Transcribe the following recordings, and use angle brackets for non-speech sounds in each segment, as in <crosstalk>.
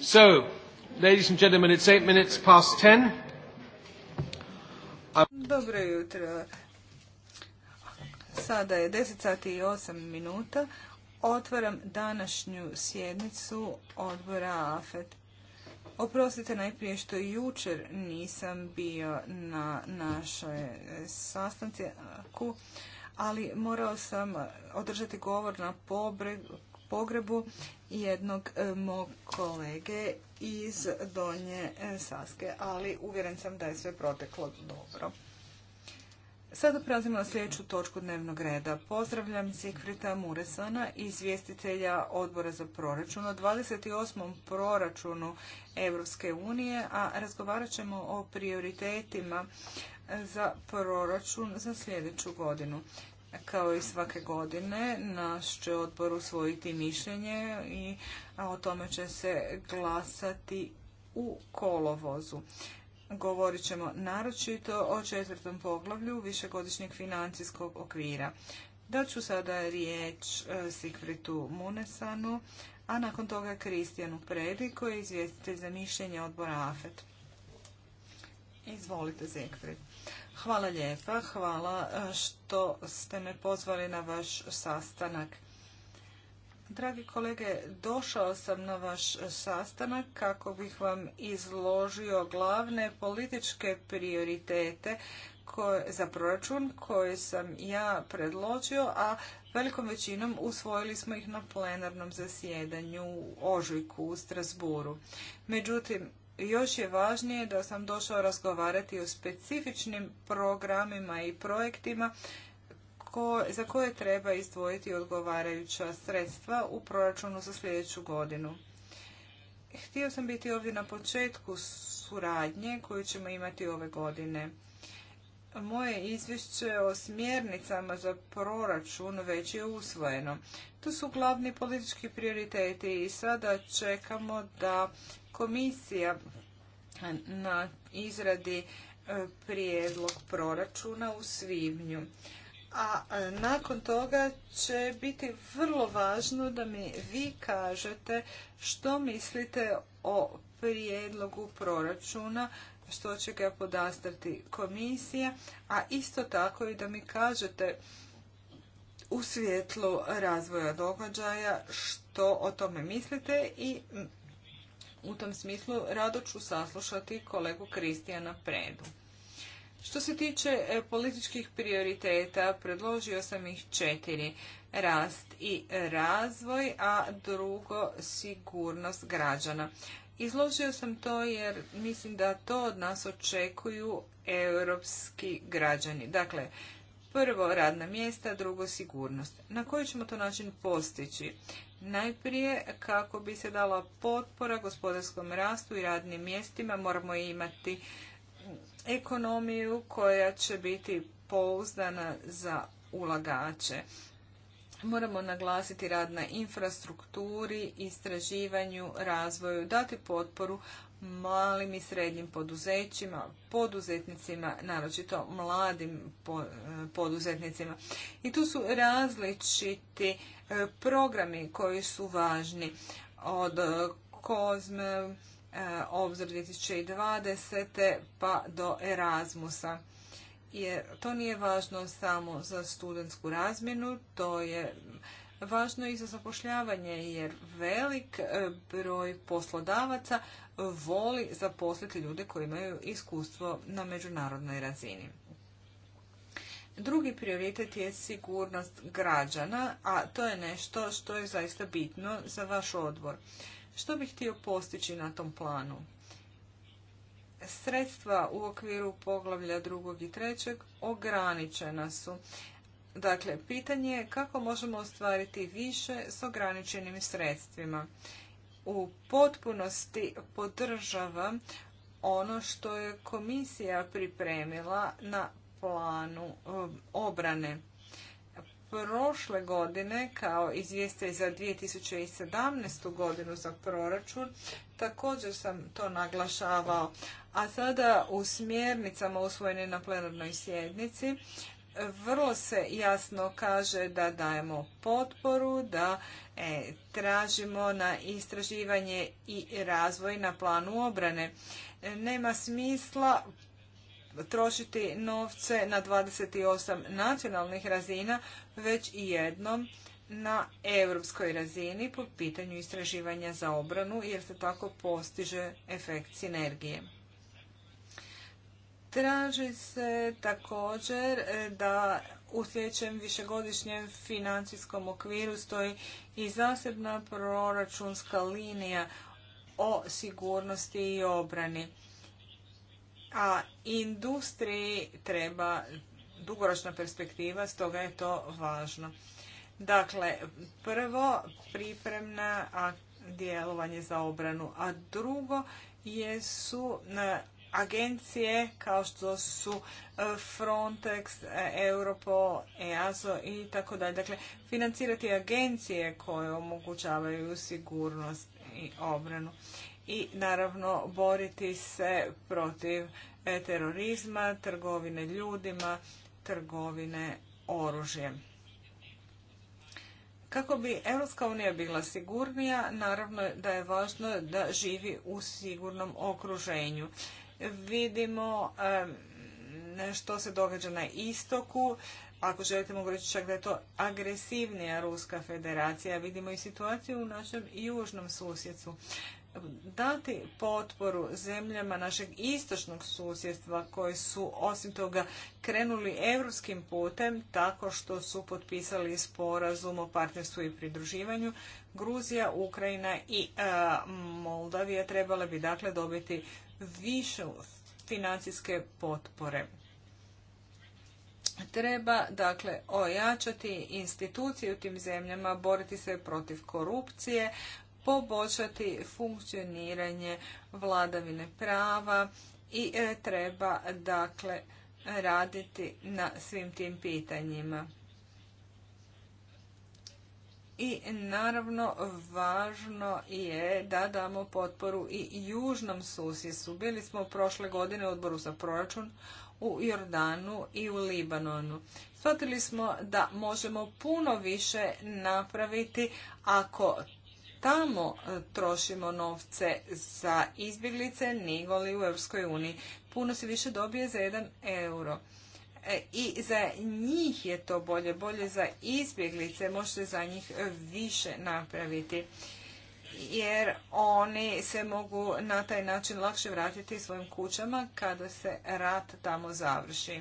So, ladies and gentlemen, it's eight minutes past ten. Dobro jutro. Sada je 10 sati i 8 minuta. Otvaram današnju sjednicu odbora AFET. Oprostite najprije što jučer nisam bio na našoj sastanci ali morao sam održati govor na pogrebu jednog e, mog kolege iz Donje e, Saske, ali uvjeren sam da je sve proteklo dobro. Sada prelazimo na sljedeću točku dnevnog reda. Pozdravljam Sigfrita Muresana, izvjestitelja odbora za proračun o 28. proračunu Europske unije, a razgovarat ćemo o prioritetima za proračun za sljedeću godinu kao i svake godine. Naš će odbor usvojiti mišljenje i o tome će se glasati u kolovozu. Govorit ćemo naročito o četvrtom poglavlju višegodišnjeg financijskog okvira. Daću sada riječ e, Sigfritu Munesanu, a nakon toga Kristijanu Predi koji je izvjestitelj za mišljenje odbora AFET. Izvolite, Sigfrit. Hvala lijepa, hvala e, što ste me pozvali na vaš sastanak. Dragi kolege, došao sam na vaš sastanak kako bih vam izložio glavne političke prioritete koje, za proračun koje sam ja predložio, a velikom većinom usvojili smo ih na plenarnom zasjedanju u Ožujku u Strasburu. Međutim, još je važnije da sam došao razgovarati o specifičnim programima i projektima za koje treba izdvojiti odgovarajuća sredstva u proračunu za sljedeću godinu. Htio sam biti ovdje na početku suradnje koju ćemo imati ove godine. Moje izvješće o smjernicama za proračun već je usvojeno. To su glavni politički prioriteti i sada čekamo da komisija na izradi e, prijedlog proračuna u svibnju. A e, nakon toga će biti vrlo važno da mi vi kažete što mislite o prijedlogu proračuna što će ga podastrati komisija, a isto tako i da mi kažete u svjetlu razvoja događaja što o tome mislite i u tom smislu rado ću saslušati kolegu Kristijana Predu. Što se tiče e, političkih prioriteta, predložio sam ih četiri. Rast i razvoj, a drugo sigurnost građana. Izložio sam to jer mislim da to od nas očekuju europski građani. Dakle, prvo radna mjesta, drugo sigurnost. Na koji ćemo to način postići? Najprije, kako bi se dala potpora gospodarskom rastu i radnim mjestima, moramo imati ekonomiju koja će biti pouzdana za ulagače. Moramo naglasiti rad na infrastrukturi, istraživanju, razvoju, dati potporu malim i srednjim poduzećima, poduzetnicima, naročito mladim e, poduzetnicima. I tu su različiti e, programi koji su važni od e, Kozme, Obzor 2020. pa do Erasmusa. Jer to nije važno samo za studentsku razmjenu, to je važno i za zapošljavanje jer velik e, broj poslodavaca voli zaposliti ljude koji imaju iskustvo na međunarodnoj razini. Drugi prioritet je sigurnost građana, a to je nešto što je zaista bitno za vaš odbor. Što bih htio postići na tom planu? Sredstva u okviru poglavlja drugog i trećeg ograničena su Dakle, pitanje je kako možemo ostvariti više s ograničenim sredstvima. U potpunosti podržavam ono što je komisija pripremila na planu um, obrane. Prošle godine, kao izvijeste za 2017. godinu za proračun, također sam to naglašavao. A sada u smjernicama usvojene na plenarnoj sjednici vrlo se jasno kaže da dajemo potporu, da e, tražimo na istraživanje i razvoj na planu obrane. E, nema smisla trošiti novce na 28 nacionalnih razina, već i jednom na europskoj razini po pitanju istraživanja za obranu, jer se tako postiže efekt sinergije. Traži se također e, da u sljedećem višegodišnjem financijskom okviru stoji i zasebna proračunska linija o sigurnosti i obrani. A industriji treba dugoročna perspektiva, stoga je to važno. Dakle, prvo pripremna djelovanje za obranu, a drugo jesu agencije kao što su e, Frontex, e, Europo, EASO i tako dalje. Dakle, financirati agencije koje omogućavaju sigurnost i obranu i naravno boriti se protiv e, terorizma, trgovine ljudima, trgovine oružjem. Kako bi Europska unija bila sigurnija, naravno da je važno da živi u sigurnom okruženju vidimo što se događa na istoku. Ako želite mogu reći čak da je to agresivnija Ruska federacija. Vidimo i situaciju u našem južnom susjedstvu. Dati potporu zemljama našeg istočnog susjedstva koji su osim toga krenuli europskim putem tako što su potpisali sporazum o partnerstvu i pridruživanju, Gruzija, Ukrajina i Moldavija trebale bi dakle dobiti više financijske potpore. Treba dakle ojačati institucije u tim zemljama, boriti se protiv korupcije, poboljšati funkcioniranje vladavine prava i e, treba dakle raditi na svim tim pitanjima. I naravno važno je da damo potporu i južnom susjedstvu. Bili smo prošle godine u odboru za proračun u Jordanu i u Libanonu. Shvatili smo da možemo puno više napraviti ako tamo e, trošimo novce za izbjeglice nego li u EU. uniji. Puno se više dobije za 1 euro. E, i za njih je to bolje, bolje za izbjeglice, možete za njih više napraviti jer oni se mogu na taj način lakše vratiti svojim kućama kada se rat tamo završi.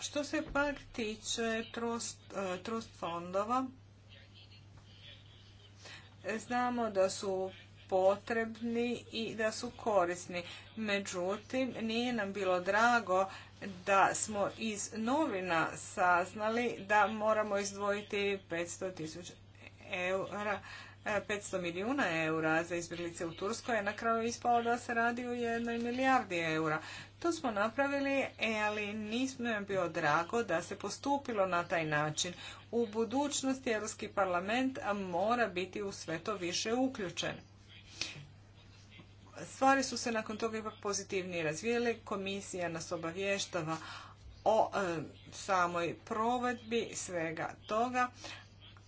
Što se pak tiče trust, e, trust fondova, e, znamo da su potrebni i da su korisni. Međutim, nije nam bilo drago da smo iz novina saznali da moramo izdvojiti 500 e, milijuna eura za izbjeglice u Turskoj, a na kraju ispalo da se radi o jednoj milijardi eura. To smo napravili, e, ali nismo nam bio drago da se postupilo na taj način. U budućnosti Europski parlament mora biti u sve to više uključen. Stvari su se nakon toga ipak pozitivnije razvijele. Komisija nas obavještava o e, samoj provedbi svega toga,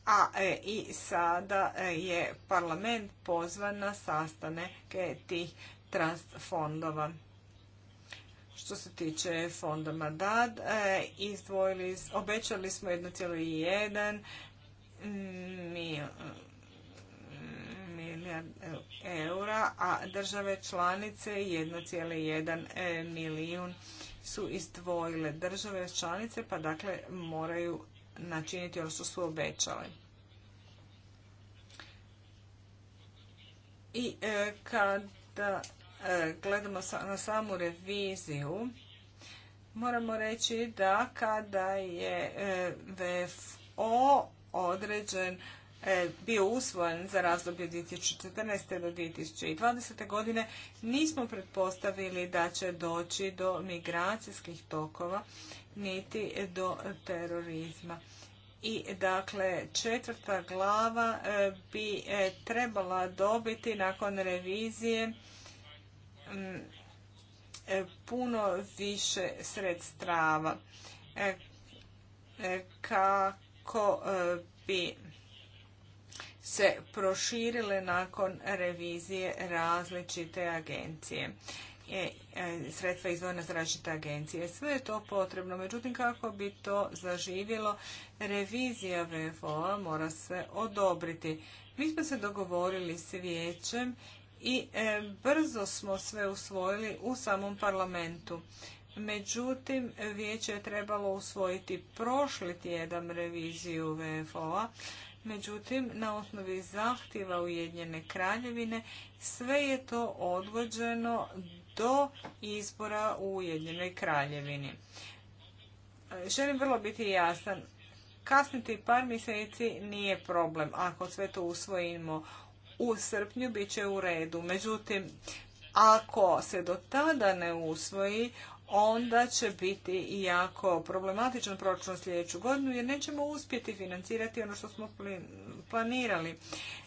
a e, i sada e, je parlament pozvan na sastane tih trust fondova. Što se tiče fonda Madad, obećali smo 1,1 mm, milijuna E, eura, a države članice 1,1 e, milijun su izdvojile države članice, pa dakle moraju načiniti ono što su obećale. I e, kada gledamo na samu reviziju, moramo reći da kada je VFO određen E, bio usvojen za razdoblje 2014. do 2020. godine, nismo pretpostavili da će doći do migracijskih tokova, niti do terorizma. I dakle, četvrta glava e, bi e, trebala dobiti nakon revizije puno više sredstava kako bi se proširile nakon revizije različite agencije e, e, sredstva izvojena za različite agencije. Sve je to potrebno. Međutim, kako bi to zaživjelo, revizija VFO-a mora se odobriti. Mi smo se dogovorili s vijećem i e, brzo smo sve usvojili u samom parlamentu. Međutim, vijeće je trebalo usvojiti prošli tjedan reviziju VFO-a, Međutim, na osnovi zahtjeva Ujedinjene kraljevine sve je to odgođeno do izbora u Ujedinjenoj kraljevini. Želim vrlo biti jasan. Kasniti par mjeseci nije problem. Ako sve to usvojimo u srpnju, bit će u redu. Međutim, ako se do tada ne usvoji, onda će biti jako problematičan proračun sljedeću godinu jer nećemo uspjeti financirati ono što smo planirali.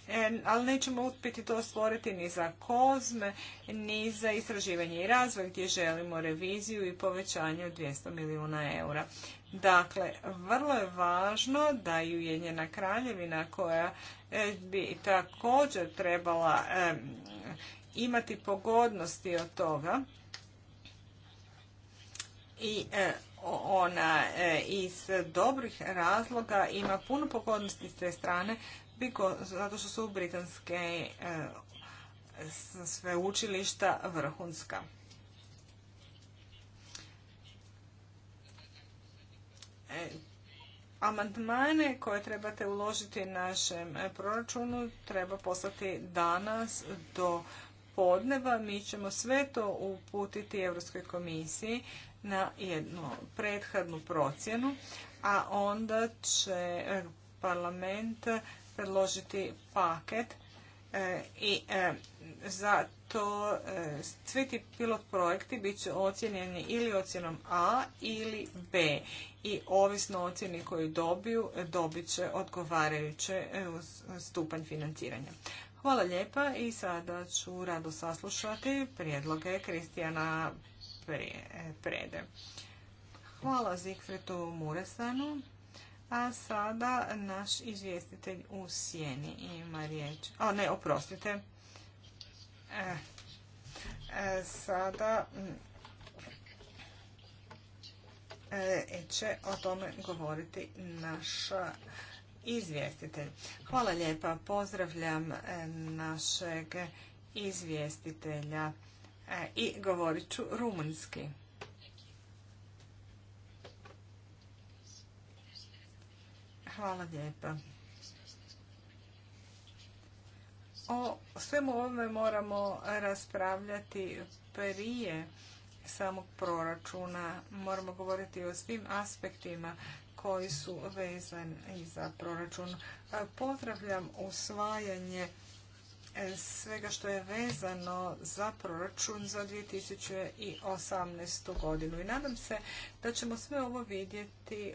E, ali nećemo uspjeti to stvoriti ni za kozme, ni za istraživanje i razvoj gdje želimo reviziju i povećanje od 200 milijuna eura. Dakle, vrlo je važno da i Ujedinjena kraljevina koja e, bi također trebala e, imati pogodnosti od toga, i e, ona e, iz dobrih razloga ima puno pogodnosti s te strane zato što su britanske e, sveučilišta vrhunska. Amandmane koje trebate uložiti našem proračunu treba poslati danas do podneva. Mi ćemo sve to uputiti Europskoj komisiji na jednu prethodnu procjenu, a onda će eh, parlament predložiti paket eh, i eh, za to svi ti pilot projekti bit će ocjenjeni ili ocjenom A ili B i ovisno ocjeni koju dobiju dobit će odgovarajuće stupanj financiranja. Hvala lijepa i sada ću rado saslušati prijedloge Kristijana E, prede. Hvala Zikfretu Muresanu. A sada naš izvjestitelj u sjeni ima riječ. A ne, oprostite. E, e, sada će o tome govoriti naš izvjestitelj. Hvala lijepa. Pozdravljam našeg izvjestitelja E, i govorit ću rumunjski. Hvala lijepa. O svemu ovome moramo raspravljati prije samog proračuna. Moramo govoriti o svim aspektima koji su vezani za proračun. Pozdravljam usvajanje E, svega što je vezano za proračun za 2018. godinu. I nadam se da ćemo sve ovo vidjeti,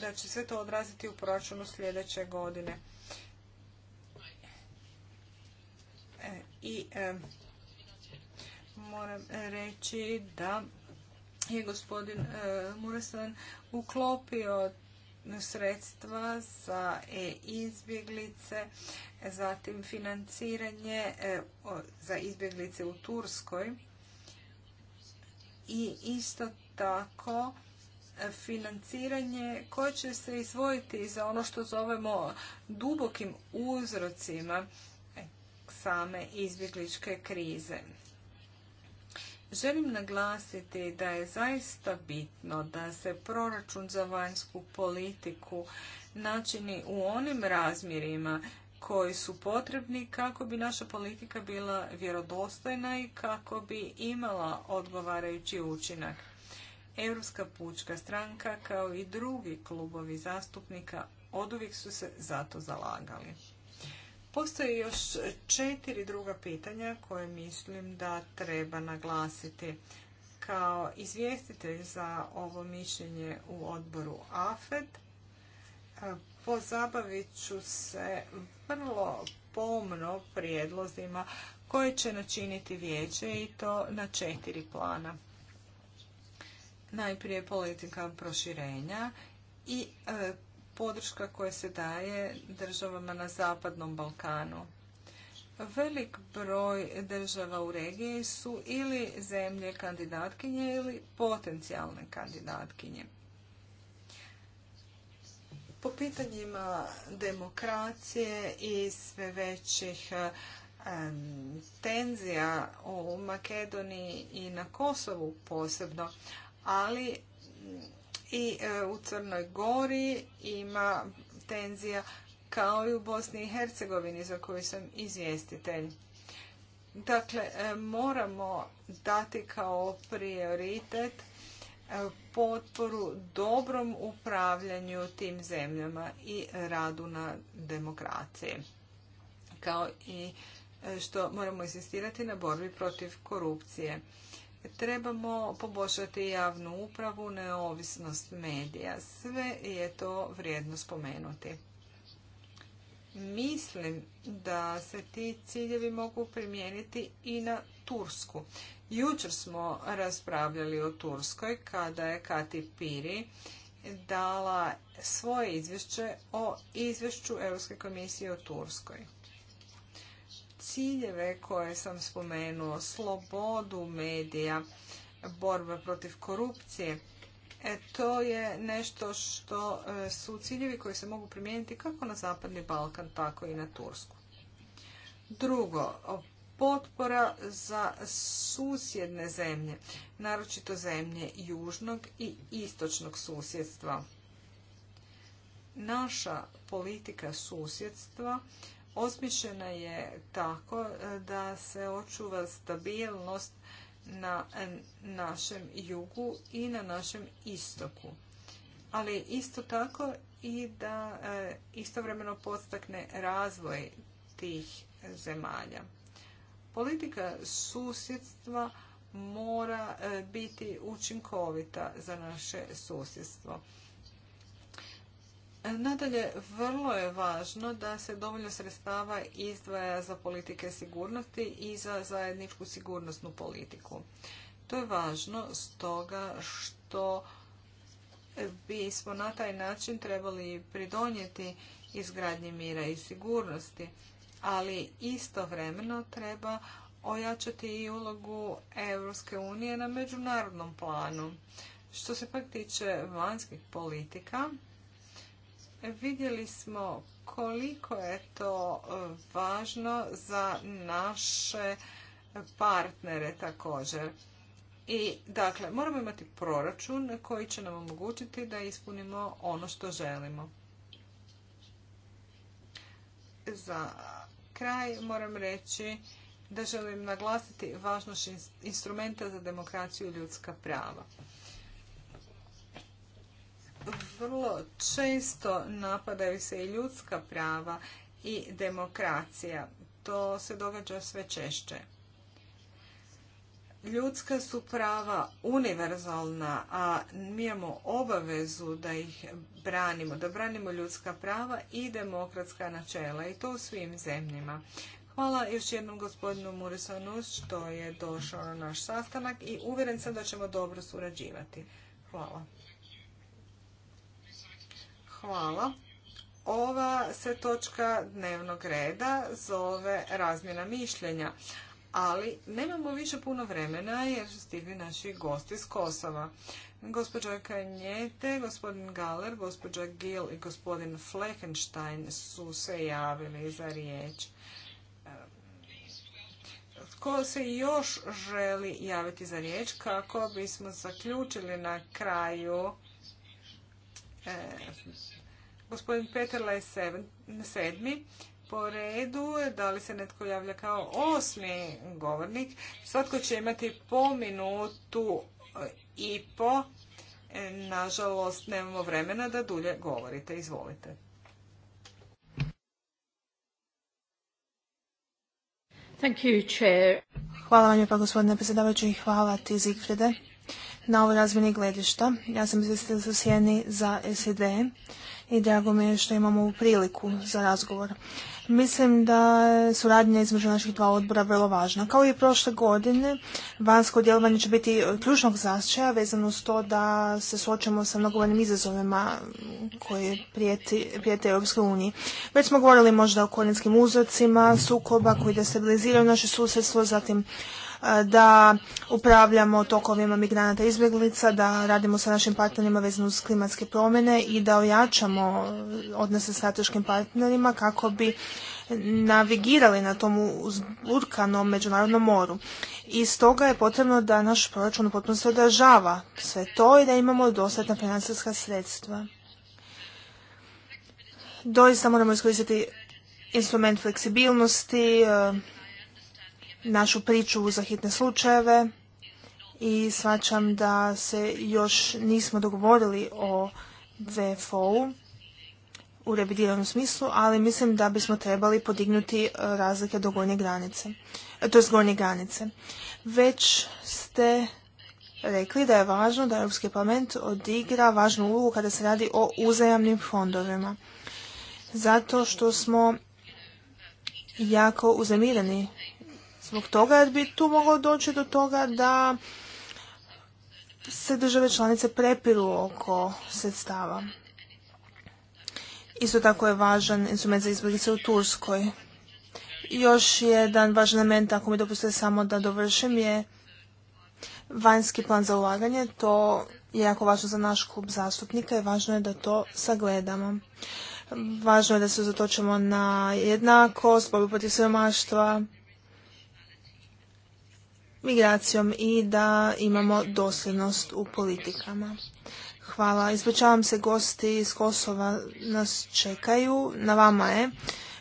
da će sve to odraziti u proračunu sljedeće godine. E, I e, moram reći da je gospodin e, uklopio sredstva za izbjeglice, zatim financiranje e, za izbjeglice u Turskoj i isto tako e, financiranje koje će se izvojiti za ono što zovemo dubokim uzrocima e, same izbjegličke krize. Želim naglasiti da je zaista bitno da se proračun za vanjsku politiku načini u onim razmjerima koji su potrebni kako bi naša politika bila vjerodostojna i kako bi imala odgovarajući učinak. Europska pučka stranka kao i drugi klubovi zastupnika oduvijek su se zato zalagali. Postoje još četiri druga pitanja koje mislim da treba naglasiti. Kao izvjestitelj za ovo mišljenje u odboru AFED e, pozabavit ću se vrlo pomno prijedlozima koje će načiniti vijeće i to na četiri plana. Najprije politika proširenja i e, podrška koja se daje državama na Zapadnom Balkanu. Velik broj država u regiji su ili zemlje kandidatkinje ili potencijalne kandidatkinje. Po pitanjima demokracije i sve većih tenzija u Makedoniji i na Kosovu posebno, ali i e, u Crnoj Gori ima tenzija kao i u Bosni i Hercegovini za koju sam izvjestitelj. Dakle, e, moramo dati kao prioritet e, potporu dobrom upravljanju tim zemljama i radu na demokracije. Kao i što moramo insistirati na borbi protiv korupcije. Trebamo poboljšati javnu upravu, neovisnost medija. Sve je to vrijedno spomenuti. Mislim da se ti ciljevi mogu primijeniti i na Tursku. Jučer smo raspravljali o Turskoj kada je Kati Piri dala svoje izvješće o izvješću Europske komisije o Turskoj ciljeve koje sam spomenuo, slobodu medija, borbe protiv korupcije, e, to je nešto što e, su ciljevi koji se mogu primijeniti kako na Zapadni Balkan, tako i na Tursku. Drugo, potpora za susjedne zemlje, naročito zemlje južnog i istočnog susjedstva. Naša politika susjedstva osmišljena je tako e, da se očuva stabilnost na e, našem jugu i na našem istoku. Ali isto tako i da e, istovremeno podstakne razvoj tih zemalja. Politika susjedstva mora biti učinkovita za naše susjedstvo. Nadalje, vrlo je važno da se dovoljno sredstava izdvaja za politike sigurnosti i za zajedničku sigurnosnu politiku. To je važno stoga što bismo na taj način trebali pridonijeti izgradnji mira i sigurnosti, ali istovremeno treba ojačati i ulogu Europske unije na međunarodnom planu. Što se pak tiče vanjskih politika, vidjeli smo koliko je to e, važno za naše partnere također. I dakle, moramo imati proračun koji će nam omogućiti da ispunimo ono što želimo. Za kraj moram reći da želim naglasiti važnost instrumenta za demokraciju i ljudska prava vrlo često napadaju se i ljudska prava i demokracija. To se događa sve češće. Ljudska su prava univerzalna, a mi imamo obavezu da ih branimo, da branimo ljudska prava i demokratska načela i to u svim zemljama. Hvala još jednom gospodinu Murisanu što je došao na naš sastanak i uvjeren sam da ćemo dobro surađivati. Hvala. Hvala. Ova se točka dnevnog reda zove razmjena mišljenja, ali nemamo više puno vremena jer su stigli naši gosti iz Kosova. Gospođa Kanjete, gospodin Galer, gospođa Gil i gospodin Fleckenstein su se javili za riječ. Tko ehm, se još želi javiti za riječ kako bismo zaključili na kraju E, gospodin Peterla je sedmi po redu. Da li se netko javlja kao osmi govornik? Svatko će imati po minutu e, i po. E, nažalost, nemamo vremena da dulje govorite. Izvolite. Thank you, chair. Hvala vam lijepa gospodine predsjedavajući hvala ti Zigfride na ovoj razmjeni gledišta. Ja sam izvestila za sjeni za SED i drago mi je što imamo ovu priliku za razgovor. Mislim da je suradnja između naših dva odbora vrlo važna. Kao i prošle godine, vanjsko djelovanje će biti ključnog značaja vezano s to da se suočimo sa mnogobrojnim izazovima koje prijeti, prijete Europske unije. Već smo govorili možda o korijenskim uzrocima, sukoba koji destabiliziraju naše susjedstvo, zatim da upravljamo tokovima migranata izbjeglica, da radimo sa našim partnerima vezano uz klimatske promjene i da ojačamo odnose sa strateškim partnerima kako bi navigirali na tom uzburkanom međunarodnom moru. I stoga je potrebno da naš proračun potpuno se odražava sve to i da imamo dostatna financijska sredstva. Doista moramo iskoristiti instrument fleksibilnosti, našu priču za hitne slučajeve i svačam da se još nismo dogovorili o VFO-u u revidiranom smislu, ali mislim da bismo trebali podignuti e, razlike do gornje granice, to e, je gornje granice. Već ste rekli da je važno da Europski parlament odigra važnu ulogu kada se radi o uzajamnim fondovima. Zato što smo jako uzemireni zbog toga jer bi tu moglo doći do toga da se države članice prepiru oko sredstava. Isto tako je važan instrument za izbjeglice u Turskoj. Još jedan važan element, ako mi dopustite samo da dovršim, je vanjski plan za ulaganje. To je jako važno za naš klub zastupnika i važno je da to sagledamo. Važno je da se zatočimo na jednakost, borbu protiv siromaštva, migracijom i da imamo dosljednost u politikama. Hvala. Ispričavam se, gosti iz Kosova nas čekaju. Na vama je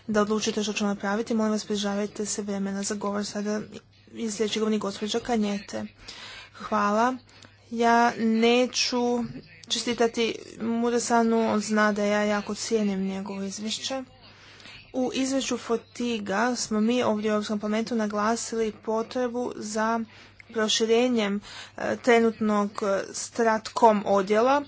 da odlučite što ćemo napraviti. Molim vas, prižavajte se vremena za govor sada iz sljedećeg gospođa Kanjete. Hvala. Ja neću čestitati Muresanu, on zna da ja jako cijenim njegovo izvješće. U izvješću Fotiga smo mi ovdje u Europskom parlamentu naglasili potrebu za proširenjem e, trenutnog e, stratkom odjela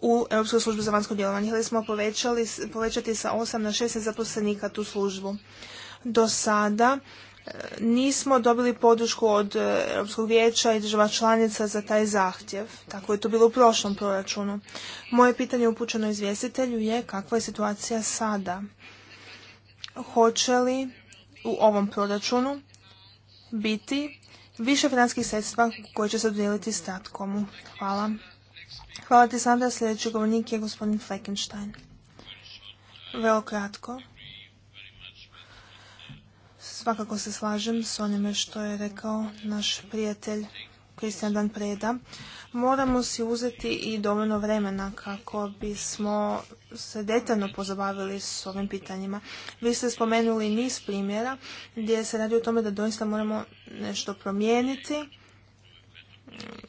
u Europskoj službi za vanjsko djelovanje. Htjeli smo povećali, povećati sa 8 na 16 zaposlenika tu službu. Do sada e, nismo dobili podršku od Europskog vijeća i država članica za taj zahtjev. Tako je to bilo u prošlom proračunu. Moje pitanje upućeno izvjestitelju je kakva je situacija sada hoće li u ovom proračunu biti više financijskih sredstva koje će se dodijeliti Statkomu. Hvala. Hvala ti Sandra. Sljedeći govornik je gospodin Fleckenstein. Vrlo kratko. Svakako se slažem s onime što je rekao naš prijatelj Kristijan Dan Preda, moramo si uzeti i dovoljno vremena kako bismo se detaljno pozabavili s ovim pitanjima. Vi ste spomenuli niz primjera gdje se radi o tome da doista moramo nešto promijeniti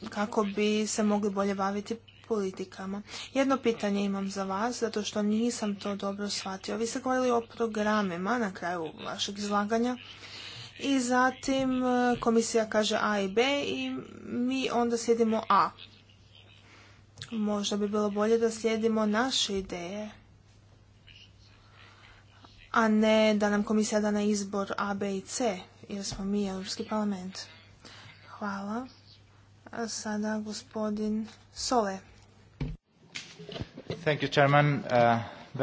kako bi se mogli bolje baviti politikama. Jedno pitanje imam za vas, zato što nisam to dobro shvatio. Vi ste govorili o programima na kraju vašeg izlaganja i zatim e, komisija kaže A i B i mi onda slijedimo A. Možda bi bilo bolje da slijedimo naše ideje, a ne da nam komisija da na izbor A, B i C, jer smo mi Europski parlament. Hvala. sada gospodin Sole. Uh, Uh,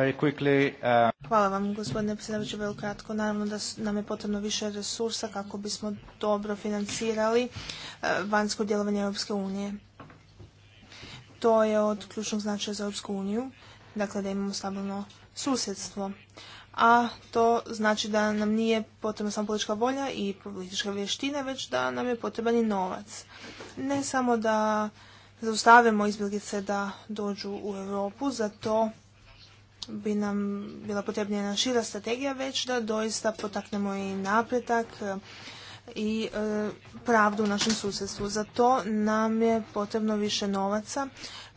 Hvala vam gospodine predsjedavajući vrlo kratko. Naravno da nam je potrebno više resursa kako bismo dobro financirali uh, vanjsko djelovanje Europske unije. To je od ključnog značaja za Europsku uniju, dakle da imamo stabilno susjedstvo. A to znači da nam nije potrebna samo politička volja i politička vještina, već da nam je potreban i novac. Ne samo da zaustavimo izbjeglice da dođu u Europu, zato bi nam bila potrebna jedna šira strategija, već da doista potaknemo i napretak e, i e, pravdu u našem susjedstvu. Za to nam je potrebno više novaca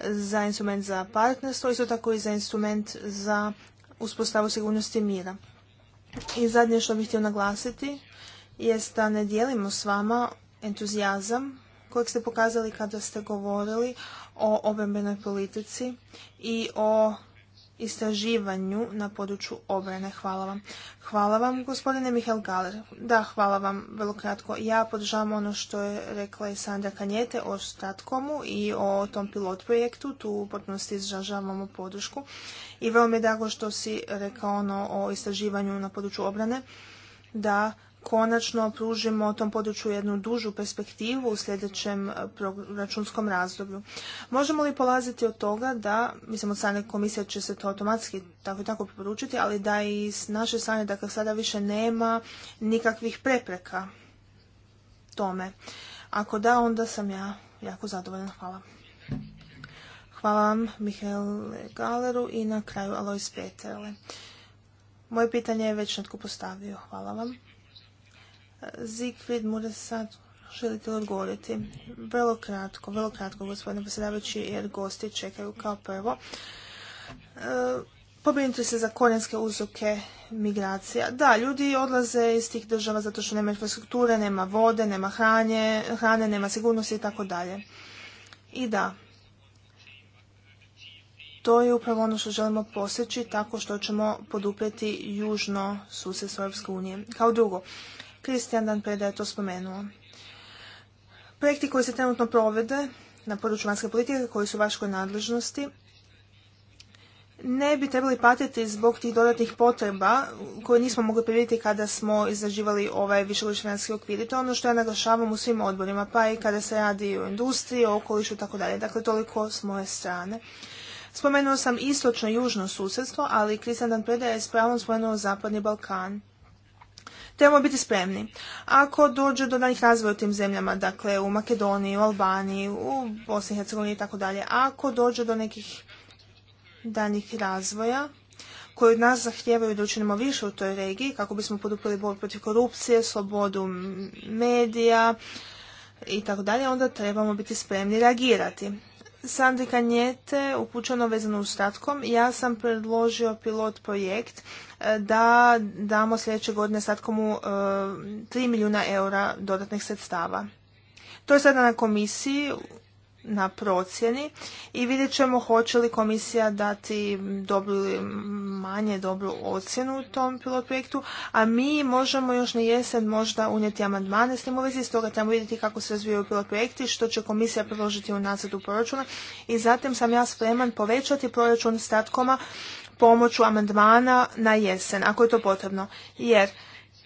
za instrument za partnerstvo, isto tako i za instrument za uspostavu sigurnosti mira. I zadnje što bih htio naglasiti jest da ne dijelimo s vama entuzijazam kojeg ste pokazali kada ste govorili o obrambenoj politici i o istraživanju na području obrane. Hvala vam. Hvala vam, gospodine Mihael Galer. Da, hvala vam, vrlo kratko. Ja podržavam ono što je rekla i Sandra Kanjete o Stratkomu i o tom pilot projektu. Tu u potpunosti izražavamo podršku. I vrlo mi je drago što si rekao ono o istraživanju na području obrane. Da, konačno pružimo tom području jednu dužu perspektivu u sljedećem e, računskom razdoblju. Možemo li polaziti od toga da, mislim od strane komisije će se to automatski tako i tako preporučiti, ali da i s naše strane, dakle sada više nema nikakvih prepreka tome. Ako da, onda sam ja jako zadovoljna. Hvala. Hvala vam Mihael Galeru i na kraju Alois Petele. Moje pitanje je već netko postavio. Hvala vam. Zigfrid sad želite odgovoriti? Vrlo kratko, vrlo kratko, gospodine predsjedavajući, jer gosti čekaju kao prvo. E, pobrinite se za korijenske uzroke migracija. Da, ljudi odlaze iz tih država zato što nema infrastrukture, nema vode, nema hranje, hrane, nema sigurnosti i tako dalje. I da, to je upravo ono što želimo posjeći tako što ćemo poduprijeti južno susjedstvo Europske unije. Kao drugo, Kristijan Dan Preda je to spomenuo. Projekti koji se trenutno provode na području vanjske politike koji su u vaškoj nadležnosti ne bi trebali patiti zbog tih dodatnih potreba koje nismo mogli prividjeti kada smo izraživali ovaj višegodišnji financijski okvir. I to je ono što ja naglašavam u svim odborima, pa i kada se radi o industriji, o okolišu i tako dalje. Dakle, toliko s moje strane. Spomenuo sam istočno-južno susjedstvo, ali Kristijan Dan Preda je s pravom spomenuo Zapadni Balkan. Trebamo biti spremni. Ako dođe do danih razvoja u tim zemljama, dakle u Makedoniji, u Albaniji, u Bosni i Hercegovini i tako dalje, ako dođe do nekih danih razvoja, koji od nas zahtijevaju da učinimo više u toj regiji kako bismo podupili borbu protiv korupcije, slobodu medija i tako dalje, onda trebamo biti spremni reagirati. Sandri Kanjete upućeno vezano u statkom. Ja sam predložio pilot projekt e, da damo sljedeće godine statkomu 3 e, milijuna eura dodatnih sredstava. To je sada na komisiji na procjeni i vidjet ćemo hoće li komisija dati manje dobru ocjenu u tom pilot projektu, a mi možemo još na jesen možda unijeti amandmane s tim u vezi, stoga trebamo vidjeti kako se razvijaju pilot projekti, što će komisija predložiti u nacrtu proračuna i zatim sam ja spreman povećati proračun statkoma pomoću amandmana na jesen, ako je to potrebno. Jer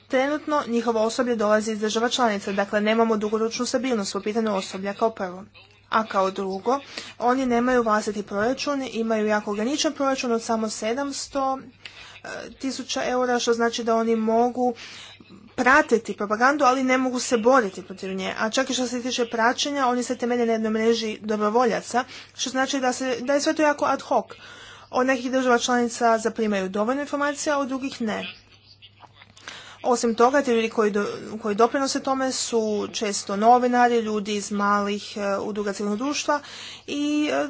Trenutno njihovo osoblje dolazi iz država članica, dakle nemamo dugoročnu stabilnost u pitanju osoblja kao prvo. A kao drugo, oni nemaju vlastiti proračun, imaju jako ograničen proračun od samo 700 e, tisuća eura, što znači da oni mogu pratiti propagandu, ali ne mogu se boriti protiv nje. A čak i što se tiče praćenja, oni se temelje na jednoj mreži dobrovoljaca, što znači da, se, da je sve to jako ad hoc. Od nekih država članica zaprimaju dovoljno informacija, a od drugih ne. Osim toga, ti ljudi koji, do, koji doprinose tome su često novinari, ljudi iz malih e, udruga civilnog društva i e,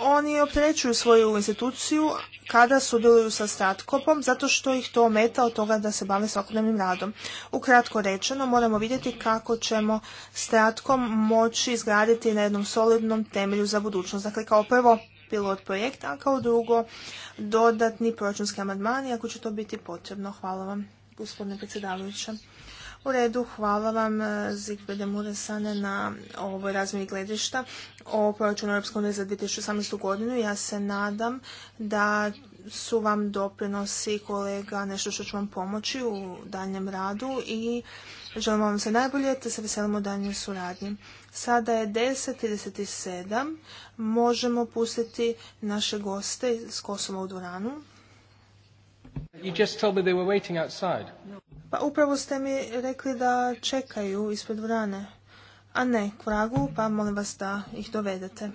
oni opterećuju svoju instituciju kada sudjeluju sa Stratkopom zato što ih to meta od toga da se bave svakodnevnim radom. Ukratko rečeno, moramo vidjeti kako ćemo statkom moći izgraditi na jednom solidnom temelju za budućnost. Dakle, kao prvo, pilot projekt, a kao drugo dodatni proračunski amandmani ako će to biti potrebno. Hvala vam, gospodine predsjedavajuća. U redu, hvala vam eh, Muresane na ovoj razmjeni gledišta o proračunu Europske unije za 2018. godinu. Ja se nadam da su vam doprinosi kolega nešto što će vam pomoći u daljem radu i Želimo vam se najbolje, te se veselimo daljnjoj suradnji. Sada je 10.37. Možemo pustiti naše goste s Kosova u dvoranu. You just told me they Pa upravo ste mi rekli da čekaju ispred dvorane. A ne, k vragu, pa molim vas da ih dovedete.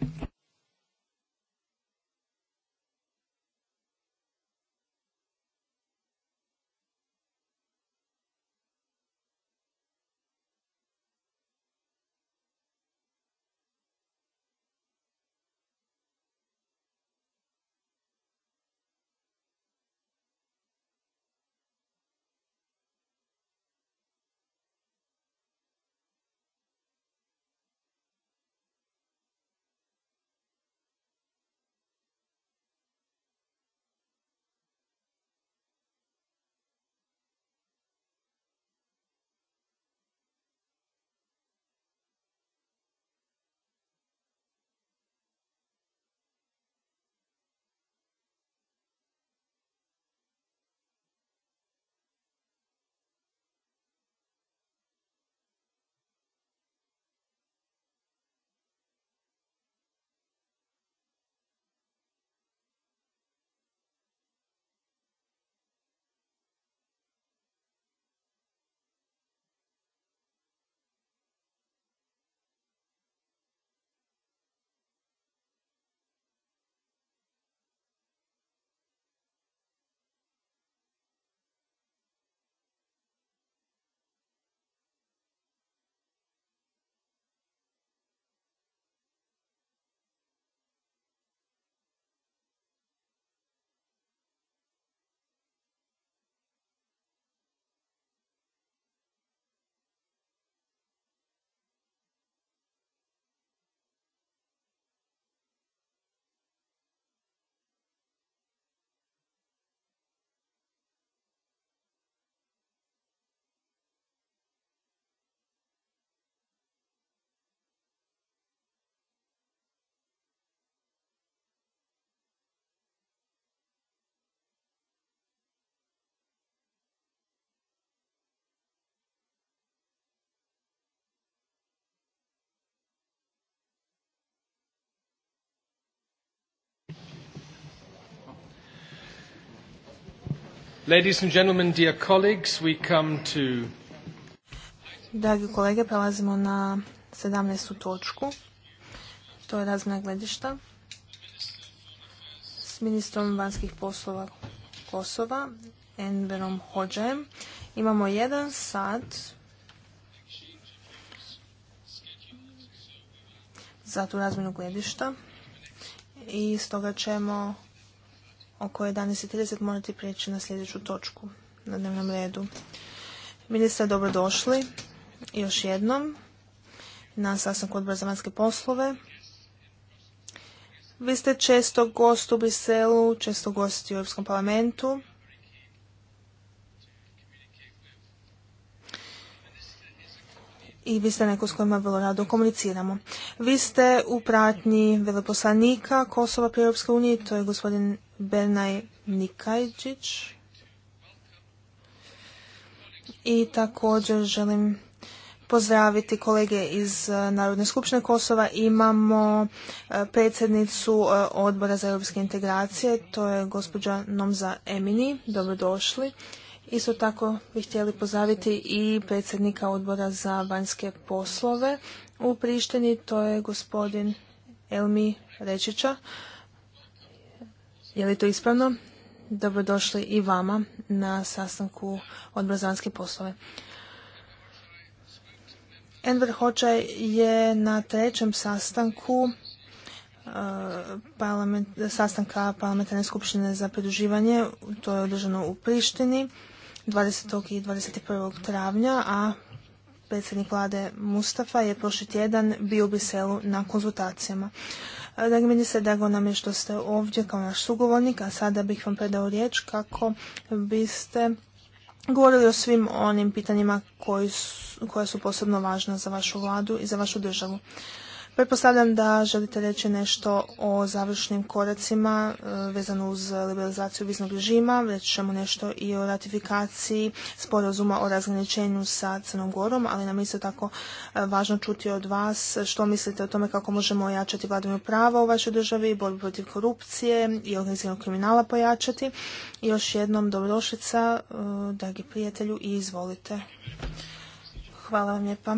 Ladies and gentlemen, dear colleagues, we come to... Dragi kolege, prelazimo na 17. točku. To je razmjena gledišta s ministrom vanjskih poslova Kosova, Enverom Hođajem. Imamo jedan sat za tu razmjenu gledišta i stoga ćemo oko 11.30 morati prijeći na sljedeću točku na dnevnom redu. Ministre, dobrodošli još jednom na sastanku odbora za vanjske poslove. Vi ste često gost u Briselu, često gosti u Europskom parlamentu. i vi ste neko s kojima vrlo rado komuniciramo. Vi ste u pratnji veleposlanika Kosova pri Europske to je gospodin Benaj Nikajđić. I također želim pozdraviti kolege iz e, Narodne skupštine Kosova. Imamo e, predsjednicu e, odbora za europske integracije, to je gospođa Nomza Emini. Dobrodošli. Isto tako bih htjeli pozdraviti i predsjednika odbora za vanjske poslove u Prištini, to je gospodin Elmi Rečića. Je li to ispravno? Dobrodošli i vama na sastanku odbora za vanjske poslove. Enver Hočaj je na trećem sastanku uh, sastanka parlamentarne skupštine za pridruživanje, to je održano u Prištini 20. i 21. travnja, a predsjednik vlade Mustafa je prošli tjedan bio u Briselu na konzultacijama. Dragi se drago nam je što ste ovdje kao naš sugovornik, a sada bih vam predao riječ kako biste govorili o svim onim pitanjima su, koja su posebno važna za vašu vladu i za vašu državu. Pretpostavljam da želite reći nešto o završnim koracima e, vezano uz liberalizaciju viznog režima, reći ćemo nešto i o ratifikaciji sporazuma o razgraničenju sa Crnom Gorom, ali nam isto tako e, važno čuti od vas što mislite o tome kako možemo ojačati vladavinu prava u vašoj državi, borbu protiv korupcije i organiziranog kriminala pojačati. I još jednom dobrošica, e, dragi prijatelju, i izvolite. Hvala vam lijepa,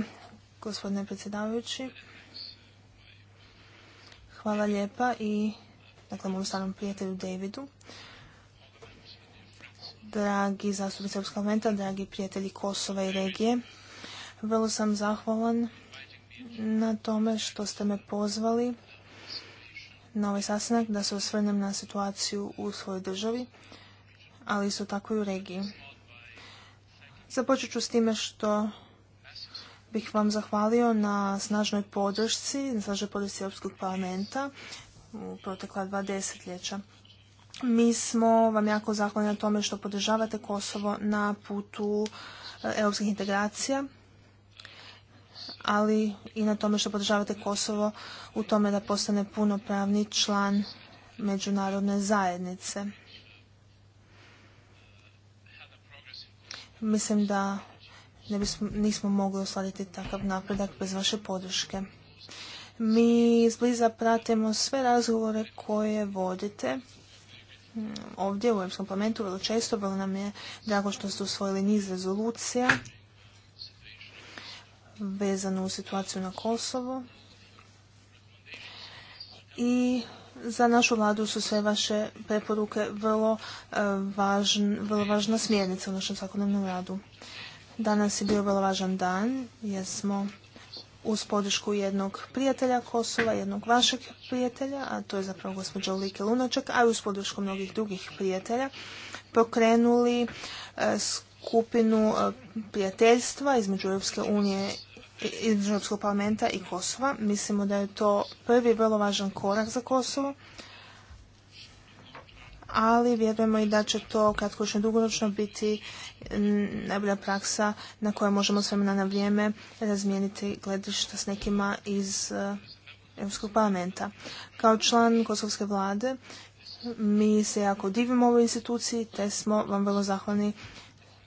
gospodine predsjedavajući. Hvala lijepa i dakle, mom starom prijatelju Davidu. Dragi zastupnici Europskog parlamenta, dragi prijatelji Kosova i regije, vrlo sam zahvalan na tome što ste me pozvali na ovaj sastanak da se osvrnem na situaciju u svojoj državi, ali isto tako i u regiji. Započet ću s time što bih vam zahvalio na snažnoj podršci, na snažnoj podršci Europskog parlamenta u protekla dva desetljeća. Mi smo vam jako zahvalni na tome što podržavate Kosovo na putu eh, europskih integracija, ali i na tome što podržavate Kosovo u tome da postane punopravni član međunarodne zajednice. Mislim da ne bismo, nismo mogli osladiti takav napredak bez vaše podrške. Mi izbliza pratimo sve razgovore koje vodite mm, ovdje u Europskom parlamentu vrlo često, vrlo nam je drago što ste usvojili niz rezolucija vezano u situaciju na Kosovo. I za našu vladu su sve vaše preporuke vrlo, eh, vrlo važna smjernica u našem svakodnevnom radu. Danas je bio vrlo važan dan jer smo uz podršku jednog prijatelja Kosova, jednog vašeg prijatelja, a to je zapravo gospođa Ulike Lunaček, a i uz podršku mnogih drugih prijatelja, pokrenuli e, skupinu e, prijateljstva između Europske unije između Europskog parlamenta i Kosova. Mislimo da je to prvi vrlo važan korak za Kosovo ali vjerujemo i da će to kratkoročno dugoročno biti mm, najbolja praksa na kojoj možemo s vremena na vrijeme razmijeniti gledišta s nekima iz eh, Europskog parlamenta. Kao član kosovske vlade mi se jako divimo ovoj instituciji te smo vam vrlo zahvalni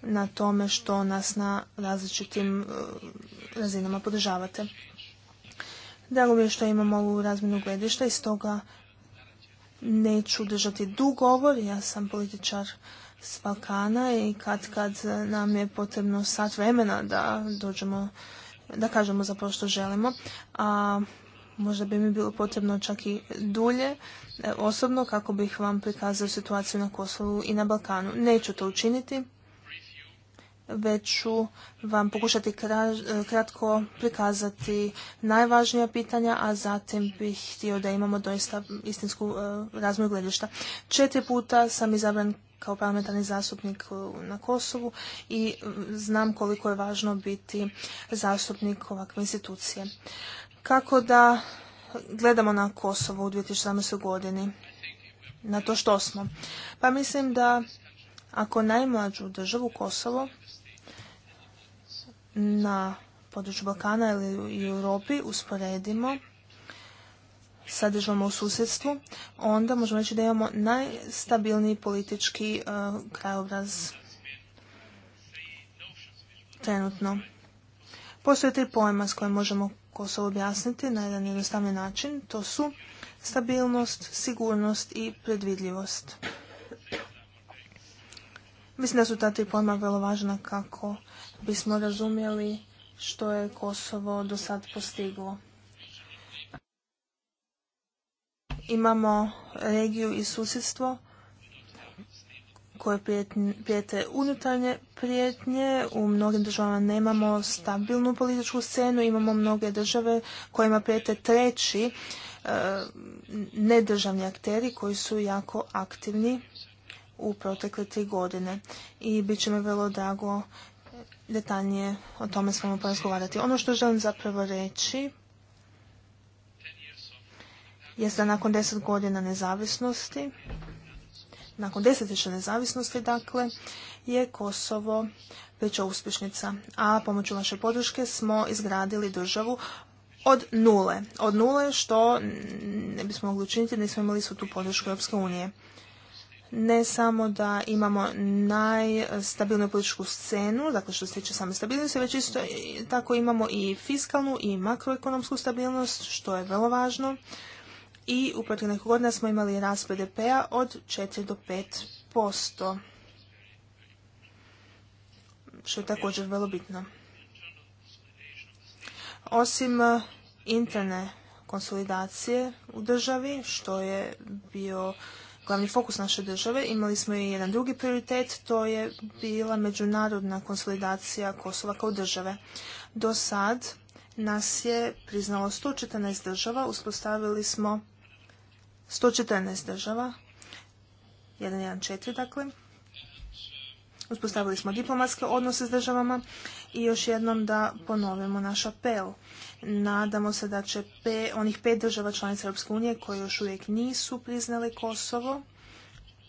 na tome što nas na različitim eh, razinama podržavate. Drago mi je što imamo ovu razmjenu gledišta i stoga neću držati dugovor, ja sam političar s Balkana i kad kad nam je potrebno sat vremena da dođemo, da kažemo zapravo što želimo, a možda bi mi bilo potrebno čak i dulje e, osobno kako bih vam prikazao situaciju na Kosovu i na Balkanu. Neću to učiniti, već ću vam pokušati kratko prikazati najvažnija pitanja, a zatim bih htio da imamo doista istinsku e, razvoj gledišta. Četiri puta sam izabran kao parlamentarni zastupnik na Kosovu i znam koliko je važno biti zastupnik ovakve institucije. Kako da gledamo na Kosovo u 2017. godini? Na to što smo? Pa mislim da ako najmlađu državu Kosovo na području Balkana ili u Europi usporedimo sa u susjedstvu, onda možemo reći da imamo najstabilniji politički eh, krajobraz trenutno. Postoje tri pojma s kojim možemo Kosovo objasniti na jedan jednostavni način. To su stabilnost, sigurnost i predvidljivost. Mislim da su ta tri pojma vrlo važna kako bismo razumjeli što je Kosovo do sad postiglo. Imamo regiju i susjedstvo koje prijete unutarnje prijetnje. U mnogim državama nemamo stabilnu političku scenu, imamo mnoge države kojima prijete treći e, nedržavni akteri koji su jako aktivni u protekle tri godine. I bit će mi vrlo drago detaljnije o tome smo vama porazgovarati. Ono što želim zapravo reći je da nakon deset godina nezavisnosti, nakon desetljeća nezavisnosti, dakle, je Kosovo veća uspješnica, a pomoću vaše podrške smo izgradili državu od nule. Od nule što ne bismo mogli učiniti nismo imali svu tu podršku Europske unije ne samo da imamo najstabilniju političku scenu, dakle što se tiče same stabilnosti, već isto tako imamo i fiskalnu i makroekonomsku stabilnost, što je vrlo važno. I u proteklih godina smo imali rast BDP-a od 4 do 5%, što je također vrlo bitno. Osim e, interne konsolidacije u državi, što je bio glavni fokus naše države. Imali smo i jedan drugi prioritet, to je bila međunarodna konsolidacija Kosova kao države. Do sad nas je priznalo 114 država, uspostavili smo 114 država, 114 dakle. Uspostavili smo diplomatske odnose s državama i još jednom da ponovimo naš apel Nadamo se da će pe, onih pet država članica Europske unije koje još uvijek nisu priznali Kosovo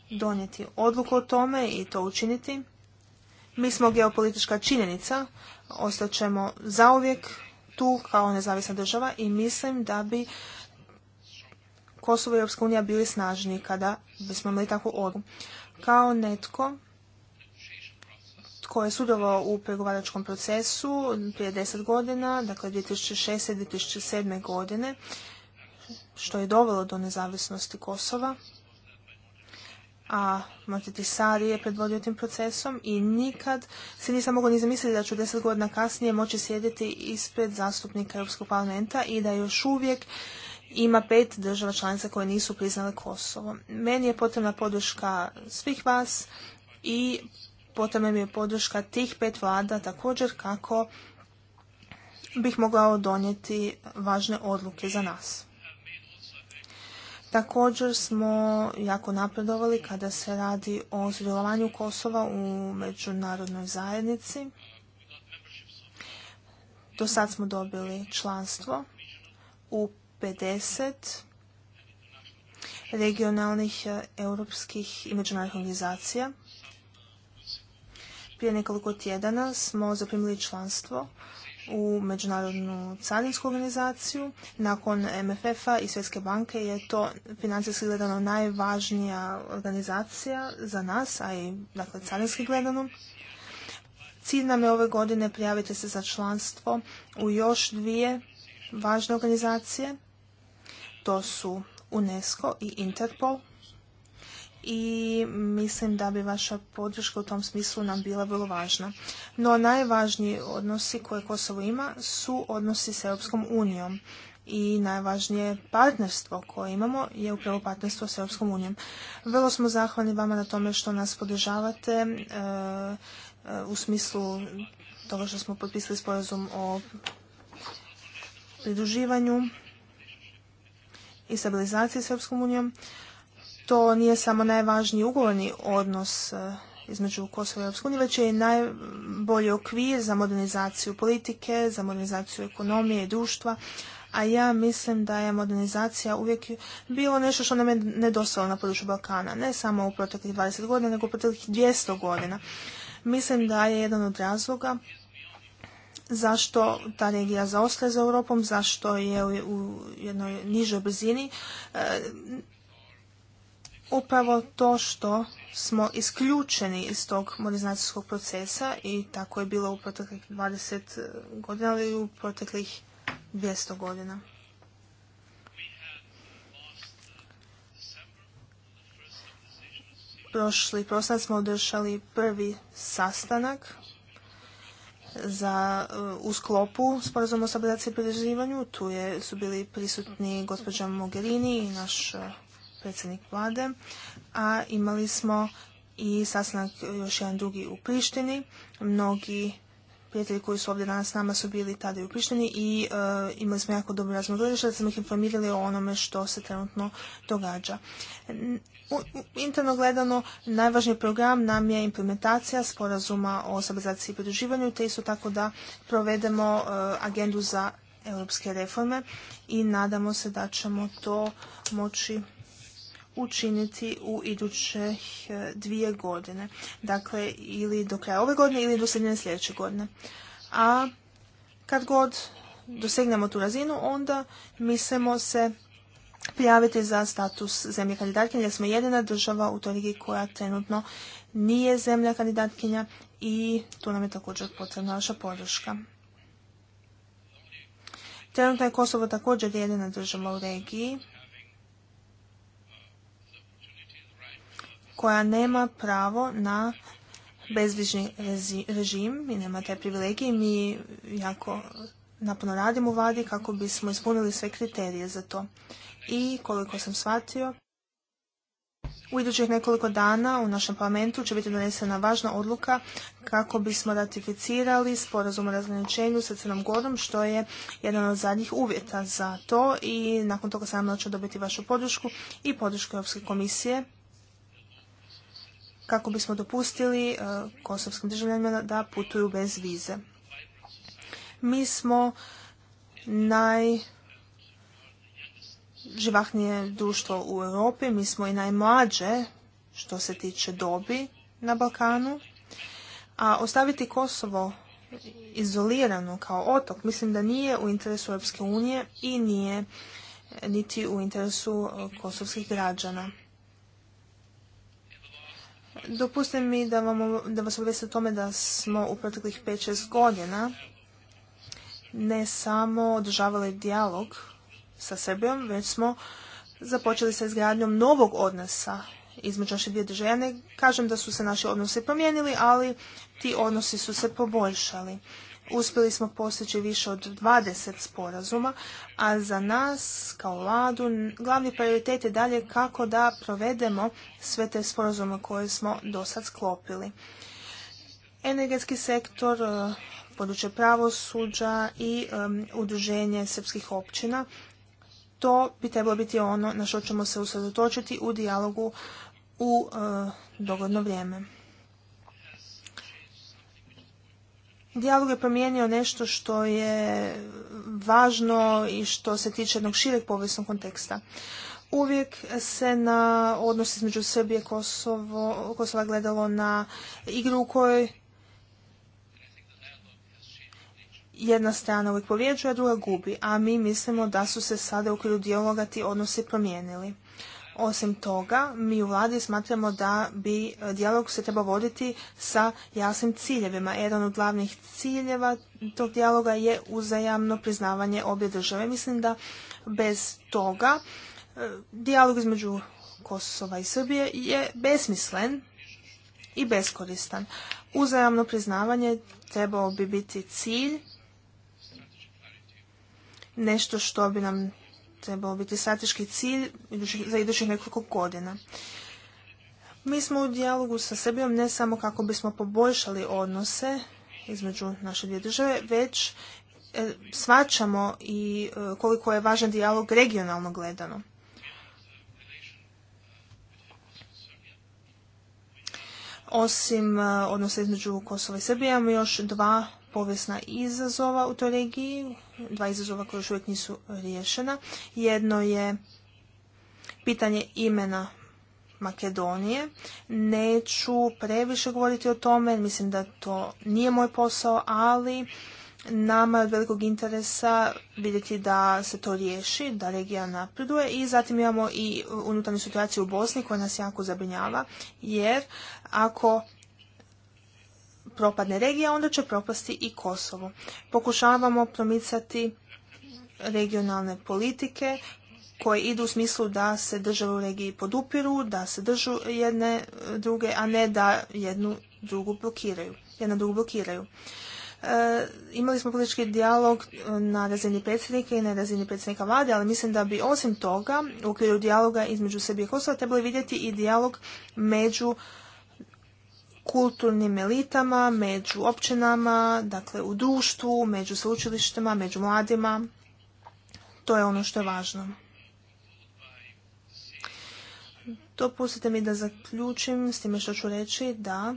donijeti odluku o tome i to učiniti. Mi smo geopolitička činjenica, ostaćemo zauvijek tu kao nezavisna država i mislim da bi Kosovo i Europska unija bili snažni kada bismo imali takvu odluku. Kao netko tko je sudovao u pregovaračkom procesu prije deset godina, dakle 2006. i 2007. godine, što je dovelo do nezavisnosti Kosova. A Sari je predvodio tim procesom i nikad se nisam mogla ni zamisliti da ću deset godina kasnije moći sjediti ispred zastupnika Europskog parlamenta i da još uvijek ima pet država članica koje nisu priznale Kosovo. Meni je potrebna podrška svih vas i potrebna mi je podrška tih pet vlada također kako bih mogao donijeti važne odluke za nas. Također smo jako napredovali kada se radi o sudjelovanju Kosova u međunarodnoj zajednici. Do sad smo dobili članstvo u 50 regionalnih eh, europskih i međunarodnih organizacija. Prije nekoliko tjedana smo zaprimili članstvo u Međunarodnu carinsku organizaciju. Nakon MFF-a i Svjetske banke je to financijski gledano najvažnija organizacija za nas, a i dakle, carinski gledano. Cilj nam je ove godine prijaviti se za članstvo u još dvije važne organizacije. To su UNESCO i Interpol i mislim da bi vaša podrška u tom smislu nam bila vrlo važna. No najvažniji odnosi koje Kosovo ima su odnosi s Europskom unijom i najvažnije partnerstvo koje imamo je upravo partnerstvo s Europskom unijom. Vrlo smo zahvalni vama na tome što nas podržavate e, e, u smislu toga što smo potpisali sporazum o pridruživanju i stabilizaciji s Europskom unijom to nije samo najvažniji ugovorni odnos e, između Kosova i Europske unije, već je i najbolji okvir za modernizaciju politike, za modernizaciju ekonomije i društva, a ja mislim da je modernizacija uvijek bilo nešto što nam je nedostalo na području Balkana, ne samo u proteklih 20 godina, nego u proteklih 200 godina. Mislim da je jedan od razloga zašto ta regija zaostaje za Europom, zašto je u jednoj nižoj brzini. E, upravo to što smo isključeni iz tog modernizacijskog procesa i tako je bilo u proteklih 20 eh, godina ali i u proteklih 200 godina. Prošli prosad smo održali prvi sastanak za, eh, u sklopu sporazuma o stabilizaciji i pridruživanju. Tu su bili prisutni gospođa Mogherini i naš eh, predsjednik vlade, a imali smo i sastanak e, još jedan drugi u Prištini. Mnogi prijatelji koji su ovdje danas s nama su bili tada i u Prištini i e, imali smo jako dobro razmogledište da smo ih informirali o onome što se trenutno događa. interno gledano, najvažniji program nam je implementacija sporazuma o stabilizaciji i pridruživanju, te isto tako da provedemo e, agendu za europske reforme i nadamo se da ćemo to moći učiniti u iduće dvije godine. Dakle, ili do kraja ove godine ili do sredine sljedeće godine. A kad god dosegnemo tu razinu, onda mislimo se prijaviti za status zemlje kandidatkinja, jer smo jedina država u toj regiji koja trenutno nije zemlja kandidatkinja i tu nam je također potrebna naša podrška. Trenutno je Kosovo također jedina država u regiji koja nema pravo na bezvižni režim i nema te privilegije. Mi jako napuno radimo u vladi kako bismo ispunili sve kriterije za to. I koliko sam shvatio, u idućih nekoliko dana u našem parlamentu će biti donesena važna odluka kako bismo ratificirali sporazum o razgraničenju sa Crnom Gorom, što je jedan od zadnjih uvjeta za to i nakon toga sam da dobiti vašu podršku i podršku Europske komisije kako bismo dopustili e, kosovskim državljanima da putuju bez vize. Mi smo naj društvo u Europi, mi smo i najmlađe što se tiče dobi na Balkanu, a ostaviti Kosovo izolirano kao otok mislim da nije u interesu Europske unije i nije niti u interesu e, kosovskih građana. Dopustite mi da, vam, da vas obavestim o tome da smo u proteklih 5-6 godina ne samo održavali dijalog sa Srbijom, već smo započeli sa izgradnjom novog odnosa između naše dvije žene kažem da su se naši odnosi promijenili, ali ti odnosi su se poboljšali uspjeli smo postići više od 20 sporazuma, a za nas kao vladu glavni prioritet je dalje kako da provedemo sve te sporazume koje smo do sad sklopili. Energetski sektor, e, područje pravosuđa i e, udruženje srpskih općina, to bi trebalo biti ono na što ćemo se usredotočiti u dijalogu u e, dogodno vrijeme. Dijalog je promijenio nešto što je važno i što se tiče jednog šireg povijesnog konteksta. Uvijek se na odnos između Srbije i Kosova gledalo na igru u kojoj jedna strana uvijek povjeđuje, a druga gubi. A mi mislimo da su se sada u okviru dijaloga ti odnosi promijenili. Osim toga, mi u vladi smatramo da bi e, dijalog se treba voditi sa jasnim ciljevima. Jedan od glavnih ciljeva tog dijaloga je uzajamno priznavanje obje države. Mislim da bez toga e, dijalog između Kosova i Srbije je besmislen i beskoristan. Uzajamno priznavanje trebao bi biti cilj, nešto što bi nam trebao biti strateški cilj za idućih nekoliko godina. Mi smo u dijalogu sa Srbijom ne samo kako bismo poboljšali odnose između naše dvije države, već e, svačamo i e, koliko je važan dijalog regionalno gledano. Osim e, odnosa između Kosova i Srbije, imamo još dva povijesna izazova u toj regiji, dva izazova koja još uvijek nisu riješena. Jedno je pitanje imena Makedonije. Neću previše govoriti o tome, mislim da to nije moj posao, ali nama je od velikog interesa vidjeti da se to riješi, da regija napreduje i zatim imamo i unutarnju situaciju u Bosni koja nas jako zabrinjava jer ako propadne regija, onda će propasti i Kosovo. Pokušavamo promicati regionalne politike koje idu u smislu da se države u regiji podupiru, da se držu jedne e, druge, a ne da jednu drugu blokiraju. Jedna drugu blokiraju. E, imali smo politički dijalog e, na razini predsjednika i na razini predsjednika vlade, ali mislim da bi osim toga u okviru dijaloga između sebe i Kosova trebali vidjeti i dijalog među kulturnim elitama, među općinama, dakle u društvu, među sveučilištima, među mladima. To je ono što je važno. Dopustite mi da zaključim s time što ću reći da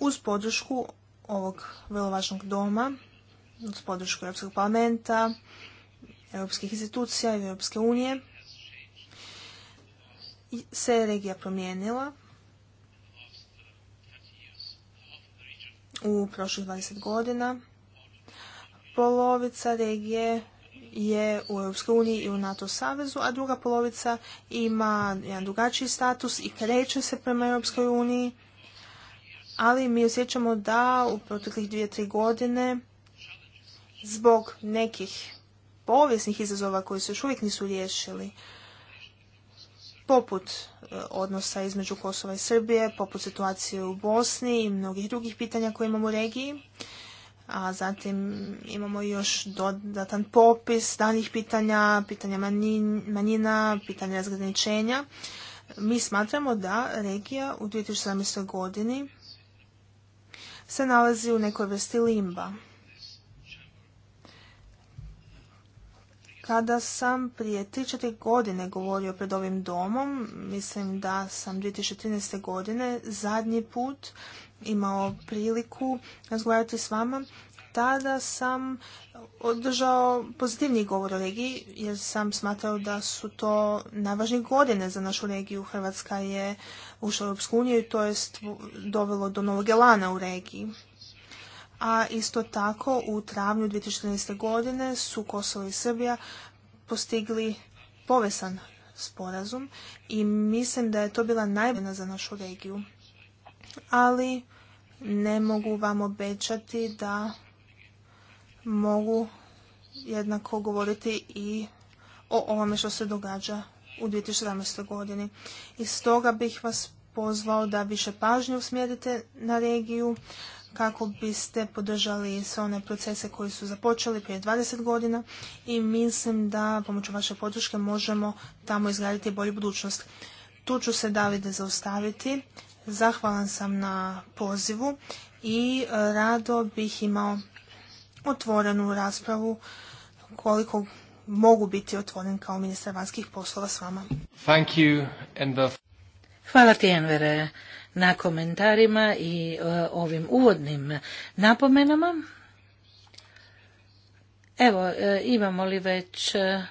uz podršku ovog vrlo važnog doma, uz podršku Europskog parlamenta, europskih institucija i Europske unije, se je regija promijenila u prošlih 20 godina. Polovica regije je u EU i u NATO savezu, a druga polovica ima jedan drugačiji status i kreće se prema EU. Ali mi osjećamo da u proteklih dvije, tri godine zbog nekih povijesnih izazova koji se još uvijek nisu riješili, poput e, odnosa između Kosova i Srbije, poput situacije u Bosni i mnogih drugih pitanja koje imamo u regiji. A zatim imamo još dodatan popis danih pitanja, pitanja manjina, pitanja razgraničenja. Mi smatramo da regija u 2017. godini se nalazi u nekoj vrsti limba. Kada sam prije 3-4 godine govorio pred ovim domom, mislim da sam 2013. godine zadnji put imao priliku razgovarati s vama, tada sam održao pozitivni govor o regiji jer sam smatrao da su to najvažnije godine za našu regiju. Hrvatska je ušla u Europsku uniju i to je dovelo do novog elana u regiji a isto tako u travnju 2014. godine su Kosovo i Srbija postigli povesan sporazum i mislim da je to bila najbolja za našu regiju. Ali ne mogu vam obećati da mogu jednako govoriti i o ovome što se događa u 2017. godini. I stoga bih vas pozvao da više pažnje usmjerite na regiju, kako biste podržali sve one procese koji su započeli prije 20 godina i mislim da pomoću vaše podrške možemo tamo izgraditi bolju budućnost. Tu ću se Davide zaustaviti. Zahvalan sam na pozivu i e, rado bih imao otvorenu raspravu koliko mogu biti otvoren kao ministar vanjskih poslova s vama. Thank Hvala ti, Envere na komentarima i e, ovim uvodnim napomenama. Evo, e, imamo li već e,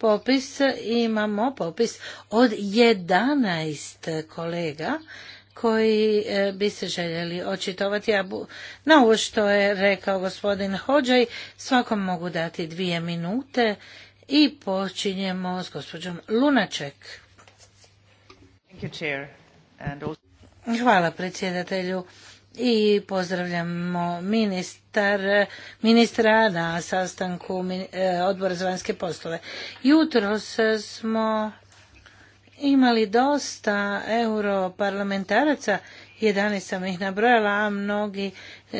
popis? Imamo popis od 11 kolega koji bi se željeli očitovati. Ja na ovo što je rekao gospodin Hođaj, svakom mogu dati dvije minute i počinjemo s gospođom Lunaček. Thank you, Hvala predsjedatelju i pozdravljamo ministar, ministra na sastanku e, odbora za vanjske poslove. Jutros smo imali dosta europarlamentaraca, 11 sam ih nabrojala, a mnogi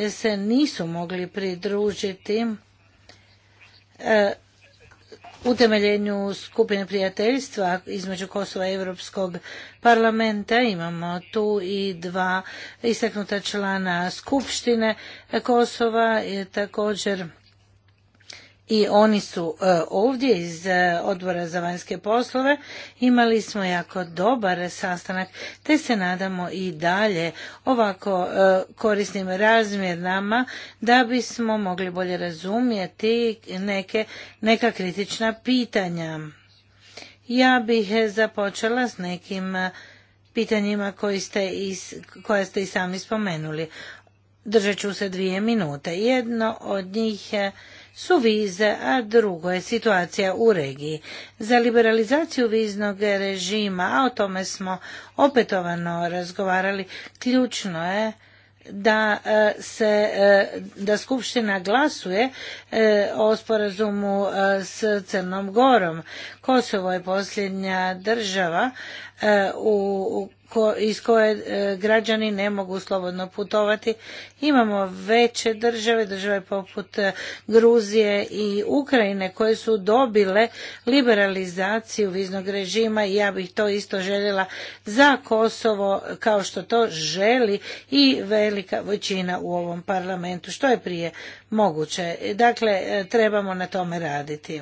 se nisu mogli pridružiti e, utemeljenju skupine prijateljstva između Kosova i Europskog parlamenta. Imamo tu i dva istaknuta člana Skupštine Kosova, također i oni su e, ovdje iz e, odbora za vanjske poslove. Imali smo jako dobar sastanak te se nadamo i dalje ovako e, korisnim razmjerama da bismo mogli bolje razumjeti neke, neka kritična pitanja. Ja bih započela s nekim pitanjima koji ste koja ste i sami spomenuli. Držat ću se dvije minute. Jedno od njih je su vize, a drugo je situacija u regiji. Za liberalizaciju viznog režima, a o tome smo opetovano razgovarali, ključno je da e, se e, da skupština glasuje e, o sporazumu s Crnom Gorom Kosovo je posljednja država e, iz koje e, građani ne mogu slobodno putovati. Imamo veće države, države poput e, Gruzije i Ukrajine koje su dobile liberalizaciju viznog režima i ja bih to isto željela za Kosovo kao što to želi i velika većina u ovom parlamentu što je prije moguće. Dakle, trebamo na tome raditi.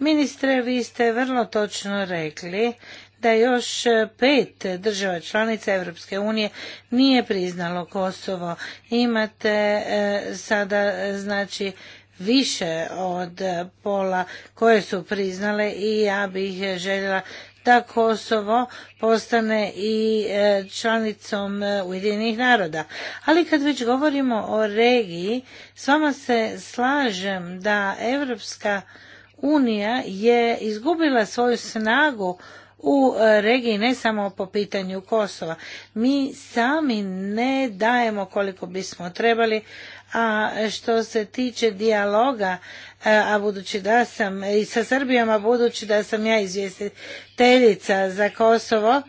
Ministre, vi ste vrlo točno rekli da još pet država članica Europske unije nije priznalo Kosovo. Imate e, sada znači više od pola koje su priznale i ja bih željela da Kosovo postane i e, članicom e, Ujedinih naroda. Ali kad već govorimo o regiji, s vama se slažem da Europska unija je izgubila svoju snagu u e, regiji ne samo po pitanju Kosova. Mi sami ne dajemo koliko bismo trebali, a što se tiče dijaloga, e, a budući da sam i sa Srbijom, a budući da sam ja izvjestiteljica za Kosovo,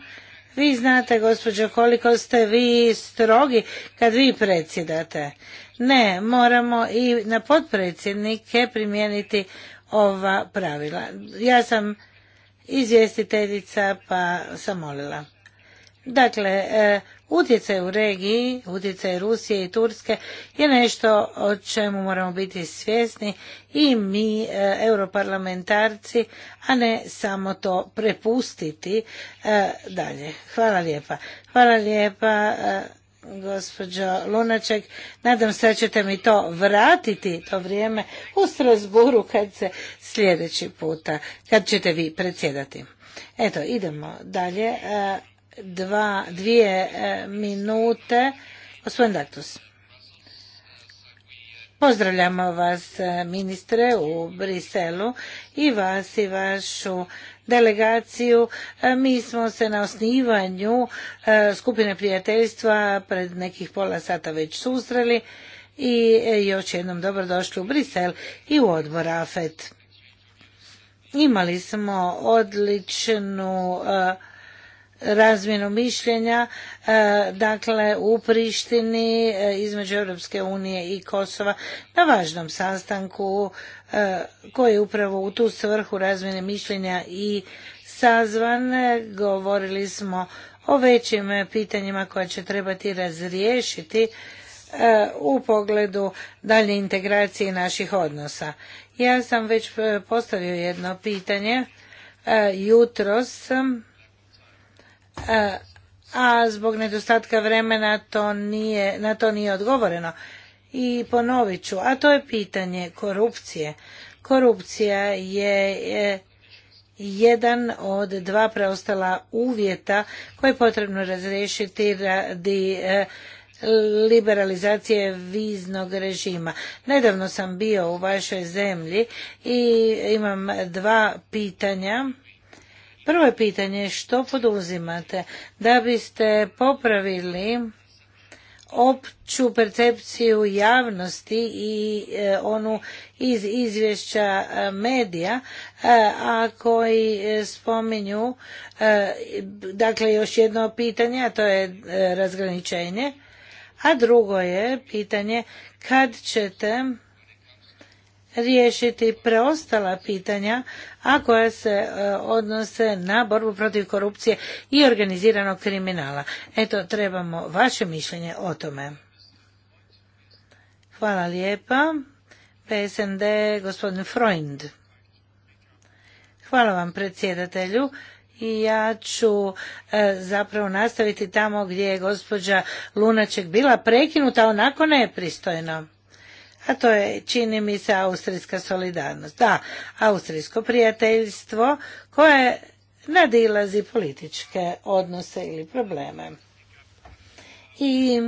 vi znate, gospođo, koliko ste vi strogi kad vi predsjedate. Ne, moramo i na potpredsjednike primijeniti ova pravila. Ja sam izvjestiteljica pa sam molila. Dakle, e, utjecaj u regiji, utjecaj Rusije i Turske je nešto o čemu moramo biti svjesni i mi, e, europarlamentarci, a ne samo to prepustiti e, dalje. Hvala lijepa. Hvala lijepa gospođo Lunaček. Nadam se da ćete mi to vratiti, to vrijeme, u Strasburu kad se sljedeći puta, kad ćete vi predsjedati. Eto, idemo dalje. E, dva, dvije e, minute. Gospodin Daktus. Pozdravljamo vas e, ministre u Briselu i vas i vašu delegaciju. E, mi smo se na osnivanju e, skupine prijateljstva pred nekih pola sata već susreli i e, još jednom dobrodošli u Brisel i u odbor AFET. Imali smo odličnu razmjenu mišljenja e, dakle u Prištini e, između Europske unije i Kosova na važnom sastanku e, koji je upravo u tu svrhu razmjene mišljenja i sazvan. Govorili smo o većim pitanjima koja će trebati razriješiti u pogledu dalje integracije naših odnosa. Ja sam već postavio jedno pitanje jutros sam E, a zbog nedostatka vremena na to nije odgovoreno. I ponovit ću, a to je pitanje korupcije. Korupcija je jedan od dva preostala uvjeta koje je potrebno razriješiti radi e, liberalizacije viznog režima. Nedavno sam bio u vašoj zemlji i imam dva pitanja Prvo je pitanje što poduzimate da biste popravili opću percepciju javnosti i e, onu iz izvješća e, medija, e, a koji spominju, dakle još jedno pitanje, a to je razgraničenje, a drugo je pitanje kad ćete riješiti preostala pitanja, a koja se e, odnose na borbu protiv korupcije i organiziranog kriminala. Eto, trebamo vaše mišljenje o tome. Hvala lijepa. PSND, gospodin Freund. Hvala vam predsjedatelju i ja ću e, zapravo nastaviti tamo gdje je gospođa Lunaček bila prekinuta, onako pristojno a to je čini mi se austrijska solidarnost. Da, austrijsko prijateljstvo koje nadilazi političke odnose ili probleme. I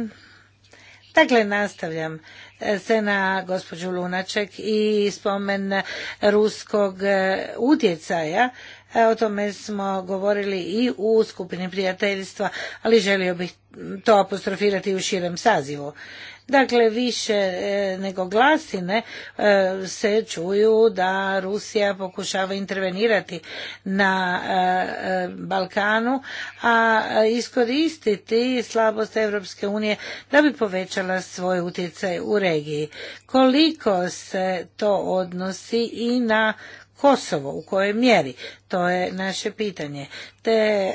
Dakle, nastavljam e, se na gospođu Lunaček i spomen ruskog e, utjecaja. E, o tome smo govorili i u skupini prijateljstva, ali želio bih to apostrofirati u širem sazivu. Dakle, više e, nego glasine e, se čuju da Rusija pokušava intervenirati na e, Balkanu, a iskoristiti slabost Europske unije da bi povećala svoj utjecaj u regiji. Koliko se to odnosi i na Kosovo, u kojoj mjeri? To je naše pitanje. Te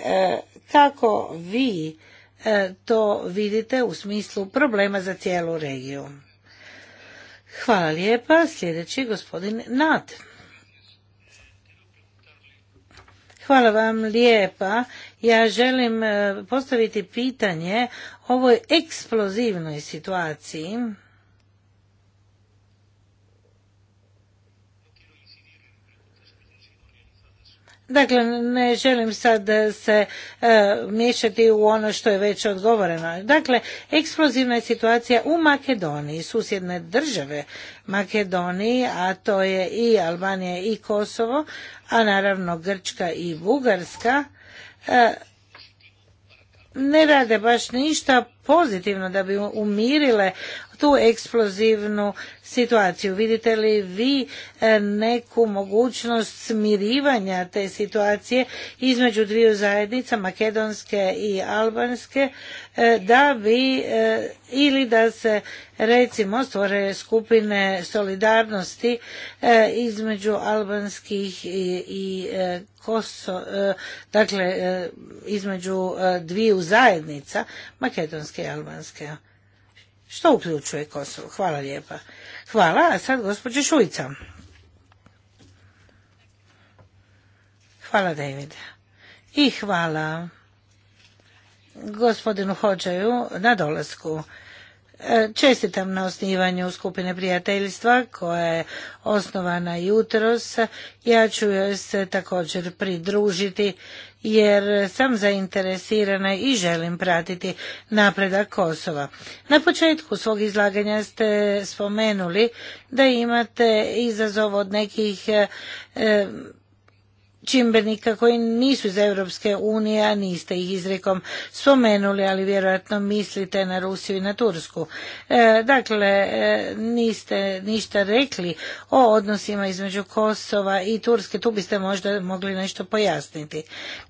kako vi E, to vidite u smislu problema za cijelu regiju. Hvala lijepa. Sljedeći gospodin Nad. Hvala vam lijepa. Ja želim e, postaviti pitanje ovoj eksplozivnoj situaciji Dakle, ne želim sad se e, miješati u ono što je već odgovoreno. Dakle, eksplozivna je situacija u Makedoniji, susjedne države Makedoniji, a to je i Albanija i Kosovo, a naravno Grčka i Bugarska, e, ne rade baš ništa pozitivno da bi umirile tu eksplozivnu situaciju. Vidite li vi e, neku mogućnost smirivanja te situacije između dviju zajednica, makedonske i albanske, e, da bi e, ili da se recimo stvore skupine solidarnosti između albanskih i Koso, e, dakle e, između e, dviju zajednica, makedonske i albanske. Što uključuje Kosovo? Hvala lijepa. Hvala, a sad gospođa Šujica. Hvala David. I hvala gospodinu Hođaju na dolasku. E, čestitam na osnivanju skupine prijateljstva koja je osnovana jutros. Ja ću joj se također pridružiti jer sam zainteresirana i želim pratiti napredak Kosova. Na početku svog izlaganja ste spomenuli da imate izazov od nekih e, čimbenika koji nisu iz Europske unije, a niste ih izrekom spomenuli, ali vjerojatno mislite na Rusiju i na Tursku. E, dakle, e, niste ništa rekli o odnosima između Kosova i Turske, tu biste možda mogli nešto pojasniti.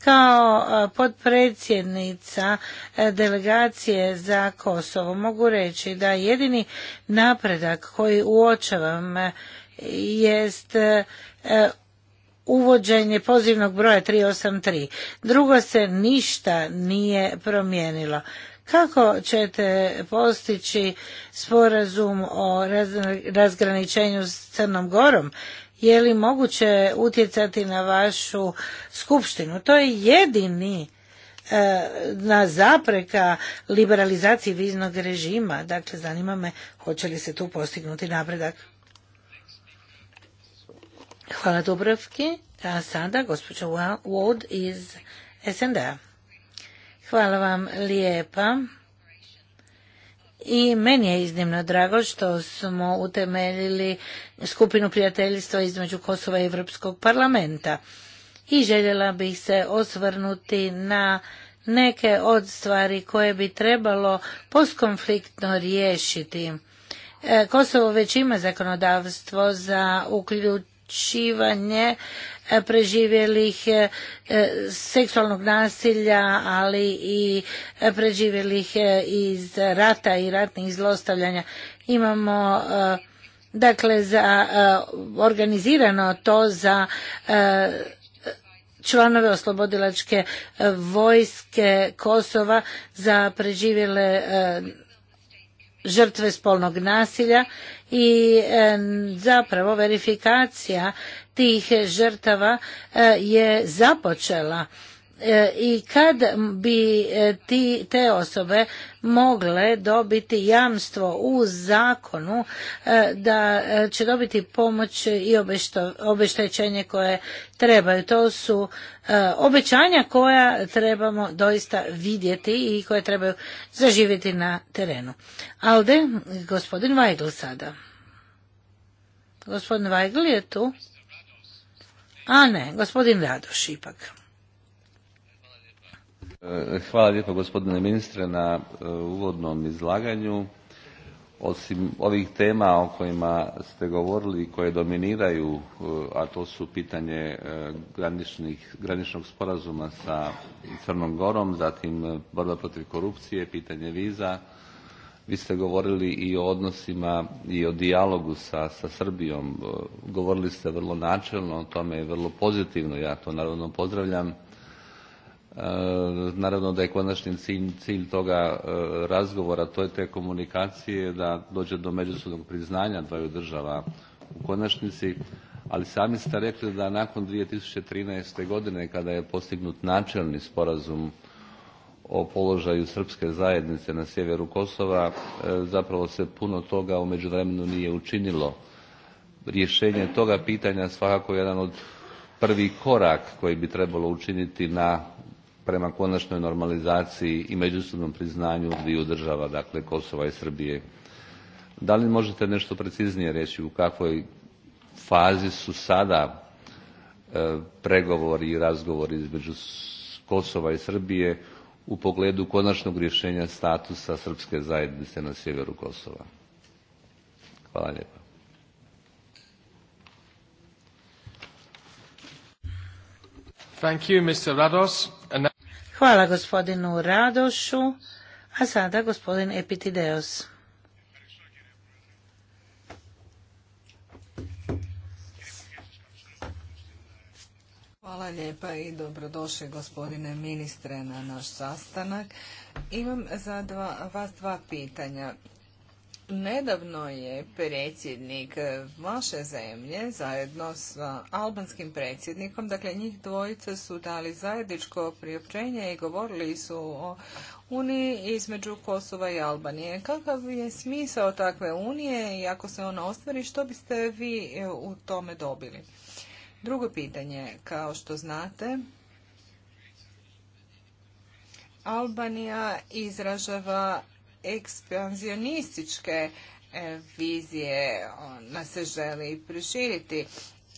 Kao e, podpredsjednica delegacije za Kosovo mogu reći da jedini napredak koji uočavam jest uvođenje pozivnog broja 383. Drugo se ništa nije promijenilo. Kako ćete postići sporazum o razgraničenju s Crnom Gorom? Je li moguće utjecati na vašu skupštinu? To je jedini e, na zapreka liberalizaciji viznog režima. Dakle, zanima me hoće li se tu postignuti napredak. Hvala Dubrovki. A sada gospođa Wood iz snd Hvala vam lijepa. I meni je iznimno drago što smo utemeljili skupinu prijateljstva između Kosova i Europskog parlamenta. I željela bih se osvrnuti na neke od stvari koje bi trebalo postkonfliktno riješiti. E, Kosovo već ima zakonodavstvo za uključenje uključivanje e, preživjelih e, e, seksualnog nasilja, ali i preživjelih iz rata i ratnih zlostavljanja. Imamo dakle za organizirano to za članove oslobodilačke vojske Kosova za preživjele žrtve spolnog nasilja i e, zapravo verifikacija tih žrtava e, je započela E, i kad bi e, te osobe mogle dobiti jamstvo u zakonu e, da će dobiti pomoć i obeštećenje koje trebaju. To su obećanja koja trebamo doista vidjeti i koje trebaju zaživjeti na terenu. Alde, gospodin Vajgl sada. Gospodin Weigl je tu? A ne, gospodin Radoš ipak. E, hvala lijepo gospodine ministre na e, uvodnom izlaganju. Osim ovih tema o kojima ste govorili i koje dominiraju, e, a to su pitanje graničnog sporazuma sa Crnom Gorom, zatim borba protiv korupcije, pitanje viza, vi ste govorili i o odnosima i o dijalogu sa, Srbijom. Govorili ste vrlo načelno o tome je vrlo pozitivno, ja to naravno pozdravljam E, naravno da je konačni cilj, toga e, razgovora, to je te komunikacije, da dođe do međusobnog priznanja dvaju država u konačnici, ali sami ste rekli da nakon 2013. godine kada je postignut načelni sporazum o položaju srpske zajednice na sjeveru Kosova, e, zapravo se puno toga u međuvremenu nije učinilo. Rješenje toga pitanja svakako je jedan od prvi korak koji bi trebalo učiniti na prema konačnoj normalizaciji i međusobnom priznanju dviju država, dakle Kosova i Srbije. Da li možete nešto preciznije reći u kakvoj fazi su sada e, pregovori i razgovori između Kosova i Srbije u pogledu konačnog rješenja statusa srpske zajednice na sjeveru Kosova? Hvala lijepa. Thank you, Mr. Rados. Hvala gospodinu Radošu, a sada gospodin Epitideos. Hvala lijepa i dobrodošli gospodine ministre na naš sastanak. Imam za vas dva pitanja. Nedavno je predsjednik vaše zemlje zajedno s albanskim predsjednikom, dakle njih dvojice su dali zajedničko priopćenje i govorili su o uniji između Kosova i Albanije. Kakav je smisao takve unije i ako se ona ostvari, što biste vi e, u tome dobili? Drugo pitanje, kao što znate, Albanija izražava ekspanzionističke e, vizije ona se želi proširiti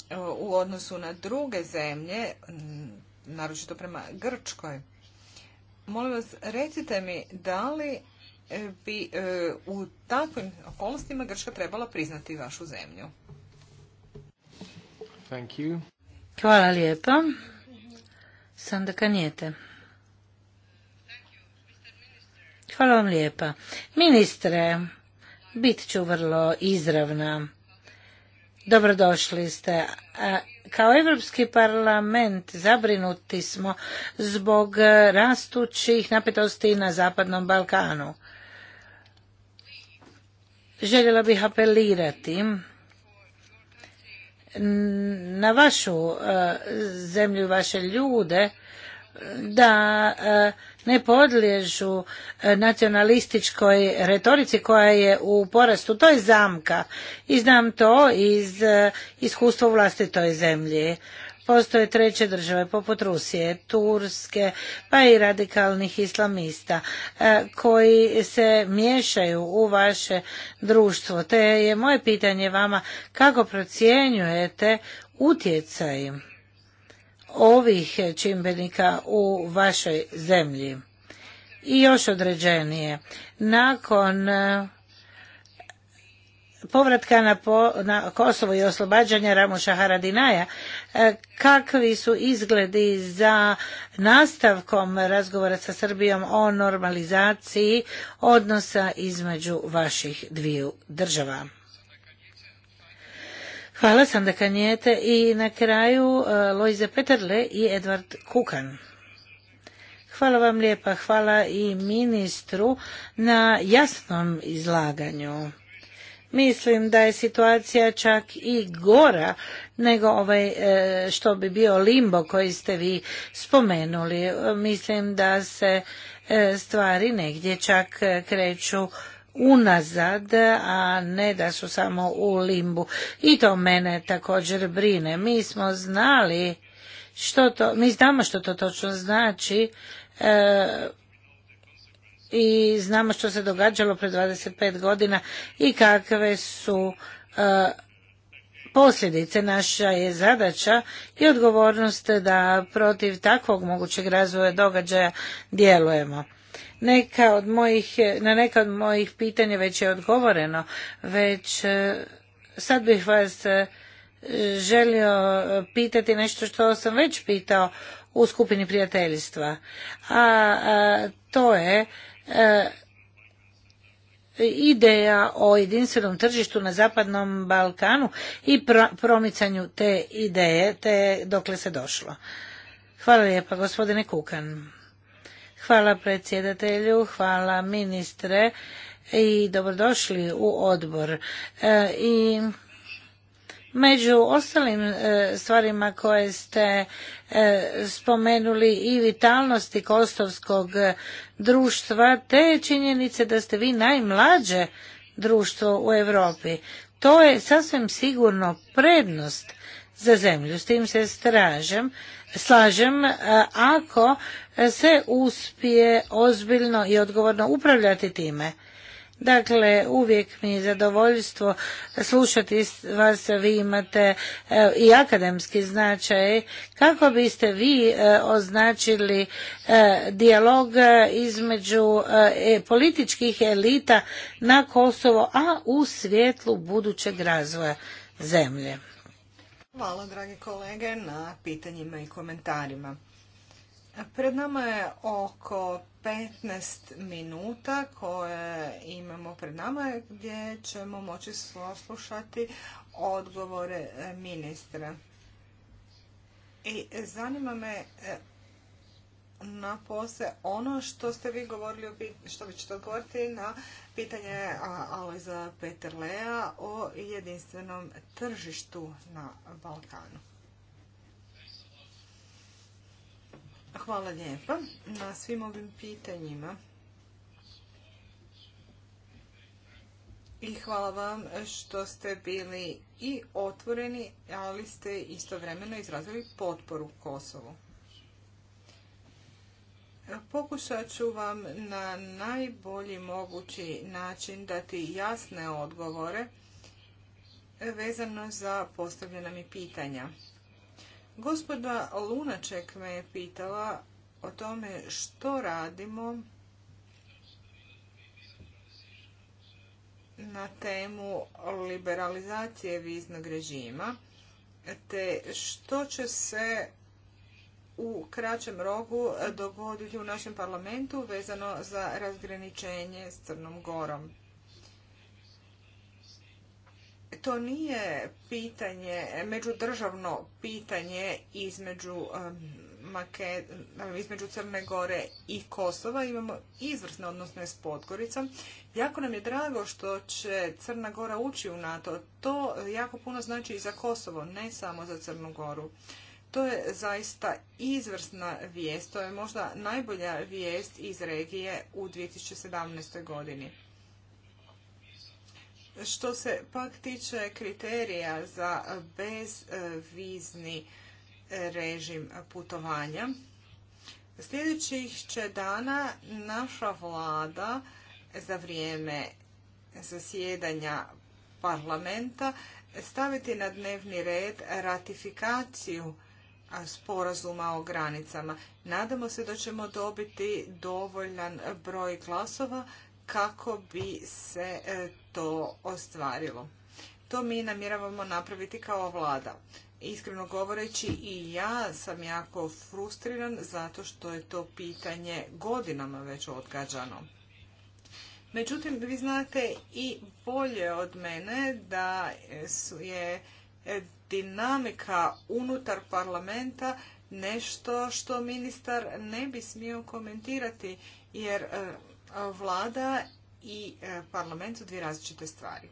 e, u odnosu na druge zemlje, naročito prema Grčkoj. Molim vas, recite mi da li e, bi u takvim okolnostima Grčka trebala priznati vašu zemlju? Hvala lijepa. Sanda Kanjete. Hvala vam lijepa. Ministre, bit ću vrlo izravna. Dobrodošli ste. Kao Europski parlament zabrinuti smo zbog rastućih napetosti na Zapadnom Balkanu. Željela bih apelirati na vašu e, zemlju i vaše ljude da e, ne podliježu e, nacionalističkoj retorici koja je u porastu. To je zamka i znam to iz e, iskustva u vlastitoj zemlji. Postoje treće države poput Rusije, Turske pa i radikalnih islamista e, koji se miješaju u vaše društvo. Te je moje pitanje vama kako procjenjujete utjecaj ovih čimbenika u vašoj zemlji. I još određenije, nakon e, povratka na, Kosovo i oslobađanja Ramuša Haradinaja, e, kakvi su izgledi za nastavkom razgovora sa Srbijom o normalizaciji odnosa između vaših dviju država? Hvala Sanda Kanjete i na kraju uh, Lojze Peterle i Edvard Kukan. Hvala vam lijepa, hvala i ministru na jasnom izlaganju. Mislim da je situacija čak i gora nego ovaj uh, što bi bio limbo koji ste vi spomenuli. Mislim da se uh, stvari negdje čak kreću unazad, a ne da su samo u limbu. I to mene također brine. Mi smo znali što to, mi znamo što to točno znači e, i znamo što se događalo pred 25 godina i kakve su e, posljedice. Naša je zadaća i odgovornost da protiv takvog mogućeg razvoja događaja djelujemo na neka od mojih pitanja već je odgovoreno, već e, sad bih vas e, želio pitati nešto što sam već pitao u skupini prijateljstva. A, to je e, ideja o jedinstvenom tržištu na Zapadnom Balkanu i promicanju te ideje, te dokle se došlo. Hvala lijepa, gospodine Kukan. Hvala predsjedatelju, hvala ministre i dobrodošli u odbor. E, I među ostalim e, stvarima koje ste e, spomenuli i vitalnosti kostovskog društva te činjenice da ste vi najmlađe društvo u Europi. To je sasvim sigurno prednost za zemlju. S tim se stražem, slažem e, ako se uspije ozbiljno i odgovorno upravljati time. Dakle, uvijek mi je zadovoljstvo slušati vas, vi imate e, i akademski značaj. Kako biste vi e, označili dijalog između političkih elita na Kosovo, a u svjetlu budućeg razvoja zemlje? Hvala, dragi kolege, na pitanjima i komentarima. Pred nama je oko 15 minuta koje imamo pred nama gdje ćemo moći slušati odgovore e, ministra. I zanima me e, na pose ono što ste vi govorili, što vi ćete odgovoriti na pitanje Alojza Peterlea o jedinstvenom tržištu na Balkanu. Hvala lijepa na svim ovim pitanjima. I hvala vam što ste bili i otvoreni, ali ste istovremeno izrazili potporu Kosovu. Pokušat ću vam na najbolji mogući način dati jasne odgovore vezano za postavljena mi pitanja. Gospoda Lunaček me je pitala o tome što radimo na temu liberalizacije viznog režima te što će se u kraćem rogu dogoditi u našem parlamentu vezano za razgraničenje s Crnom Gorom. To nije pitanje, međudržavno pitanje između, između Crne Gore i Kosova. Imamo izvrsne odnosne s Podgoricom. Jako nam je drago što će Crna Gora ući u NATO. To jako puno znači i za Kosovo, ne samo za Crnu Goru. To je zaista izvrsna vijest, to je možda najbolja vijest iz regije u 2017. godini. Što se pak tiče kriterija za bezvizni režim putovanja, sljedećih će dana naša vlada za vrijeme zasjedanja parlamenta staviti na dnevni red ratifikaciju sporazuma o granicama. Nadamo se da ćemo dobiti dovoljan broj glasova kako bi se e, to ostvarilo. To mi namjeravamo napraviti kao vlada. Iskreno govoreći i ja sam jako frustriran zato što je to pitanje godinama već odgađano. Međutim, vi znate i bolje od mene da je e, dinamika unutar parlamenta nešto što ministar ne bi smio komentirati jer e, vlada i e, parlament su dvije različite stvari.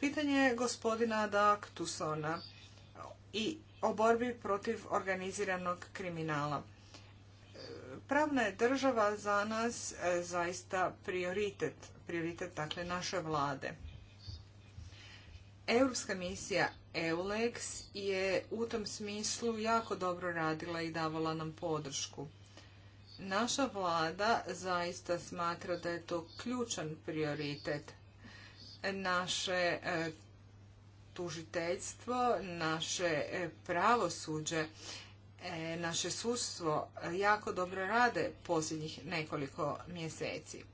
Pitanje gospodina Daktusona i o borbi protiv organiziranog kriminala. E, pravna je država za nas zaista prioritet, prioritet dakle naše vlade. Europska misija EULEX je u tom smislu jako dobro radila i davala nam podršku. Naša vlada zaista smatra da je to ključan prioritet. Naše e, tužiteljstvo, naše e, pravosuđe, e, naše sudstvo jako dobro rade posljednjih nekoliko mjeseci.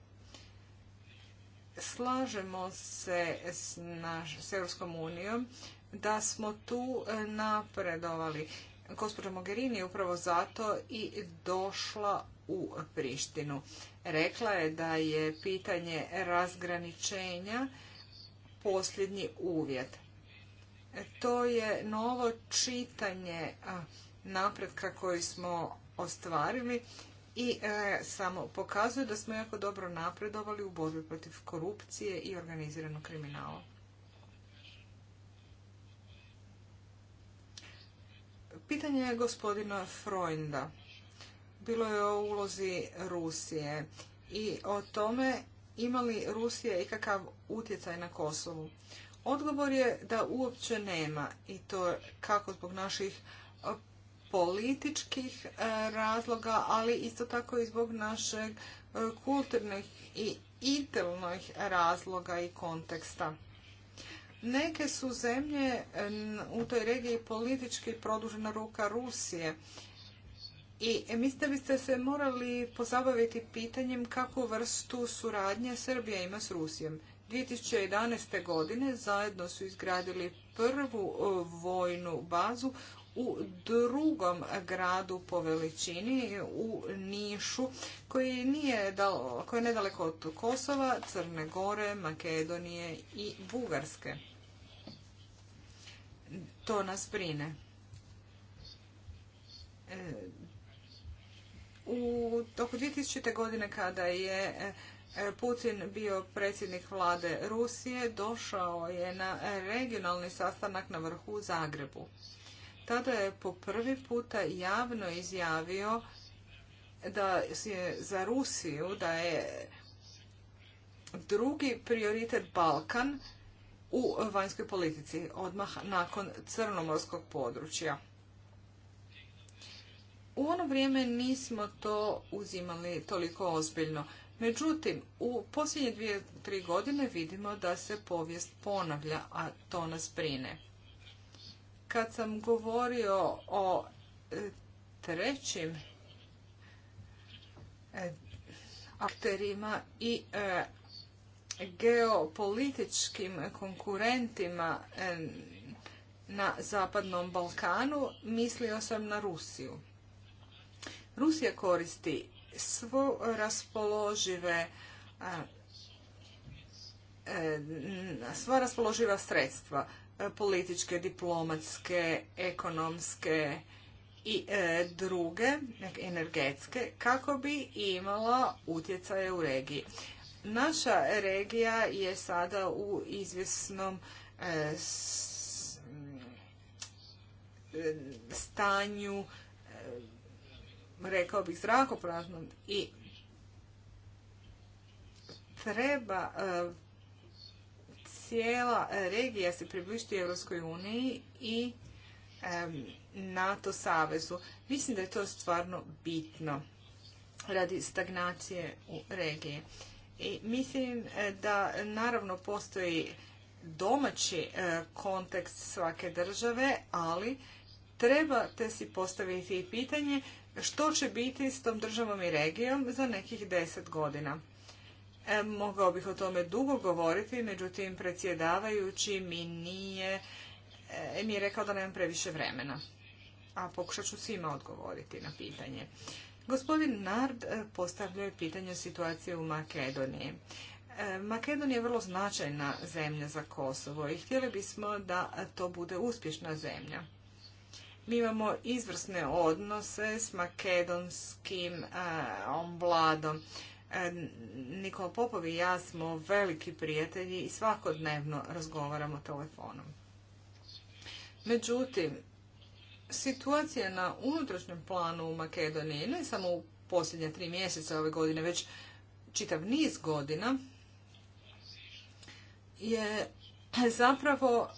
Slažemo se s, naš, s Europskom unijom da smo tu e, napredovali. Gospođa Mogherini je upravo zato i došla u Prištinu. Rekla je da je pitanje razgraničenja posljednji uvjet. E, to je novo čitanje napretka koji smo ostvarili i e, samo pokazuje da smo jako dobro napredovali u borbi protiv korupcije i organiziranog kriminala. Pitanje je gospodina Freunda. Bilo je o ulozi Rusije i o tome ima li Rusija ikakav utjecaj na Kosovu. Odgovor je da uopće nema i to kako zbog naših političkih e, razloga, ali isto tako i zbog našeg kulturnih i itelnih razloga i konteksta. Neke su zemlje u toj regiji politički produžena ruka Rusije. I mislim da biste se morali pozabaviti pitanjem kakvu vrstu suradnje Srbija ima s Rusijom. 2011. godine zajedno su izgradili prvu vojnu bazu u drugom gradu po veličini u Nišu koji koji je nedaleko od Kosova, Crne Gore, Makedonije i Bugarske to nas brine. E, u toku 2000. godine kada je e, Putin bio predsjednik vlade Rusije, došao je na regionalni sastanak na vrhu u Zagrebu. Tada je po prvi puta javno izjavio da je za Rusiju, da je drugi prioritet Balkan, u vanjskoj politici odmah nakon crnomorskog područja. U ono vrijeme nismo to uzimali toliko ozbiljno. Međutim, u posljednje dvije, tri godine vidimo da se povijest ponavlja, a to nas brine. Kad sam govorio o e, trećim e, akterima i e, geopolitičkim konkurentima na Zapadnom Balkanu, mislio sam na Rusiju. Rusija koristi svo raspoložive sva raspoloživa sredstva e, političke, diplomatske, ekonomske i e, druge energetske kako bi imala utjecaje u regiji. Naša regija je sada u izvjesnom e, e, stanju, e, rekao bih, zrakopraznom i treba cijela regija se približiti Europskoj uniji i NATO savezu. Mislim da je to stvarno bitno radi stagnacije u regiji. I mislim e, da naravno postoji domaći e, kontekst svake države, ali trebate si postaviti i pitanje što će biti s tom državom i regijom za nekih deset godina. E, mogao bih o tome dugo govoriti, međutim predsjedavajući mi nije mi je rekao da nemam previše vremena. A pokušat ću svima odgovoriti na pitanje. Gospodin Nard e, postavljao je pitanje situacije u Makedoniji. E, Makedonija je vrlo značajna zemlja za Kosovo i htjeli bismo da to bude uspješna zemlja. Mi imamo izvrsne odnose s makedonskim e, vladom. Nikola Popovi i ja smo veliki prijatelji i svakodnevno razgovaramo telefonom. Međutim, situacija na unutrašnjem planu u Makedoniji, ne samo u posljednje tri mjeseca ove godine, već čitav niz godina, je zapravo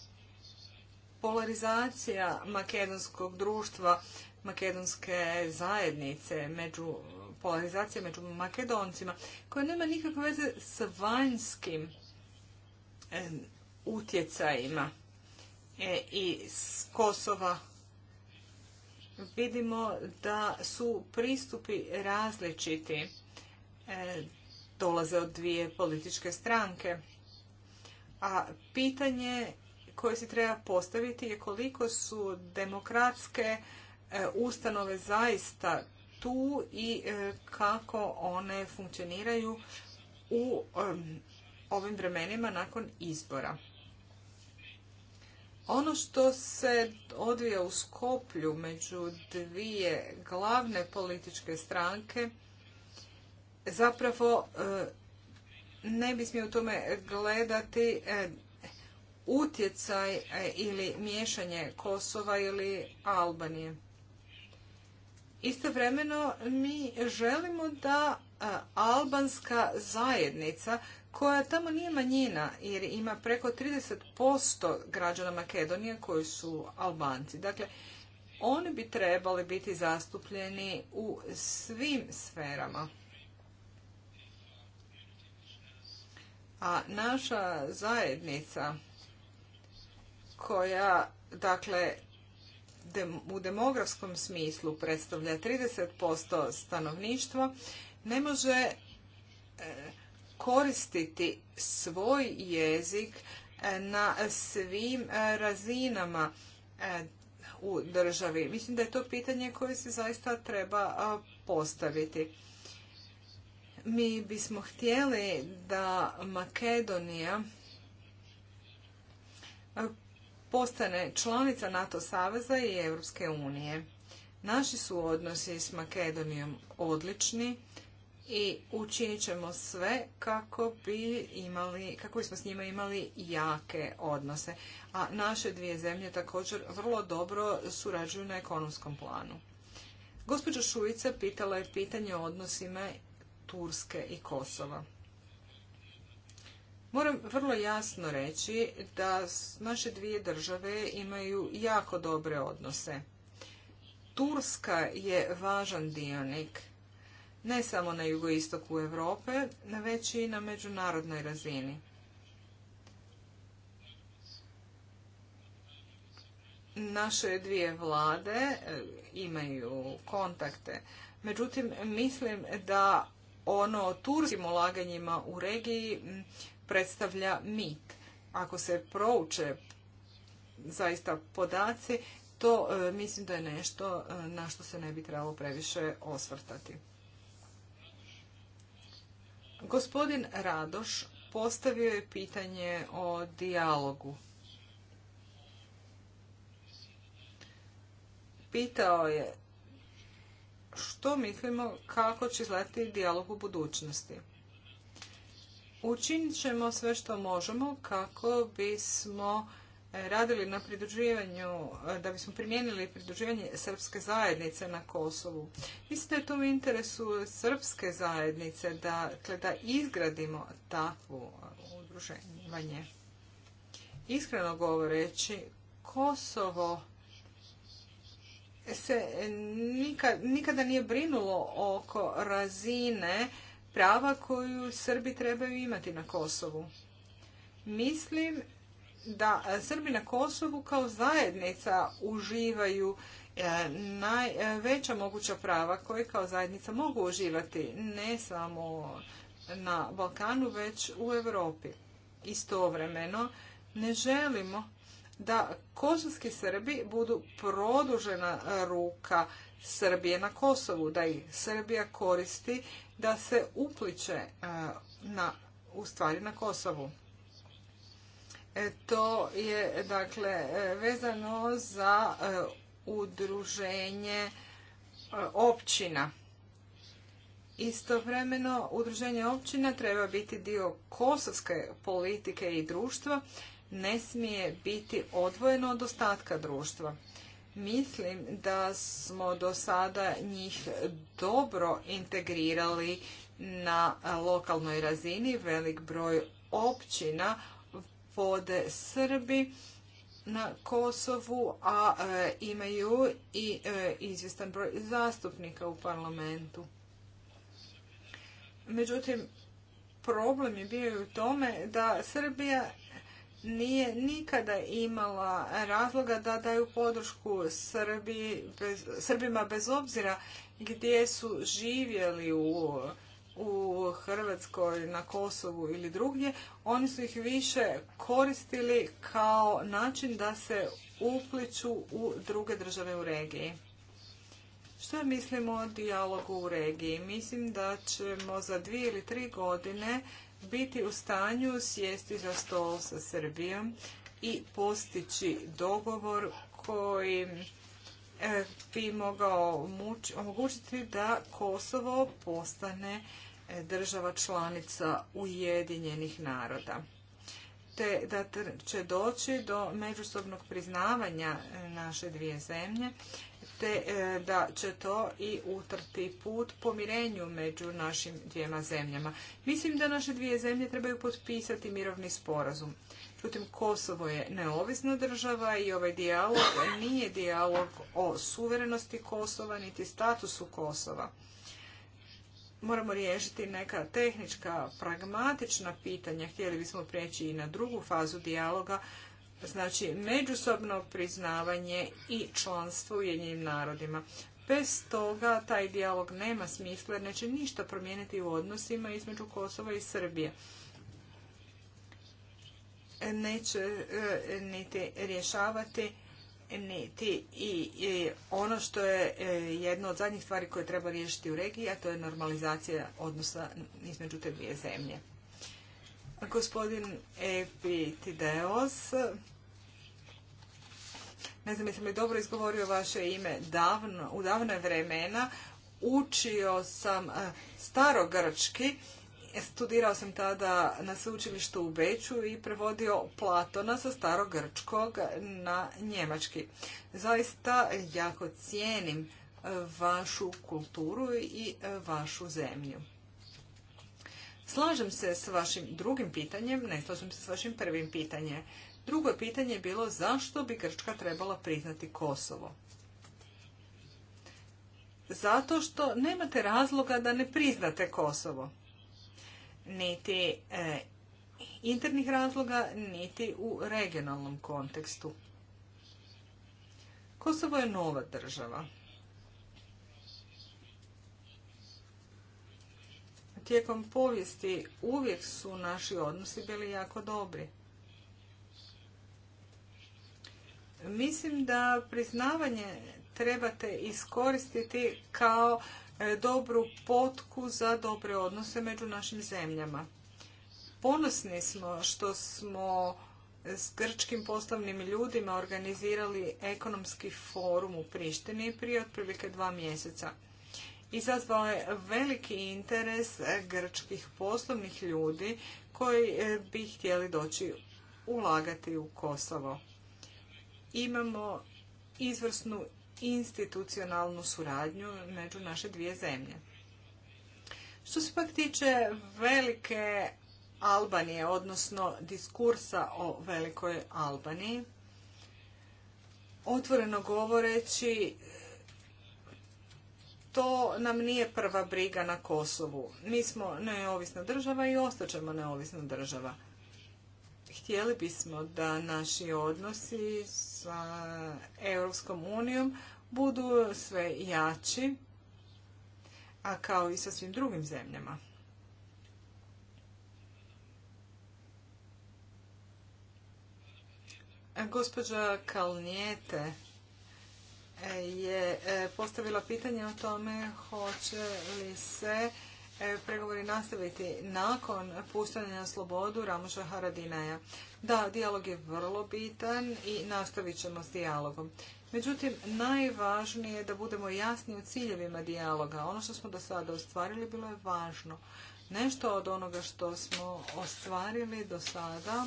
polarizacija makedonskog društva, makedonske zajednice, među, polarizacija među makedoncima, koja nema nikakve veze s vanjskim utjecajima e, i s Kosova vidimo da su pristupi različiti. E, dolaze od dvije političke stranke. A pitanje koje se treba postaviti je koliko su demokratske e, ustanove zaista tu i e, kako one funkcioniraju u ovim vremenima nakon izbora. Ono što se odvija u Skoplju među dvije glavne političke stranke zapravo e, ne bi smio u tome gledati e, utjecaj e, ili miješanje Kosova ili Albanije. Istovremeno mi želimo da albanska zajednica koja tamo nije manjina jer ima preko 30% građana Makedonije koji su Albanci. Dakle, oni bi trebali biti zastupljeni u svim sferama. A naša zajednica koja, dakle, u demografskom smislu predstavlja 30% stanovništva, ne može e, koristiti svoj jezik e, na svim e, razinama e, u državi. Mislim da je to pitanje koje se zaista treba postaviti. Mi bismo htjeli da Makedonija postane članica NATO saveza i Europske unije. Naši su odnosi s Makedonijom odlični, i učinit ćemo sve kako bi imali, kako bismo s njima imali jake odnose. A naše dvije zemlje također vrlo dobro surađuju na ekonomskom planu. Gospođa Šuica pitala je pitanje o odnosima Turske i Kosova. Moram vrlo jasno reći da naše dvije države imaju jako dobre odnose. Turska je važan dionik ne samo na jugoistoku Europe, već i na međunarodnoj razini. Naše dvije vlade e, imaju kontakte. Međutim, mislim da ono o turskim ulaganjima u regiji predstavlja mit. Ako se prouče zaista podaci, to e, mislim da je nešto e, na što se ne bi trebalo previše osvrtati. Gospodin Radoš postavio je pitanje o dijalogu. Pitao je što mislimo kako će izgledati dijalog u budućnosti. Učinit ćemo sve što možemo kako bismo radili na pridruživanju, da bismo primijenili pridruživanje srpske zajednice na Kosovu. Mislim da je to u interesu srpske zajednice da, dakle, izgradimo takvo udruženje. Iskreno govoreći, Kosovo se nikada nije brinulo oko razine prava koju Srbi trebaju imati na Kosovu. Mislim da e, Srbi na Kosovu kao zajednica uživaju e, najveća moguća prava koje kao zajednica mogu uživati ne samo na Balkanu već u Europi. Istovremeno ne želimo da kosovski Srbi budu produžena ruka Srbije na Kosovu, da ih Srbija koristi da se upliče e, na, u stvari na Kosovu. E, to je dakle e, vezano za e, udruženje općina. Istovremeno, udruženje općina treba biti dio kosovske politike i društva, ne smije biti odvojeno od ostatka društva. Mislim da smo do sada njih dobro integrirali na lokalnoj razini. Velik broj općina vode Srbi na Kosovu, a e, imaju i e, izvjestan broj zastupnika u parlamentu. Međutim, problem je bio u tome da Srbija nije nikada imala razloga da daju podršku Srbima bez obzira gdje su živjeli u u Hrvatskoj, na Kosovu ili drugdje, oni su ih više koristili kao način da se upliču u druge države u regiji. Što mislimo o dijalogu u regiji? Mislim da ćemo za dvije ili tri godine biti u stanju sjesti za stol sa Srbijom i postići dogovor koji eh, bi mogao omogućiti da Kosovo postane država članica Ujedinjenih naroda te da će doći do međusobnog priznavanja e, naše dvije zemlje, te e, da će to i utrti put pomirenju među našim dvijema zemljama. Mislim da naše dvije zemlje trebaju potpisati mirovni sporazum. Međutim, Kosovo je neovisna država i ovaj dijalog nije dijalog o suverenosti Kosova niti statusu Kosova moramo riješiti neka tehnička, pragmatična pitanja. Htjeli bismo prijeći i na drugu fazu dijaloga, znači međusobno priznavanje i članstvo u jednim narodima. Bez toga taj dijalog nema smisla jer neće ništa promijeniti u odnosima između Kosova i Srbije. Neće e, niti rješavati niti i, ono što je e, jedno od zadnjih stvari koje treba riješiti u regiji, a to je normalizacija odnosa između te dvije zemlje. Gospodin Epitideos, ne znam jesam li dobro izgovorio vaše ime, u davne vremena učio sam e, starogrčki, studirao sam tada na sveučilištu u Beću i prevodio Platona sa starog grčkog na njemački. Zaista jako cijenim vašu kulturu i vašu zemlju. Slažem se s vašim drugim pitanjem, ne slažem se s vašim prvim pitanjem. Drugo pitanje je bilo zašto bi Grčka trebala priznati Kosovo. Zato što nemate razloga da ne priznate Kosovo niti e, internih razloga, niti u regionalnom kontekstu. Kosovo je nova država. Tijekom povijesti uvijek su naši odnosi bili jako dobri. Mislim da priznavanje trebate iskoristiti kao E, dobru potku za dobre odnose među našim zemljama. Ponosni smo što smo s grčkim poslovnim ljudima organizirali ekonomski forum u Prištini prije otprilike dva mjeseca. Izazvao je veliki interes grčkih poslovnih ljudi koji e, bi htjeli doći ulagati u Kosovo. Imamo izvrsnu institucionalnu suradnju među naše dvije zemlje. Što se pak tiče velike Albanije, odnosno diskursa o velikoj Albaniji, otvoreno govoreći, to nam nije prva briga na Kosovu. Mi smo neovisna država i ostaćemo neovisna država. Htjeli bismo da naši odnosi sa Europskom unijom budu sve jači, a kao i sa svim drugim zemljama. Gospođa Kalnijete je e, postavila pitanje o tome hoće li se E, pregovori nastaviti nakon pustanja na slobodu Ramuša Haradinaja. Da, dijalog je vrlo bitan i nastavit ćemo s dijalogom. Međutim, najvažnije je da budemo jasni u ciljevima dijaloga. Ono što smo do sada ostvarili bilo je važno. Nešto od onoga što smo ostvarili do sada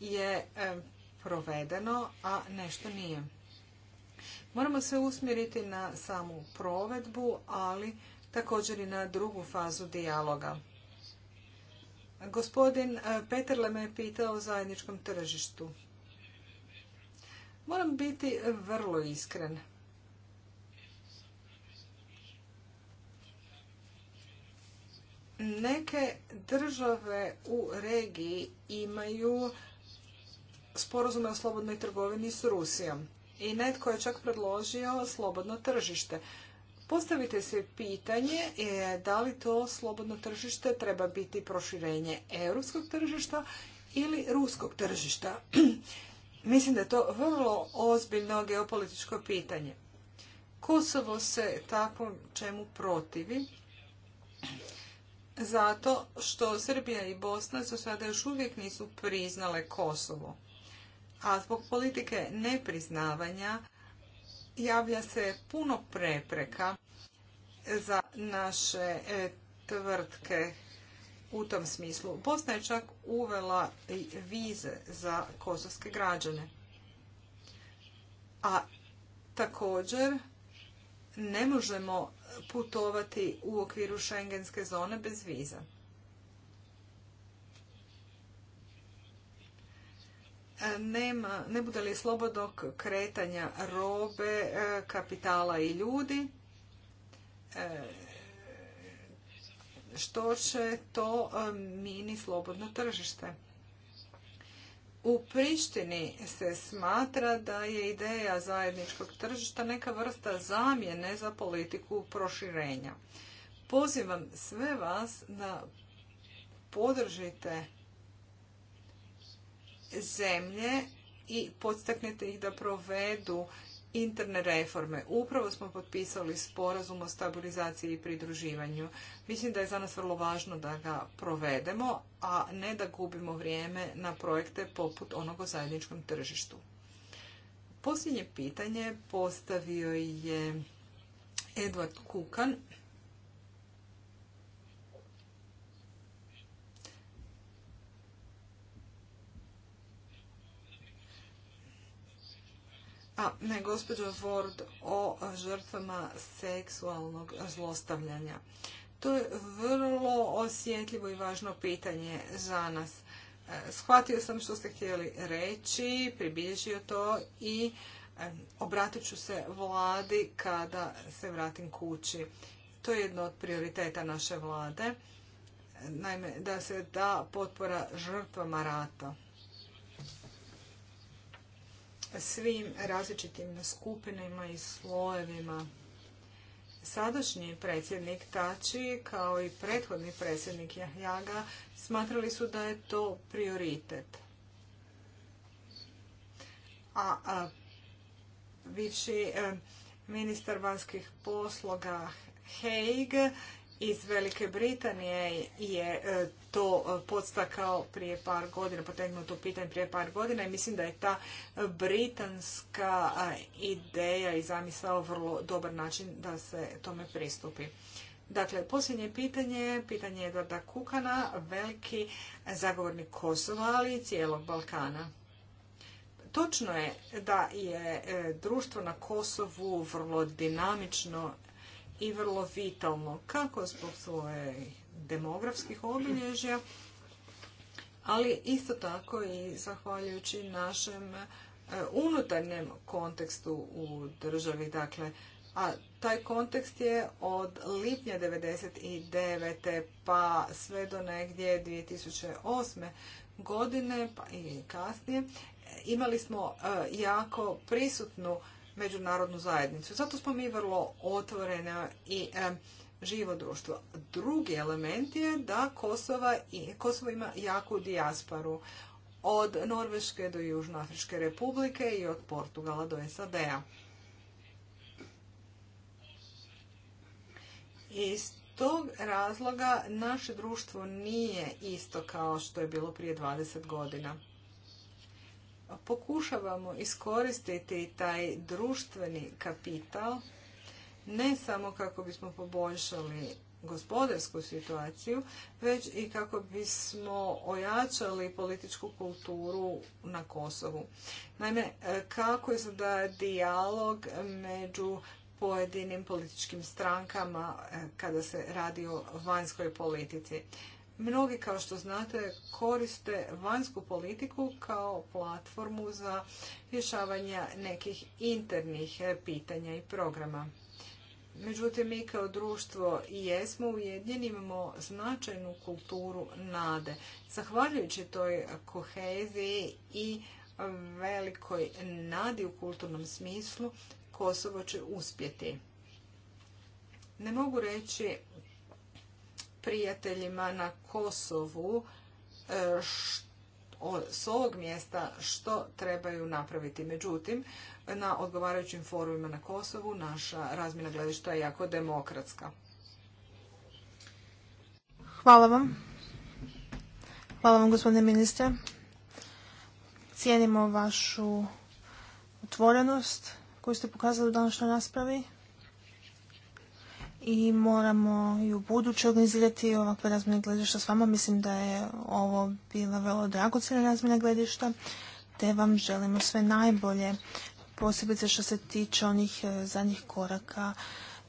je e, provedeno, a nešto nije. Moramo se usmjeriti na samu provedbu, ali također i na drugu fazu dijaloga. Gospodin e, Peterle me pitao o zajedničkom tržištu. Moram biti vrlo iskren. Neke države u regiji imaju sporazume o slobodnoj trgovini s Rusijom i netko je čak predložio slobodno tržište. Postavite se pitanje e, da li to slobodno tržište treba biti proširenje europskog tržišta ili ruskog tržišta. <clears throat> Mislim da je to vrlo ozbiljno geopolitičko pitanje. Kosovo se takvom čemu protivi zato što Srbija i Bosna su sada još uvijek nisu priznale Kosovo a zbog politike nepriznavanja javlja se puno prepreka za naše e, tvrtke u tom smislu. Bosna je čak uvela i vize za kosovske građane. A također ne možemo putovati u okviru šengenske zone bez viza. E, nema, ne bude li slobodnog kretanja robe, e, kapitala i ljudi, e, što će to mini slobodno tržište. U Prištini se smatra da je ideja zajedničkog tržišta neka vrsta zamjene za politiku proširenja. Pozivam sve vas da podržite zemlje i podstaknete ih da provedu interne reforme. Upravo smo potpisali sporazum o stabilizaciji i pridruživanju. Mislim da je za nas vrlo važno da ga provedemo, a ne da gubimo vrijeme na projekte poput onog o zajedničkom tržištu. Posljednje pitanje postavio je Edward Kukan A, ne, gospođo Ford, o žrtvama seksualnog zlostavljanja. To je vrlo osjetljivo i važno pitanje za nas. E, shvatio sam što ste htjeli reći, pribježio to i e, obratit ću se vladi kada se vratim kući. To je jedno od prioriteta naše vlade, naime da se da potpora žrtvama rata svim različitim skupinama i slojevima. Sadašnji predsjednik Tači kao i prethodni predsjednik Jahjaga smatrali su da je to prioritet. A, a bivši e, ministar vanjskih posloga Haig iz Velike Britanije je e, to e, podstakao prije par godina, to pitanje prije par godina i mislim da je ta e, britanska ideja i zamisao vrlo dobar način da se tome pristupi. Dakle, posljednje pitanje, pitanje Edvarda Kukana, veliki zagovornik Kosova, ali i cijelog Balkana. Točno je da je e, društvo na Kosovu vrlo dinamično i vrlo vitalno, kako zbog svoje demografskih obilježja, ali isto tako i zahvaljujući našem e, unutarnjem kontekstu u državi. Dakle, a taj kontekst je od lipnja 1999. pa sve do negdje 2008. godine pa i kasnije imali smo e, jako prisutnu međunarodnu zajednicu. Zato smo mi vrlo otvorena i e, živo društvo. Drugi element je da Kosova, Kosovo ima jaku dijasporu od Norveške do Južnoafričke republike i od Portugala do SAD-a. Iz tog razloga naše društvo nije isto kao što je bilo prije 20 godina. Pokušavamo iskoristiti taj društveni kapital ne samo kako bismo poboljšali gospodarsku situaciju, već i kako bismo ojačali političku kulturu na Kosovu. Naime, kako sada dijalog među pojedinim političkim strankama e, kada se radi o vanjskoj politici. Mnogi, kao što znate, koriste vanjsku politiku kao platformu za rješavanje nekih internih e, pitanja i programa. Međutim, mi kao društvo i jesmo ujedinjeni, imamo značajnu kulturu nade. Zahvaljujući toj koheziji i velikoj nadi u kulturnom smislu, Kosovo će uspjeti. Ne mogu reći prijateljima na Kosovu e, s ovog mjesta što trebaju napraviti. Međutim, na odgovarajućim forumima na Kosovu. Naša razmjena gledišta je jako demokratska. Hvala vam. Hvala vam gospodine ministre. Cijenimo vašu otvorenost koju ste pokazali u današnjoj raspravi i moramo i u buduće organizirati ovakve razmjene gledišta s vama. Mislim da je ovo bila vrlo dragocjena razmjena gledišta te vam želimo sve najbolje posebice što se tiče onih e, zadnjih koraka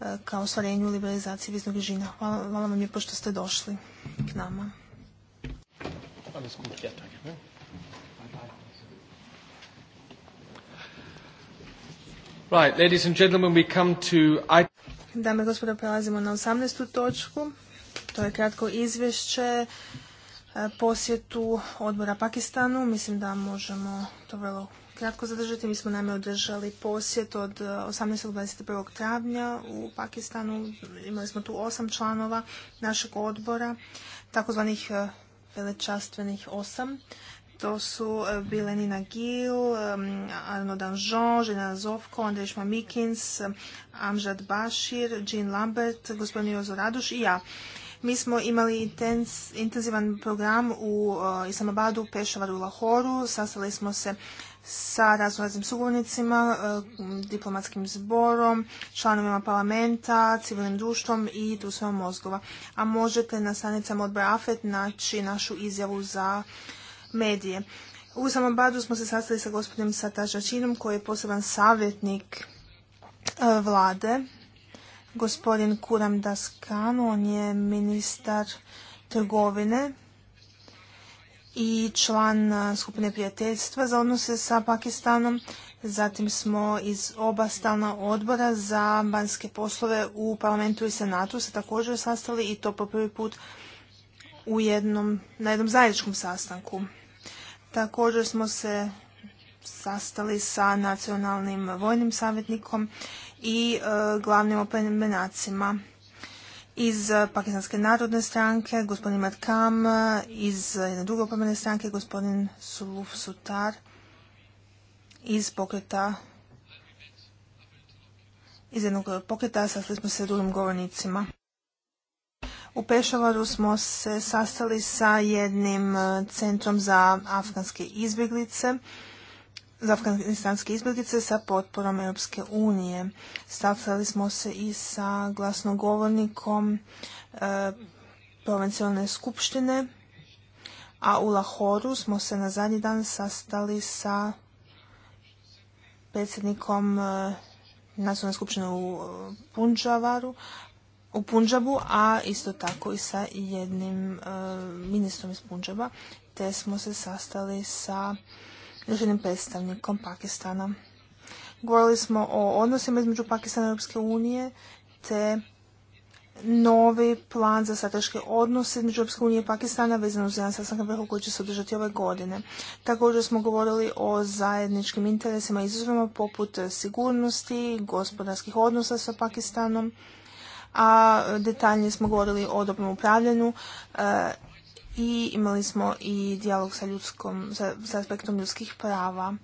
e, ka ostvarenju liberalizacije viznog režima. Hvala, vam lijepo što ste došli k nama. Right, ladies and gentlemen, we come to... Dame i gospodo, prelazimo na 18. točku. To je kratko izvješće e, posjetu odbora Pakistanu. Mislim da možemo to vrlo kratko zadržati. Mi smo naime održali posjet od 18. Eh, do travnja u Pakistanu. Imali smo tu osam članova našeg odbora, takozvanih eh, velečastvenih osam. To su eh, bile Nina Gil, Arno Danjon Žena Zovko, Andrej Mikins, Amžad Bashir, Jean Lambert, gospodin Jozo Raduš i ja. Mi smo imali intenzivan program u Islamabadu, Pešovaru, u Lahoru. Sastali smo se sa raznoraznim sugovornicima, e, diplomatskim zborom, članovima parlamenta, civilnim društvom i društvom mozgova. A možete na stranicama odbora AFET naći našu izjavu za medije. U samobadu smo se sastali sa gospodinom Satažačinom koji je poseban savjetnik e, vlade. Gospodin Kuram Daskanu, on je ministar trgovine i član skupine prijateljstva za odnose sa Pakistanom. Zatim smo iz oba stalna odbora za vanjske poslove u parlamentu i senatu se također sastali i to po prvi put u jednom, na jednom zajedničkom sastanku. Također smo se sastali sa nacionalnim vojnim savjetnikom i e, glavnim opremenacima iz eh, Pakistanske narodne stranke, gospodin Matkam eh, iz eh, jedne druge opomene stranke, gospodin Suluf Sutar iz pokreta iz jednog pokreta sastali smo se drugim govornicima. U Pešavaru smo se sastali sa jednim centrom za afganske izbjeglice za afganistanske izbjeglice sa potporom Europske unije. smo se i sa glasnogovornikom e, provincijalne skupštine, a u Lahoru smo se na zadnji dan sastali sa predsjednikom e, nacionalne skupštine u e, Punjavaru, u Punjabu, a isto tako i sa jednim e, ministrom iz Punjaba, te smo se sastali sa južnim predstavnikom Pakistana. Govorili smo o odnosima između Pakistana i Europske unije te novi plan za strateške odnose između Europske unije i Pakistana vezano za jedan sastanak vrhu koji će se održati ove godine. Također smo govorili o zajedničkim interesima i izazovima poput sigurnosti, gospodarskih odnosa sa Pakistanom, a detaljnije smo govorili o dobrom upravljanju, i imali smo i dijalog sa, ljudskom, sa, aspektom ljudskih prava.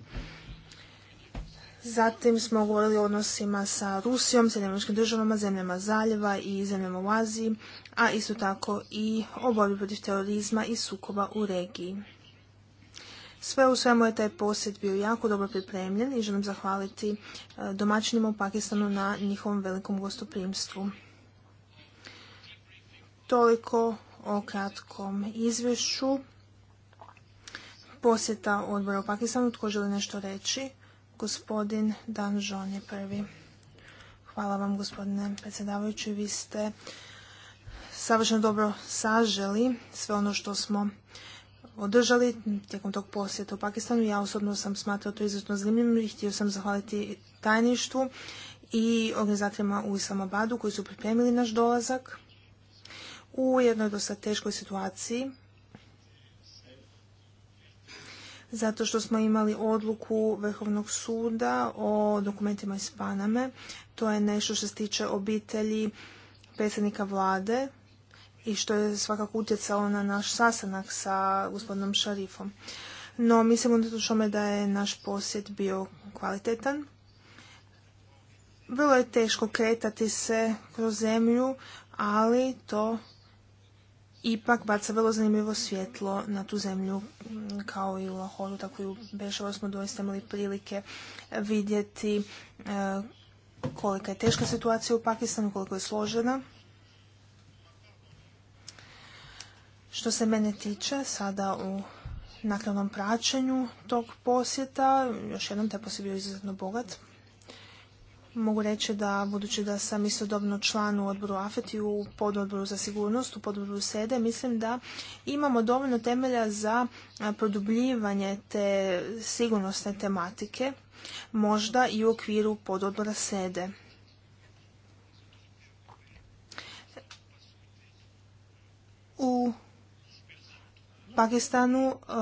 Zatim smo govorili o odnosima sa Rusijom, Sjedinjeničkim državama, zemljama Zaljeva i zemljama u Aziji, a isto tako i o borbi protiv terorizma i sukoba u regiji. Sve u svemu je taj posjet bio jako dobro pripremljen i želim zahvaliti e, domaćinima u Pakistanu na njihovom velikom gostoprimstvu. Toliko o kratkom izvješću posjeta odbora u Pakistanu. Tko želi nešto reći? Gospodin Dan je prvi. Hvala vam gospodine predsjedavajući. Vi ste savršeno dobro saželi sve ono što smo održali tijekom tog posjeta u Pakistanu. Ja osobno sam smatrao to izuzetno zanimljivim i htio sam zahvaliti tajništvu i organizatorima u Islamabadu koji su pripremili naš dolazak u jednoj dosta teškoj situaciji zato što smo imali odluku Vrhovnog suda o dokumentima iz Paname. To je nešto što se tiče obitelji predsjednika vlade i što je svakako utjecalo na naš sastanak sa gospodinom Šarifom. No, mislim unatoč tome da je naš posjet bio kvalitetan. Vrlo je teško kretati se kroz zemlju, ali to ipak baca vrlo zanimljivo svjetlo na tu zemlju mm, kao i u Lahoru, tako i u Bešavu smo doista imali prilike vidjeti e, kolika je teška situacija u Pakistanu, koliko je složena. Što se mene tiče, sada u naknadnom praćenju tog posjeta, još jednom taj posjet bio izuzetno bogat mogu reći da, budući da sam istodobno član u odboru AFET i u pododboru za sigurnost, u pododboru SEDE, e, mislim da imamo dovoljno temelja za produbljivanje te sigurnosne tematike, možda i u okviru pododbora SEDE. E. U Pakistanu e,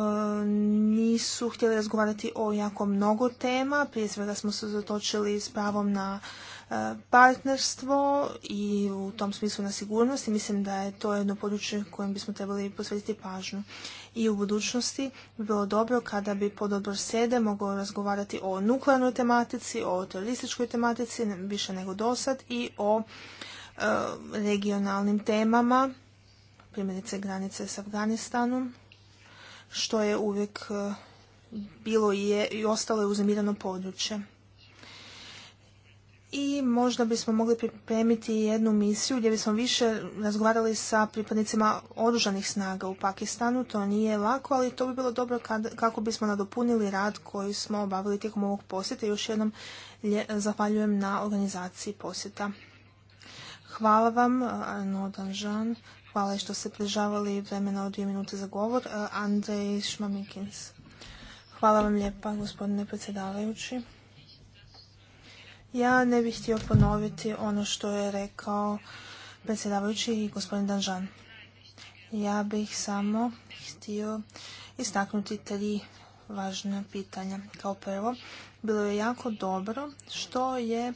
nisu htjeli razgovarati o jako mnogo tema. Prije svega smo se zatočili s pravom na e, partnerstvo i u tom smislu na sigurnost i mislim da je to jedno područje kojem bismo trebali posvetiti pažnju. I u budućnosti bi bilo dobro kada bi pod odbor sede mogao razgovarati o nuklearnoj tematici, o terorističkoj tematici, više nego dosad i o e, regionalnim temama primjerice granice s Afganistanom što je uvijek e, bilo i, je, i ostalo je uzemirano područje. I možda bismo mogli pripremiti jednu misiju gdje bismo više razgovarali sa pripadnicima oružanih snaga u Pakistanu. To nije lako, ali to bi bilo dobro kad, kako bismo nadopunili rad koji smo obavili tijekom ovog posjeta. Još jednom zahvaljujem na organizaciji posjeta. Hvala vam, Arnaud Hvala što ste prižavali vremena od dvije minute za govor. E, Andrej Šmamikins. Hvala vam lijepa, gospodine predsjedavajući. Ja ne bih htio ponoviti ono što je rekao predsjedavajući i gospodin Danžan. Ja bih samo htio istaknuti tri važna pitanja. Kao prvo, bilo je jako dobro što je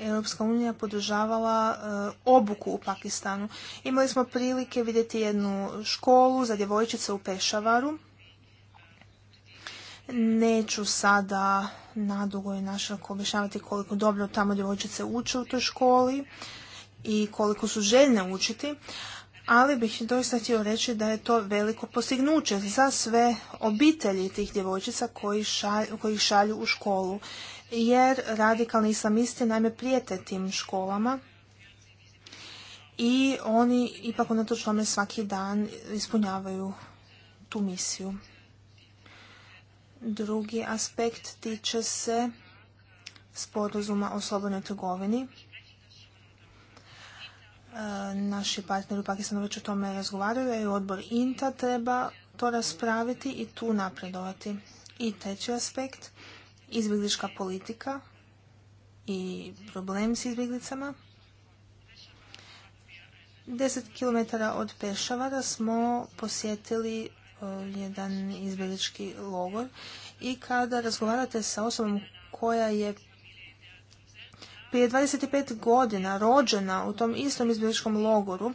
Europska unija podržavala e, obuku u Pakistanu. Imali smo prilike vidjeti jednu školu za djevojčice u Pešavaru. Neću sada nadugo i našako objašnjavati koliko dobro tamo djevojčice uče u toj školi i koliko su željne učiti, ali bih doista htio reći da je to veliko postignuće za sve obitelji tih djevojčica koji, šalju, koji šalju u školu jer radikalni islamisti najme prijete tim školama i oni ipak unatoč tome svaki dan ispunjavaju tu misiju. Drugi aspekt tiče se sporazuma o slobodnoj trgovini. E, naši partneri u Pakistanu već o tome razgovaraju, i e, odbor INTA treba to raspraviti i tu napredovati. I treći aspekt izbjeglička politika i problem s izbjeglicama. Deset kilometara od Pešavara smo posjetili e, jedan izbjeglički logor i kada razgovarate sa osobom koja je prije 25 godina rođena u tom istom izbjegličkom logoru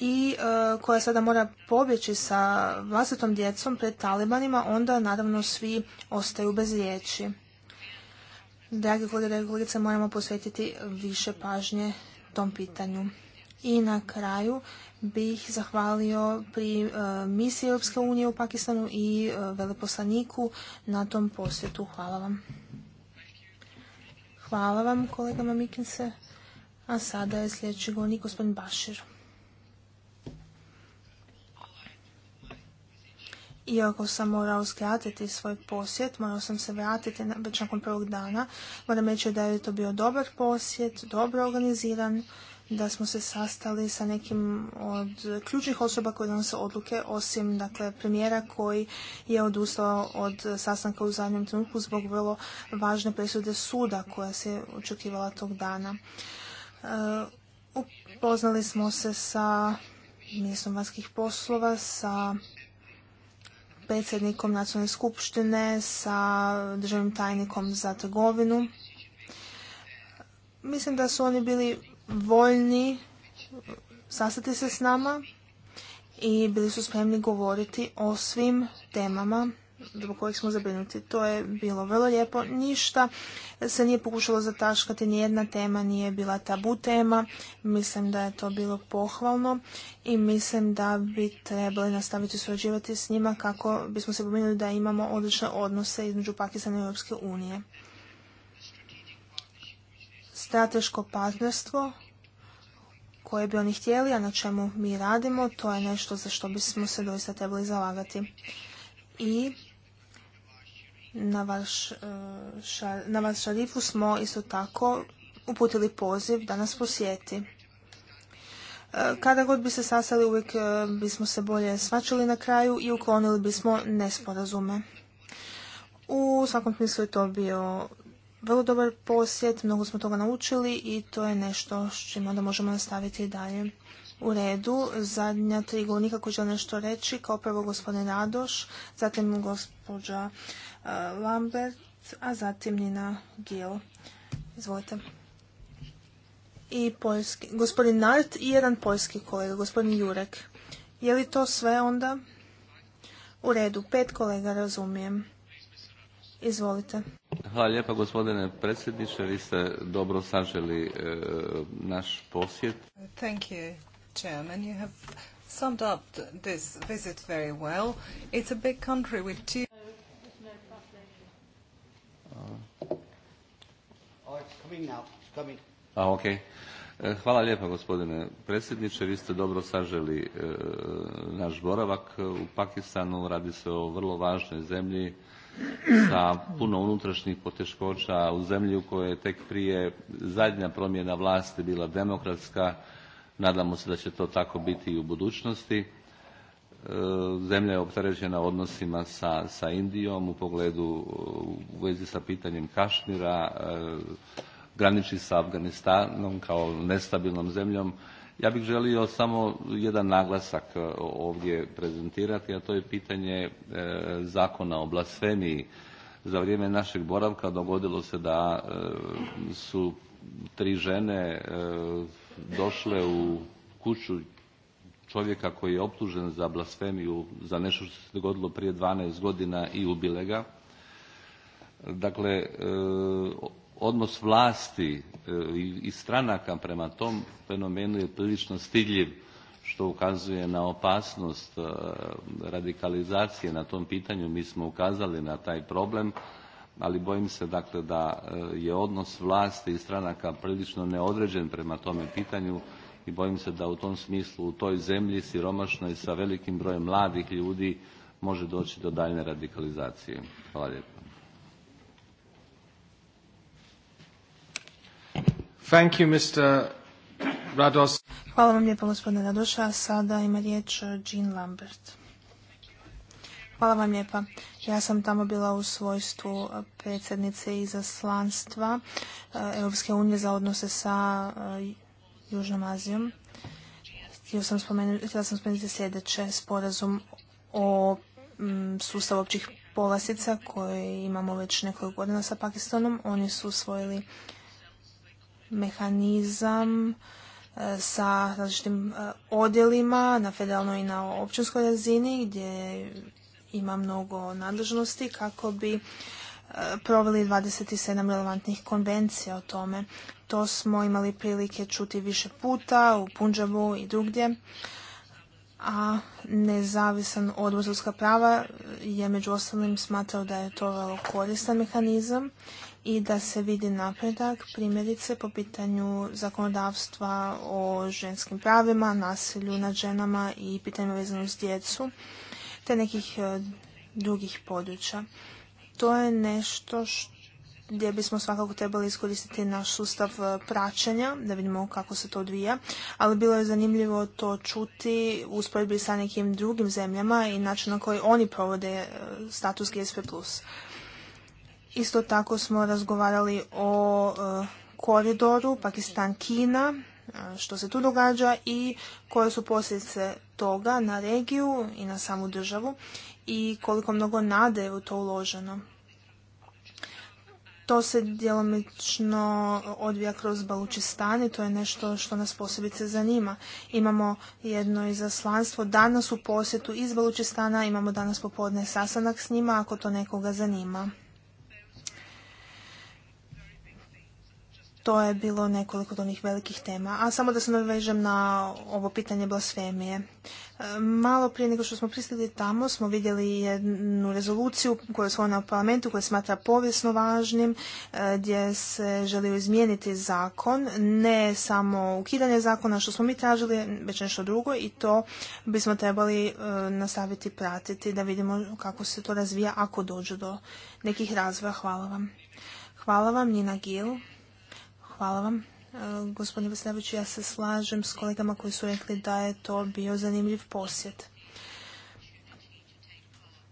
i e, koja sada mora pobjeći sa vlastitom djecom pred talibanima, onda naravno svi ostaju bez riječi. Dragi kolege, dragi kolegice, moramo posvetiti više pažnje tom pitanju. I na kraju bih zahvalio pri e, misiji Europske unije u Pakistanu i e, veleposlaniku na tom posjetu. Hvala vam. Hvala vam, kolega Mikinse. A sada je sljedeći govornik gospodin Bašir. Iako sam morao skratiti svoj posjet, morao sam se vratiti već nakon prvog dana. Moram reći da je to bio dobar posjet, dobro organiziran, da smo se sastali sa nekim od ključnih osoba koji se odluke, osim dakle, premijera koji je odustao od sastanka u zadnjem trenutku zbog vrlo važne presude suda koja se očekivala tog dana. E, upoznali smo se sa mjestom vanjskih poslova, sa predsjednikom nacionalne skupštine, sa državnim tajnikom za trgovinu. Mislim da su oni bili voljni sastati se s nama i bili su spremni govoriti o svim temama zbog kojih smo zabrinuti. To je bilo vrlo lijepo. Ništa se nije pokušalo zataškati, nijedna tema nije bila tabu tema. Mislim da je to bilo pohvalno i mislim da bi trebali nastaviti surađivati s njima kako bismo se pominjali da imamo odlične odnose između Pakistana i Europske unije. Strateško partnerstvo koje bi oni htjeli, a na čemu mi radimo, to je nešto za što bismo se doista trebali zalagati. I na, vaš, e, na vaš šarifu smo isto tako uputili poziv da nas posjeti. E, kada god bi se sastali uvijek e, bismo se bolje svačili na kraju i uklonili bismo nesporazume. U svakom smislu je to bio vrlo dobar posjet, mnogo smo toga naučili i to je nešto s čim onda možemo nastaviti i dalje. U redu, zadnja tri govornika koji žele nešto reći, kao prvo gospodin Radoš, zatim gospođa Lambert, a zatim Nina Gil. Izvolite. I poljski, gospodin Nart i jedan poljski kolega, gospodin Jurek. Je li to sve onda? U redu, pet kolega razumijem. Izvolite. Hvala lijepa gospodine predsjedniče, vi ste dobro saželi e, naš posjet. Thank you, Chairman. You have summed up this visit very well. It's a big country with two... E, hvala lijepa gospodine predsjedniče. Vi ste dobro saželi e, naš boravak u Pakistanu. Radi se o vrlo važnoj zemlji sa puno unutrašnjih poteškoća u zemlji u kojoj je tek prije zadnja promjena vlasti bila demokratska. Nadamo se da će to tako biti i u budućnosti. E, zemlja je opterećena odnosima sa, Indijom u pogledu u vezi sa pitanjem Kašmira graniči sa Afganistanom kao nestabilnom zemljom. Ja bih želio samo jedan naglasak e, ovdje prezentirati, a to je pitanje e, zakona o blasfemiji. Za vrijeme našeg boravka dogodilo se da e, su tri žene došle u kuću čovjeka koji je optužen za blasfemiju, za nešto što se dogodilo prije 12 godina i ubile ga. Dakle, odnos vlasti e, i stranaka prema tom fenomenu je prilično stidljiv što ukazuje na opasnost e, radikalizacije na tom pitanju. Mi smo ukazali na taj problem, ali bojim se dakle da e, je odnos vlasti i stranaka prilično neodređen prema tome pitanju i bojim se da u tom smislu u toj zemlji siromašnoj sa velikim brojem mladih ljudi može doći do daljne radikalizacije. Hvala lijepo. Hvala vam lijepo gospodine Radoša. Sada ima riječ e, Jean Lambert. Hvala vam lijepa. Ja sam tamo bila u svojstvu e, predsjednice izaslanstva e, Europske unije za odnose sa Južnom Azijom. Htjela sam spomenuti, htjela sam spomenuti sljedeće sporazum o sustavu općih povlastica koje imamo već nekoliko godina sa Pakistanom. Oni su usvojili mehanizam e, sa različitim e, odjelima na federalnoj i na općinskoj razini gdje ima mnogo nadležnosti kako bi e, proveli 27 relevantnih konvencija o tome. To smo imali prilike čuti više puta u Punjabu i drugdje a nezavisan odbor prava je među ostalim smatrao da je to vrlo koristan mehanizam i da se vidi napredak primjerice po pitanju zakonodavstva o ženskim pravima, nasilju nad ženama i pitanju vezanju s djecu te nekih e, drugih područja. To je nešto što gdje bismo svakako trebali iskoristiti naš sustav e, praćenja, da vidimo kako se to odvija, ali bilo je zanimljivo to čuti u usporedbi sa nekim drugim zemljama i način na koji oni provode e, status GSP+. Isto tako smo razgovarali o e, koridoru Pakistan-Kina, što se tu događa i koje su posljedice toga na regiju i na samu državu i koliko mnogo nade je u to uloženo. To se djelomično odvija kroz Balučistan i to je nešto što nas posebice zanima. Imamo jedno izaslanstvo danas u posjetu iz Balučistana, imamo danas popodne sastanak s njima ako to nekoga zanima. To je bilo nekoliko od onih velikih tema. A samo da se navežem na ovo pitanje blasfemije. E, malo prije nego što smo pristigli tamo smo vidjeli jednu rezoluciju koja je svojena u parlamentu koja smatra povijesno važnim e, gdje se želi izmijeniti zakon, ne samo ukidanje zakona što smo mi tražili, već nešto drugo i to bismo trebali e, nastaviti pratiti da vidimo kako se to razvija ako dođu do nekih razvoja. Hvala vam. Hvala vam, Nina Gil. Hvala vam. E, gospodine Vesnević. ja se slažem s kolegama koji su rekli da je to bio zanimljiv posjet.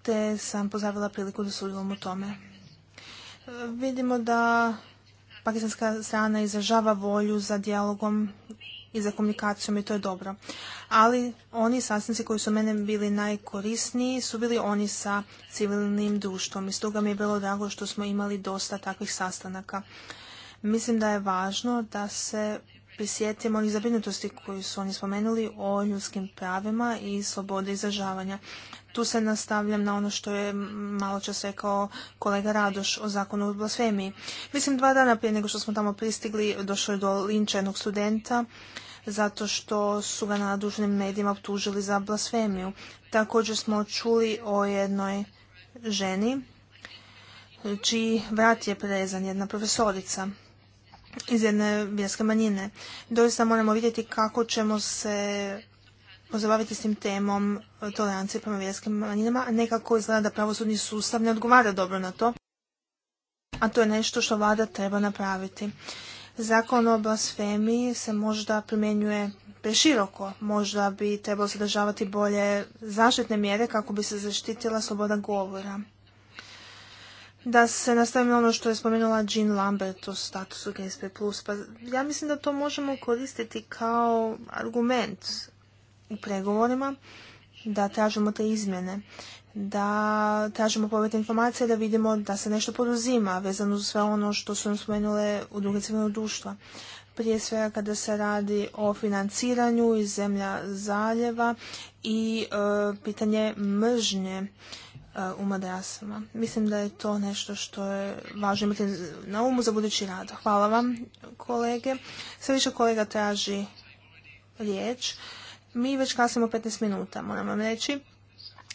Te sam pozdravila priliku da sudjelujem u tome. E, vidimo da pakistanska strana izražava volju za dijalogom i za komunikacijom i to je dobro. Ali oni sastanci koji su mene bili najkorisniji su bili oni sa civilnim društvom i stoga mi je bilo drago što smo imali dosta takvih sastanaka. Mislim da je važno da se prisjetimo i zabrinutosti koju su oni spomenuli o ljudskim pravima i slobode izražavanja. Tu se nastavljam na ono što je malo čas rekao kolega Radoš o zakonu o blasfemiji. Mislim dva dana prije nego što smo tamo pristigli došlo je do linča jednog studenta zato što su ga na dužnim medijima optužili za blasfemiju. Također smo čuli o jednoj ženi čiji vrat je prezan jedna profesorica iz jedne vjerske manjine. Doista moramo vidjeti kako ćemo se pozabaviti s tim temom tolerancije prema vjerskim manjinama. Nekako izgleda da pravosudni sustav ne odgovara dobro na to, a to je nešto što vlada treba napraviti. Zakon o blasfemiji se možda primjenjuje preširoko. Možda bi trebalo sadržavati bolje zaštitne mjere kako bi se zaštitila sloboda govora da se nastavim na ono što je spomenula Jean Lambert o statusu GSP+. Pa ja mislim da to možemo koristiti kao argument u pregovorima, da tražimo te izmjene, da tražimo povjetne informacije, da vidimo da se nešto poduzima vezano uz sve ono što su nam spomenule druge civilnog društva. Prije svega kada se radi o financiranju iz zemlja zaljeva i e, pitanje mržnje u madrasama. Mislim da je to nešto što je važno imati na umu za budući rad. Hvala vam kolege. Sve više kolega traži riječ. Mi već kasnimo 15 minuta, moram vam reći.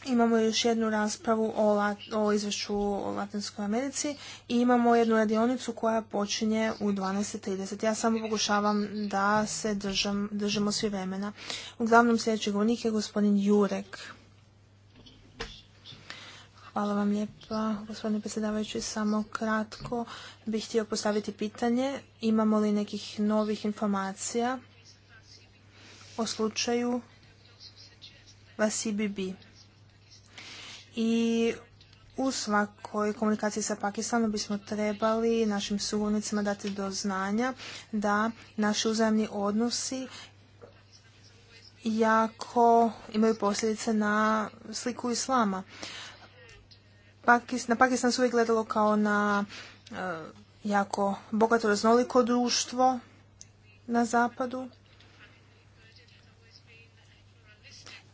Imamo još jednu raspravu o, o izvješću o Latinskoj Americi i imamo jednu radionicu koja počinje u 12.30. Ja samo pokušavam da se držam, držimo svi vremena. Uglavnom sljedeći govornik je gospodin Jurek. Hvala vam lijepa, gospodine predsjedavajući. Samo kratko bih htio postaviti pitanje. Imamo li nekih novih informacija o slučaju Vasibi B? I u svakoj komunikaciji sa Pakistanom bismo trebali našim sugovnicima dati do znanja da naši uzajemni odnosi jako imaju posljedice na sliku islama na Pakistan se uvijek gledalo kao na e, jako bogato raznoliko društvo na zapadu.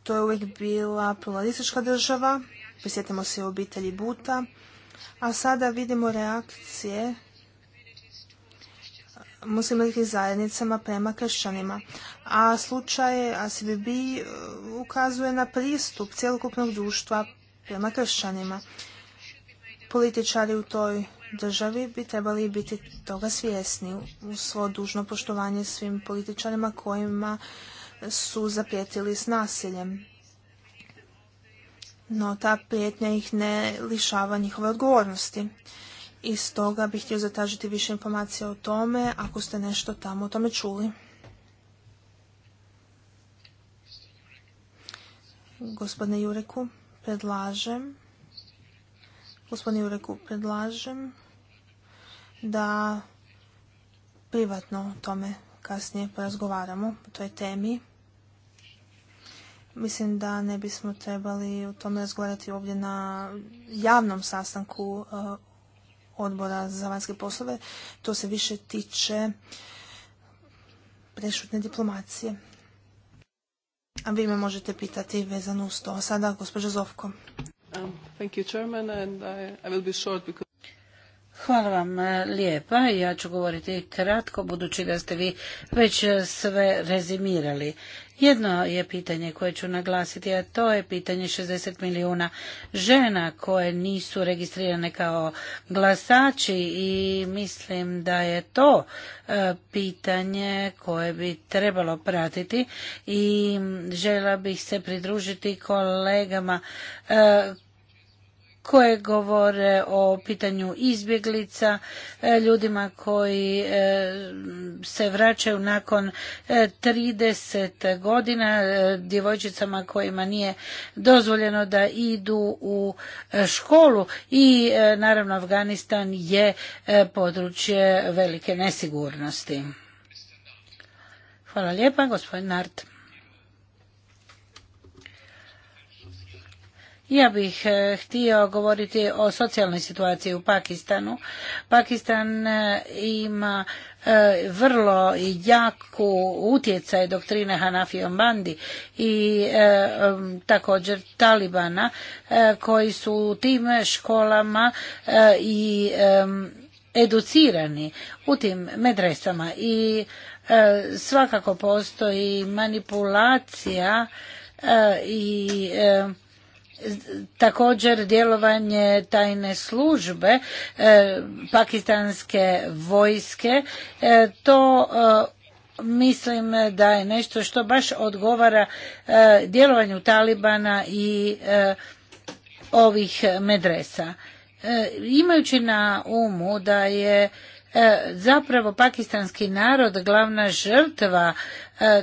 To je uvijek bila pluralistička država, prisjetimo se obitelji Buta, a sada vidimo reakcije e, muslimanskim zajednicama prema kršćanima. A slučaj ACBB e, ukazuje na pristup cjelokupnog društva prema kršćanima političari u toj državi bi trebali biti toga svjesni u svo dužno poštovanje svim političarima kojima su zaprijetili s nasiljem. No ta prijetnja ih ne lišava njihove odgovornosti. I stoga bih htio zatražiti više informacija o tome ako ste nešto tamo o tome čuli. Gospodine Jureku, predlažem Gospodin Jureku, predlažem da privatno o tome kasnije porazgovaramo, o toj temi. Mislim da ne bismo trebali o tome razgovarati ovdje na javnom sastanku eh, odbora za vanjske poslove. To se više tiče prešutne diplomacije. A vi me možete pitati vezano uz to. Sada, gospođa Zovko. Hvala vam uh, lijepa. Ja ću govoriti kratko, budući da ste vi već uh, sve rezimirali. Jedno je pitanje koje ću naglasiti, a to je pitanje 60 milijuna žena koje nisu registrirane kao glasači i mislim da je to uh, pitanje koje bi trebalo pratiti i mm, žela bih se pridružiti kolegama koje govore o pitanju izbjeglica, e, ljudima koji e, se vraćaju nakon 30 e, godina, djevojčicama kojima nije dozvoljeno da idu u školu i naravno Afganistan je područje velike nesigurnosti. Hvala lijepa, gospodin Art. Ja bih eh, htio govoriti o socijalnoj situaciji u Pakistanu. Pakistan eh, ima eh, vrlo jaku utjecaj doktrine Hanafi Bandi i također Talibana koji su u tim školama i educirani u tim medresama i svakako postoji manipulacija i također djelovanje tajne službe e, pakistanske vojske e, to e, mislim da je nešto što baš odgovara djelovanju Talibana i ovih medresa imajući na umu da je zapravo pakistanski narod glavna žrtva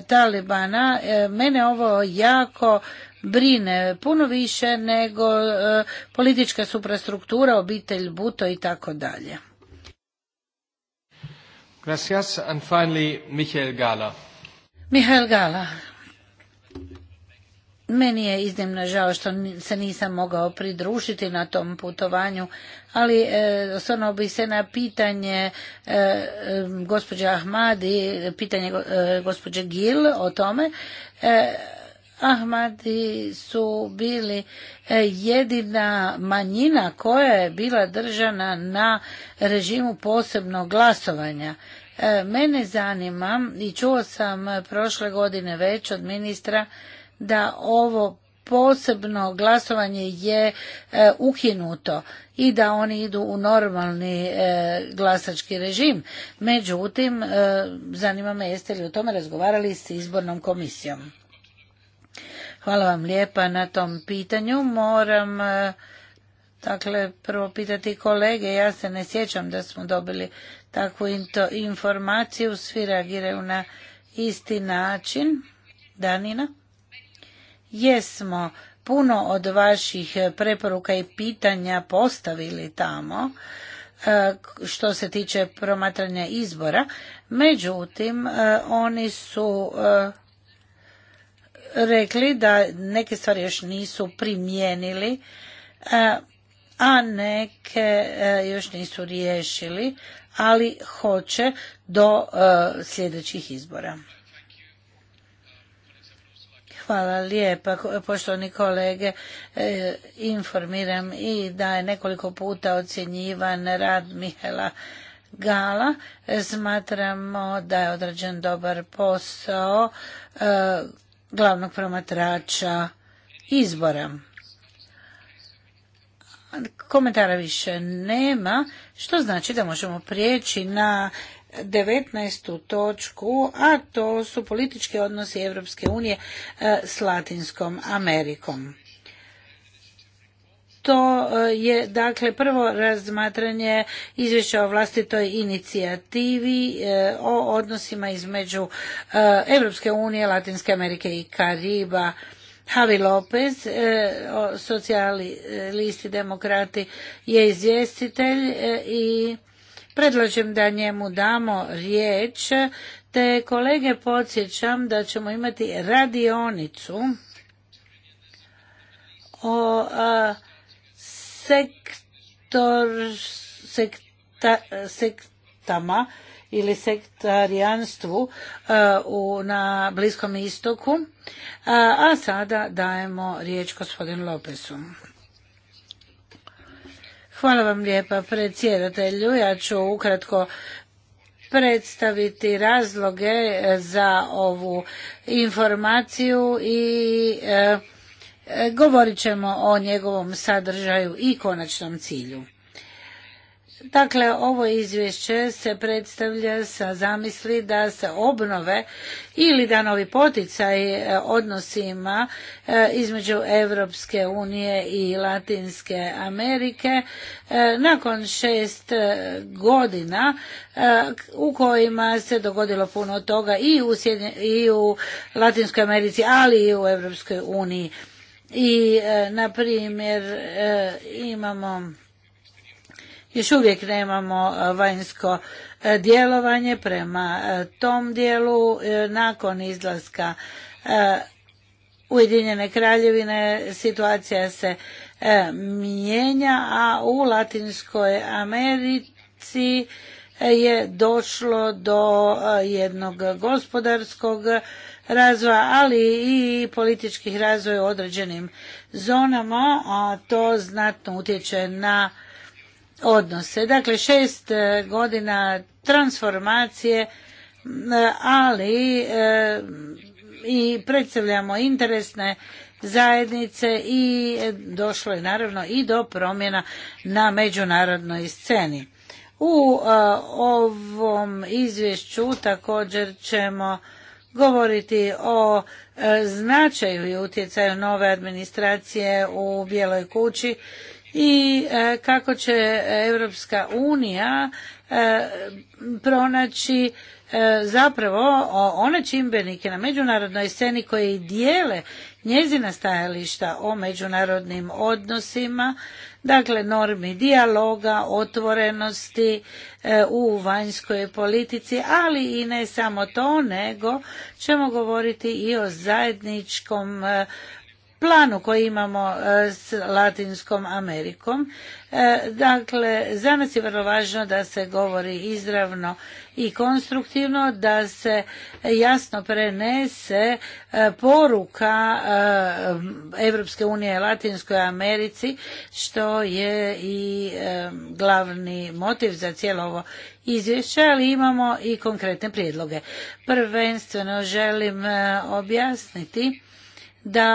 Talibana mene ovo jako brine puno više nego e, politička suprastruktura, obitelj, buto i tako dalje. Gracias and finally Michael Gala. Michael Gala. Meni je iznimno žao što se nisam mogao pridružiti na tom putovanju, ali e, osnovno bi bih se na pitanje e, e gospođe Ahmadi, pitanje gospođe Gil o tome. Ahmadi su bili e, jedina manjina koja je bila držana na režimu posebnog glasovanja. E, mene zanima i čuo sam prošle godine već od ministra da ovo posebno glasovanje je e, ukinuto i da oni idu u normalni glasački režim. Međutim, zanima me jeste li o tome razgovarali s izbornom komisijom. Hvala vam lijepa na tom pitanju. Moram e, dakle prvo pitati kolege, ja se ne sjećam da smo dobili takvu informaciju, svi reagiraju na isti način. Danina? Jesmo puno od vaših preporuka i pitanja postavili tamo e, što se tiče promatranja izbora. Međutim, e, oni su rekli da neke stvari još nisu primijenili, e, a neke e, još nisu riješili, ali hoće do e, sljedećih izbora. Hvala lijepa, poštovani kolege. Informiram i da je nekoliko puta ocjenjivan rad Mihela Gala. Smatramo da je odrađen dobar posao glavnog promatrača izbora. Komentara više nema, što znači da možemo prijeći na 19. točku, a to su politički odnosi Europske unije eh, s Latinskom Amerikom to e, je dakle prvo razmatranje izvješća o vlastitoj inicijativi e, o odnosima između Europske unije, Latinske Amerike i Kariba. Javi Lopez, e, socijalisti demokrati, je izvjestitelj i predlažem da njemu damo riječ, te kolege podsjećam da ćemo imati radionicu o sektor sektama ili sektarijanstvu eh, na Bliskom istoku. Eh, a sada dajemo riječ gospodinu Lopesu. Hvala vam lijepa predsjedatelju. Ja ću ukratko predstaviti razloge za ovu informaciju i eh, Govorit ćemo o njegovom sadržaju i konačnom cilju. Dakle, ovo izvješće se predstavlja sa zamisli da se obnove ili da novi poticaj e, odnosima e, između Europske unije i Latinske Amerike e, nakon šest godina u kojima se dogodilo puno toga i u, Latinskoj Americi, ali i u Europskoj uniji i e, na primjer e, imamo još uvijek nemamo e, vanjsko djelovanje prema tom dijelu nakon izlaska Ujedinjene kraljevine situacija se mijenja, a u Latinskoj Americi je došlo do jednog gospodarskog razvoja, ali i političkih razvoja u određenim zonama, a to znatno utječe na odnose. Dakle, šest e, godina transformacije, ali e, i predstavljamo interesne zajednice i e, došlo je naravno i do promjena na međunarodnoj sceni. U ovom izvješću također ćemo govoriti o e, značaju i utjecaju nove administracije u Bijeloj kući i e, kako će Europska unija e, pronaći zapravo one čimbenike na međunarodnoj sceni koji dijele njezina stajališta o međunarodnim odnosima dakle normi dijaloga, otvorenosti e, u vanjskoj politici, ali i ne samo to, nego ćemo govoriti i o zajedničkom e, planu koji imamo e, s Latinskom Amerikom. E, dakle, za nas je vrlo važno da se govori izravno i konstruktivno, da se jasno prenese e, poruka Evropske unije Latinskoj Americi, što je i glavni motiv za cijelo ovo izvješće, ali imamo i konkretne prijedloge. Prvenstveno želim objasniti da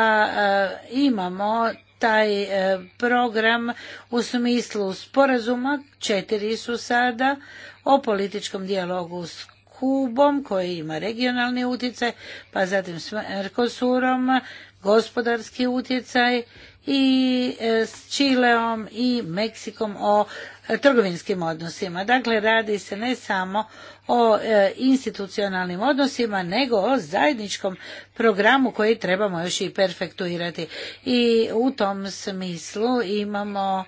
e, imamo taj e, program u smislu sporazuma, četiri su sada, o političkom dijalogu s Kubom koji ima regionalni utjecaj, pa zatim s Mercosurom, gospodarski utjecaj i e, s Čileom i Meksikom o e, trgovinskim odnosima. Dakle, radi se ne samo o e, institucionalnim odnosima, nego o zajedničkom programu koji trebamo još i perfektuirati. I u tom smislu imamo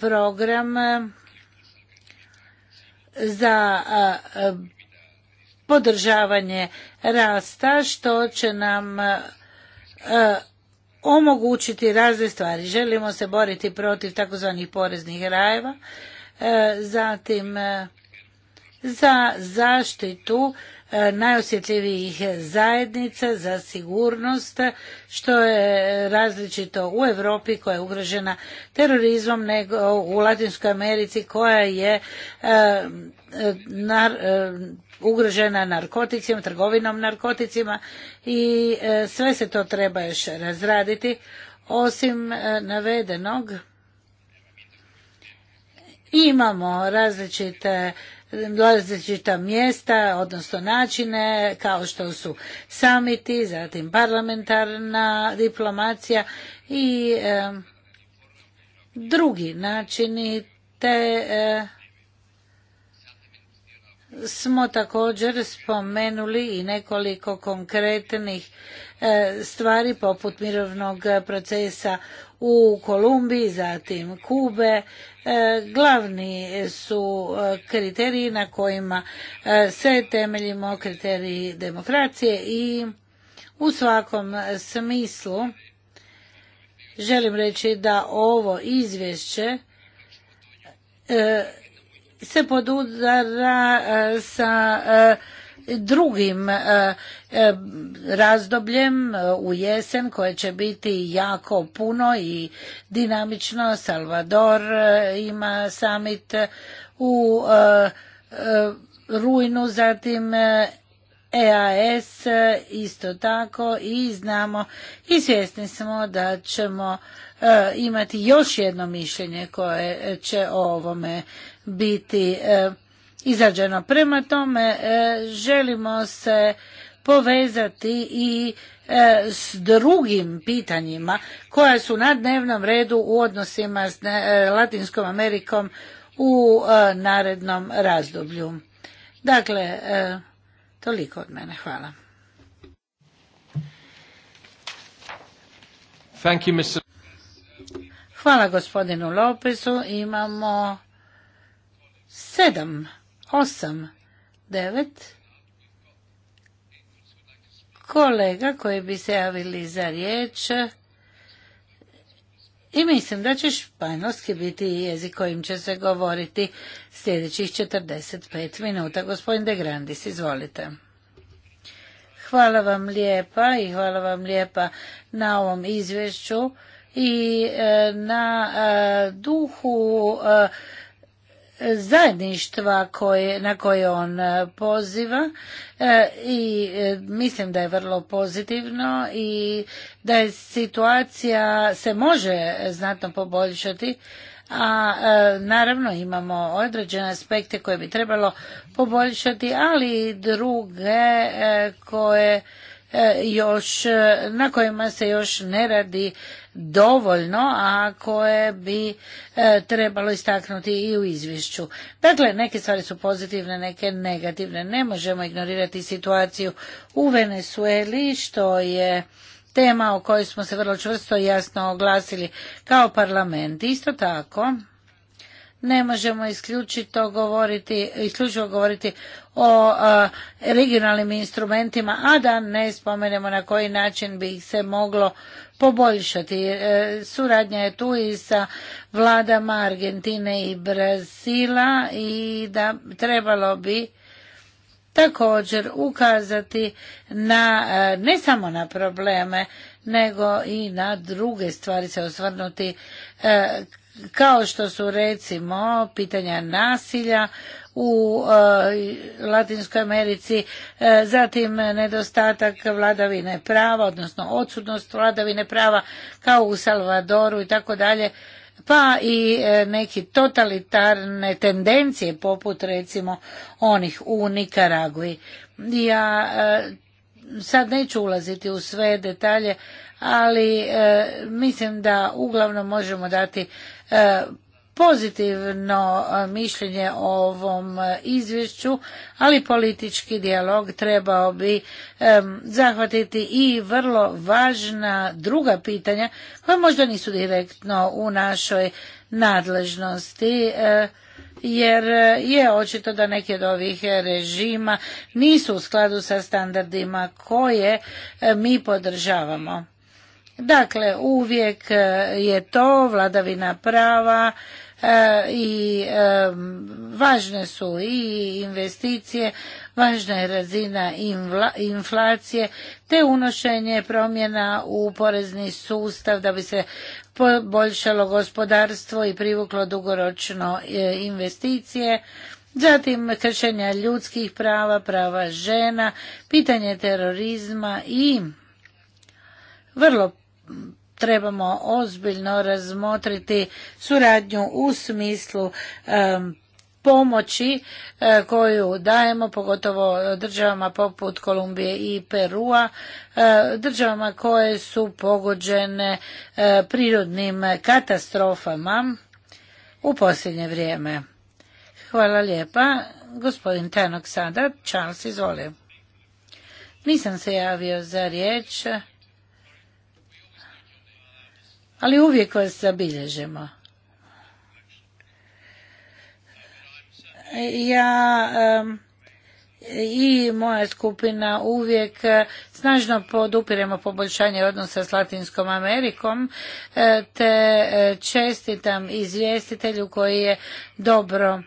program za podržavanje rasta što će nam e, omogućiti razne stvari. Želimo se boriti protiv takozvanih poreznih rajeva, e, zatim e, za zaštitu E, najosjetljivijih zajednica za sigurnost što je različito u Europi koja je ugrožena terorizmom nego u Latinskoj Americi koja je e, e, ugrožena narkoticima, trgovinom narkoticima i sve se to treba još razraditi. Osim navedenog imamo različite različita mjesta, odnosno načine, kao što su samiti, zatim parlamentarna diplomacija i drugi načini te smo također spomenuli i nekoliko konkretnih e, stvari poput mirovnog procesa u Kolumbiji, zatim Kube. E, glavni su e, kriteriji na kojima se temeljimo kriteriji demokracije i u svakom smislu želim reći da ovo izvješće se podudara e, sa e, drugim e, razdobljem u jesen koje će biti jako puno i dinamično. Salvador ima summit u rujnu, zatim EAS isto tako i znamo i svjesni smo da ćemo imati još jedno mišljenje koje će o ovome biti e, izrađeno. Prema tome e, želimo se povezati i e, s drugim pitanjima koja su na dnevnom redu u odnosima s Latinskom Amerikom u narednom razdoblju. Dakle, toliko od mene. Hvala. Thank you, Hvala gospodinu Lopesu. Imamo sedam, osam, devet kolega koji bi se javili za riječ i mislim da će španjolski biti jezik kojim će se govoriti sljedećih 45 minuta. Gospodin De Grandis, izvolite. Hvala vam lijepa i hvala vam lijepa na ovom izvješću i e, na e, duhu e, zajedništva koje, na koje on e, poziva e, i e, mislim da je vrlo pozitivno i da je situacija se može znatno poboljšati a naravno imamo određene aspekte koje bi trebalo poboljšati ali i druge koje E, još, e, na kojima se još ne radi dovoljno, a koje bi e, trebalo istaknuti i u izvješću. Dakle, neke stvari su pozitivne, neke negativne. Ne možemo ignorirati situaciju u Venezueli, što je tema o kojoj smo se vrlo čvrsto i jasno oglasili kao parlament. Isto tako, ne možemo govoriti, isključivo govoriti o regionalnim instrumentima, a da ne spomenemo na koji način bi ih se moglo poboljšati. E, suradnja je tu i sa vladama Argentine i Brazila i da trebalo bi također ukazati na e, ne samo na probleme nego i na druge stvari se osvrnuti e, kao što su recimo pitanja nasilja u e, Latinskoj Americi, e, zatim nedostatak vladavine prava, odnosno odsudnost vladavine prava kao u Salvadoru i tako dalje, pa i neke neki totalitarne tendencije poput recimo onih u Nikaragui. Ja e, sad neću ulaziti u sve detalje, ali e, mislim da uglavnom možemo dati e, pozitivno e, mišljenje o ovom izvješću, ali politički dijalog trebao bi zahvatiti i vrlo važna druga pitanja koja možda nisu direktno u našoj nadležnosti jer je očito da neki od ovih režima nisu u skladu sa standardima koje mi podržavamo. Dakle, uvijek e, je to vladavina prava e, i e, važne su i investicije, važna je razina inflacije te unošenje promjena u porezni sustav da bi se poboljšalo gospodarstvo i privuklo dugoročno investicije. Zatim kršenja ljudskih prava, prava žena, pitanje terorizma i vrlo trebamo ozbiljno razmotriti suradnju u smislu pomoći e, koju dajemo pogotovo državama poput Kolumbije i Perua, e, državama koje su pogođene e, prirodnim katastrofama u posljednje vrijeme. Hvala lijepa. Gospodin Tenok sada, Charles, izvoli. Nisam se javio za riječ ali uvijek vas zabilježimo. Ja i moja skupina uvijek snažno podupiremo poboljšanje odnosa s Latinskom Amerikom, e, te e, čestitam izvjestitelju koji je dobro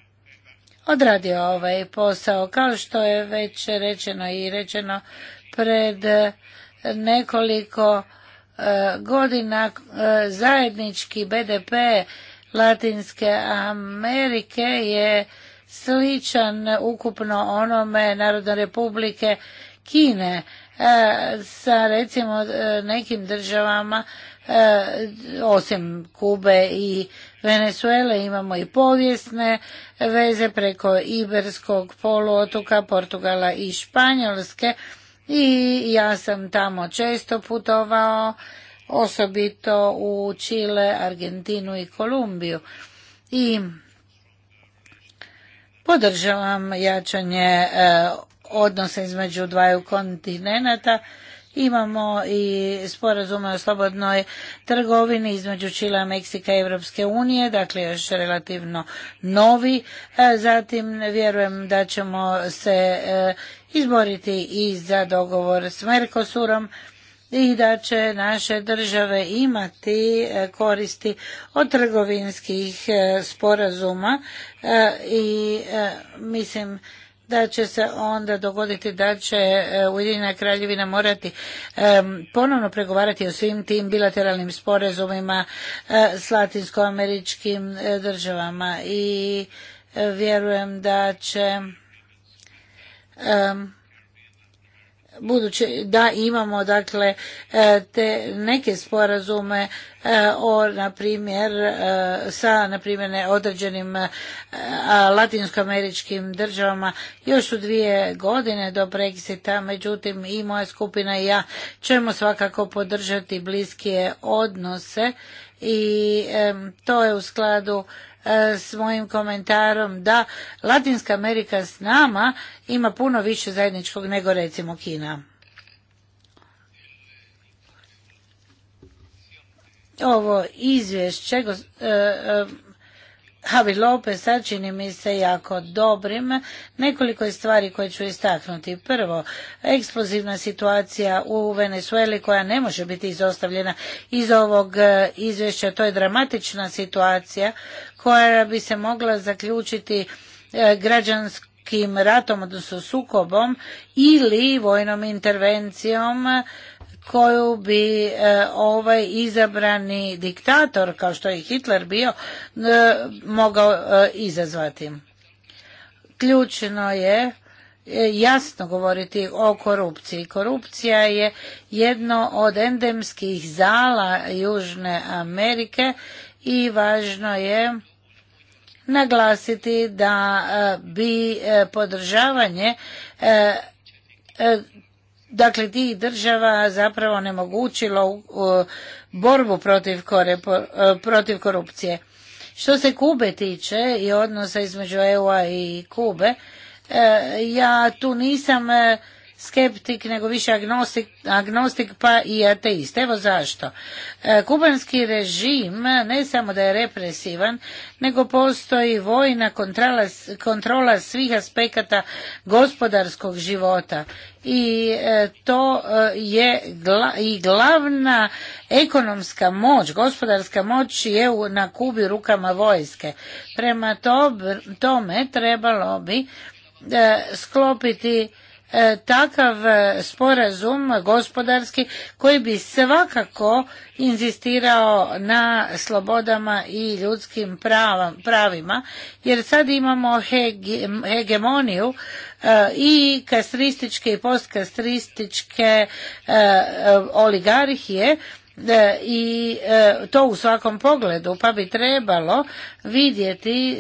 odradio ovaj posao. Kao što je već rečeno i rečeno pred nekoliko E, godina e, zajednički BDP Latinske Amerike je sličan ukupno onome Narodne republike Kine e, sa recimo nekim državama osim Kube i Venezuele imamo i povijesne veze preko Iberskog poluotoka, Portugala i Španjolske i ja sam tamo često putovao, osobito u Čile, Argentinu i Kolumbiju. I podržavam jačanje e, odnosa između dvaju kontinenata Imamo i sporazume o slobodnoj trgovini između Čila, Meksika i Europske unije, dakle još relativno novi. E, zatim vjerujem da ćemo se e, izboriti i za dogovor s Mercosurom i da će naše države imati e, koristi od trgovinskih sporazuma i mislim da će se onda dogoditi da će e, Ujedinjena kraljevina morati ponovno pregovarati o svim tim bilateralnim sporazumima e, s latinskoameričkim e, državama i vjerujem da će budući da imamo dakle e, te neke sporazume e, o na primjer e, sa na primjer određenim latinskoameričkim državama još su dvije godine do Brexita međutim i moja skupina i ja ćemo svakako podržati bliskije odnose i to je u skladu E, svojim komentarom da Latinska Amerika s nama ima puno više zajedničkog nego recimo Kina. Ovo izvješće e, e, Javi Lopez čini mi se jako dobrim. Nekoliko je stvari koje ću istaknuti. Prvo, eksplozivna situacija u Venezueli koja ne može biti izostavljena iz ovog e, izvješća. To je dramatična situacija koja bi se mogla zaključiti e, građanskim ratom, odnosno sukobom ili vojnom intervencijom koju bi e, ovaj izabrani diktator kao što je Hitler bio e, mogao e, izazvati. Ključno je jasno govoriti o korupciji. Korupcija je jedno od endemskih zala Južne Amerike i važno je naglasiti da bi podržavanje dakle tih država zapravo onemogućilo uh, borbu protiv, uh, protiv korupcije. Što se Kube tiče i odnosa između EU-a i Kube, uh, ja tu nisam skeptik, nego više agnostik, agnostik pa i ateist. Evo zašto. E, kubanski režim ne samo da je represivan, nego postoji vojna kontrola, kontrola svih aspekata gospodarskog života i e, to e, je i glavna ekonomska moć, gospodarska moć je na Kubi rukama vojske. Prema tome trebalo bi sklopiti E, takav e, sporazum gospodarski koji bi svakako inzistirao na slobodama i ljudskim pravima jer sad imamo hegemoniju e, i kastrističke i postkastrističke oligarhije i to u svakom pogledu pa bi trebalo vidjeti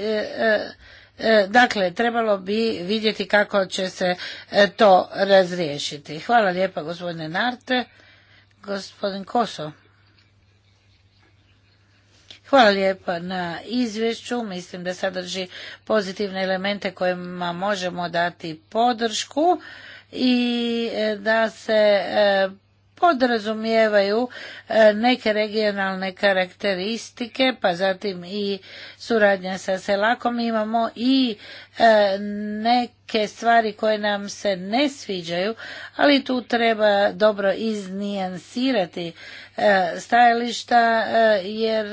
E, dakle, trebalo bi vidjeti kako će se e, to razriješiti. Hvala lijepa gospodine Narte. Gospodin Koso. Hvala lijepa na izvješću. Mislim da sadrži pozitivne elemente kojima možemo dati podršku i e, da se podrazumijevaju e, neke regionalne karakteristike, pa zatim i suradnja sa selakom. Imamo i e, neke stvari koje nam se ne sviđaju, ali tu treba dobro iznijansirati e, stajališta jer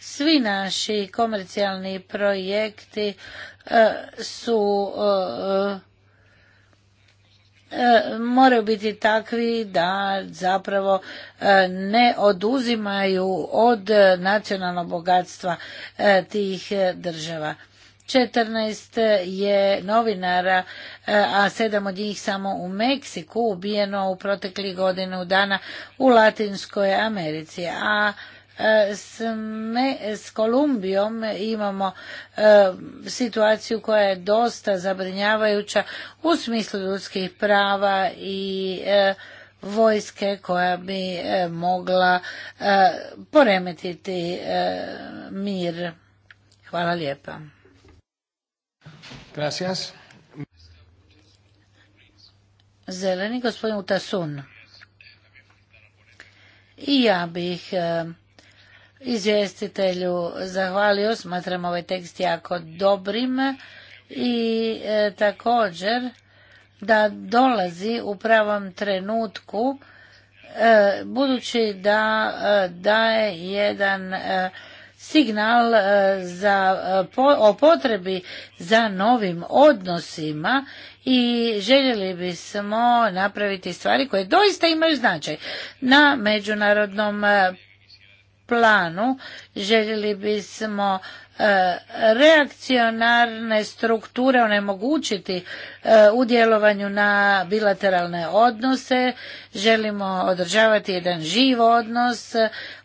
svi naši komercijalni projekti su E, moraju biti takvi da zapravo e, ne oduzimaju od nacionalnog bogatstva e, tih država. 14 je novinara, a sedam od njih samo u Meksiku ubijeno u proteklih godinu dana u Latinskoj Americi, a s Kolumbijom imamo e, situaciju koja je dosta zabrinjavajuća u smislu ljudskih prava i e, vojske koja bi e, mogla poremetiti mir. Hvala lijepa. Gracias. Zeleni gospodin Utasun. I ja bih izvjestitelju zahvalio. Smatram ovaj tekst jako dobrim i e, također da dolazi u pravom trenutku e, budući da e, daje jedan signal o potrebi za novim odnosima i željeli bismo napraviti stvari koje doista imaju značaj na međunarodnom planu željeli bismo e, reakcionarne strukture onemogućiti e, u djelovanju na bilateralne odnose. Želimo održavati jedan živ odnos,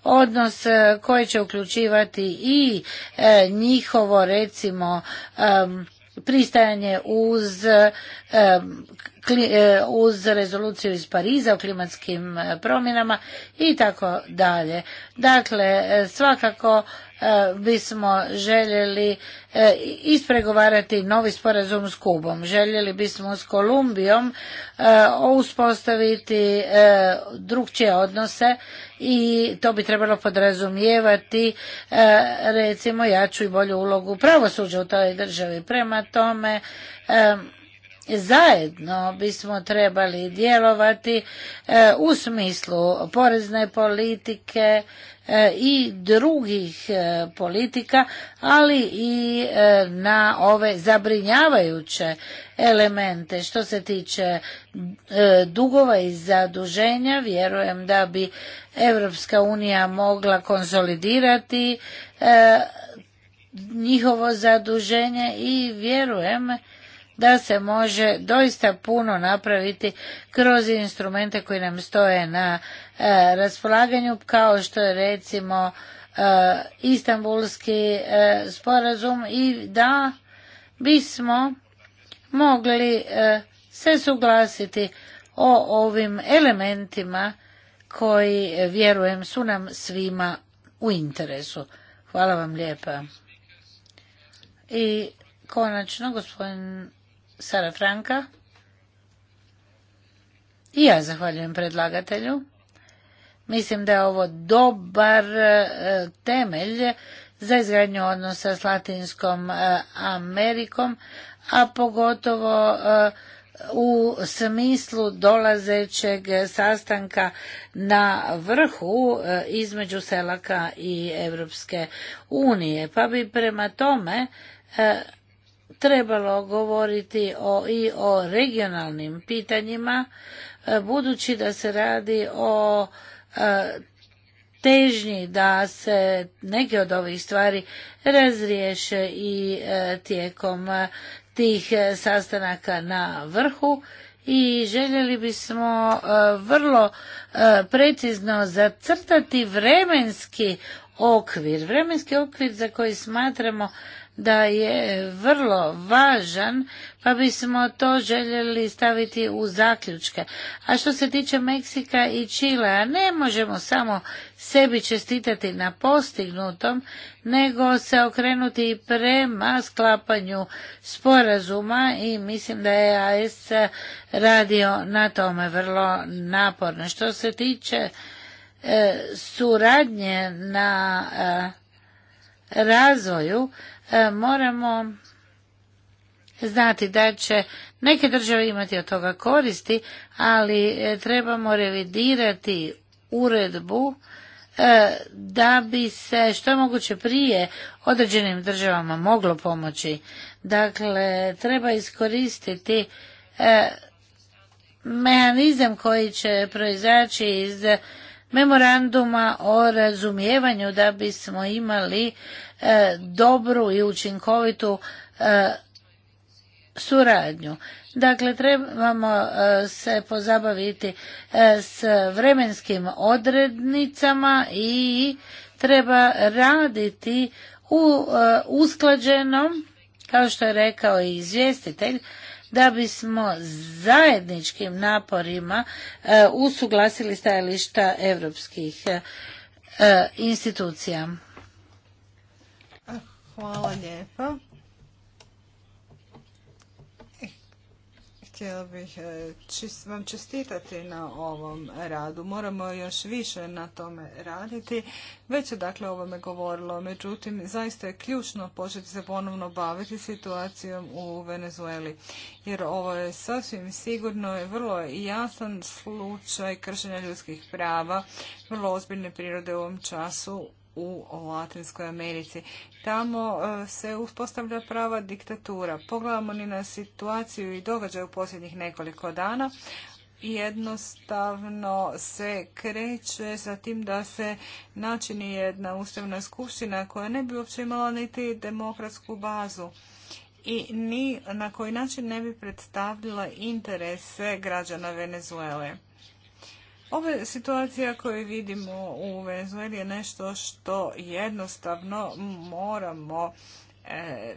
odnos e, koji će uključivati i njihovo recimo pristajanje uz, e, uz rezoluciju iz Pariza o klimatskim e, promjenama i tako dalje. Dakle, e, svakako E, bismo željeli e, ispregovarati novi sporazum s Kubom. Željeli bismo s Kolumbijom e, uspostaviti drugčije odnose i to bi trebalo podrazumijevati recimo jaču i bolju ulogu pravosuđa u toj državi. Prema tome zajedno bismo trebali djelovati e, u smislu porezne politike e, i drugih e, politika, ali i na ove zabrinjavajuće elemente. Što se tiče dugova i zaduženja, vjerujem da bi Europska unija mogla konsolidirati njihovo zaduženje i vjerujem da se može doista puno napraviti kroz instrumente koji nam stoje na e, raspolaganju kao što je recimo e, Istanbulski e, sporazum i da bismo mogli se suglasiti o ovim elementima koji vjerujem su nam svima u interesu. Hvala vam lijepa. I konačno gospodin Sara Franka. I ja zahvaljujem predlagatelju. Mislim da je ovo dobar e, temelj za izgradnju odnosa s Latinskom e, Amerikom, a pogotovo e, u smislu dolazećeg sastanka na vrhu između Selaka i Europske unije. Pa bi prema tome trebalo govoriti o, i o regionalnim pitanjima, e, budući da se radi o e, težnji da se neke od ovih stvari razriješe i e, tijekom tih sastanaka na vrhu i željeli bismo vrlo precizno zacrtati vremenski okvir vremenski okvir za koji smatramo da je vrlo važan, pa bismo to željeli staviti u zaključke. A što se tiče Meksika i Čile, ne možemo samo sebi čestitati na postignutom, nego se okrenuti prema sklapanju sporazuma i mislim da je AS radio na tome vrlo naporno. Što se tiče e, suradnje na e, razvoju E, moramo znati da će neke države imati od toga koristi, ali e, trebamo revidirati uredbu e, da bi se što je moguće prije određenim državama moglo pomoći. Dakle, treba iskoristiti mehanizam koji će proizaći iz memoranduma o razumijevanju da bismo imali E, dobru i učinkovitu e, suradnju. Dakle, trebamo e, se pozabaviti s vremenskim odrednicama i treba raditi u usklađenom, kao što je rekao i izvjestitelj, da bismo zajedničkim naporima usuglasili stajališta europskih institucija. Hvala lijepa. Htjela bih e, vam čestitati na ovom radu. Moramo još više na tome raditi. Već je dakle o ovome govorilo. Međutim, zaista je ključno početi se ponovno baviti situacijom u Venezueli. Jer ovo je sasvim sigurno i vrlo jasan slučaj kršenja ljudskih prava, vrlo ozbiljne prirode u ovom času u Latinskoj Americi. Tamo e, se uspostavlja prava diktatura. Pogledamo ni na situaciju i događaju u posljednjih nekoliko dana. Jednostavno se kreće za tim da se načini jedna ustavna skupština koja ne bi uopće imala niti demokratsku bazu i ni na koji način ne bi predstavljala interese građana Venezuele. Ova situacija koju vidimo u Venezueli je nešto što jednostavno moramo e,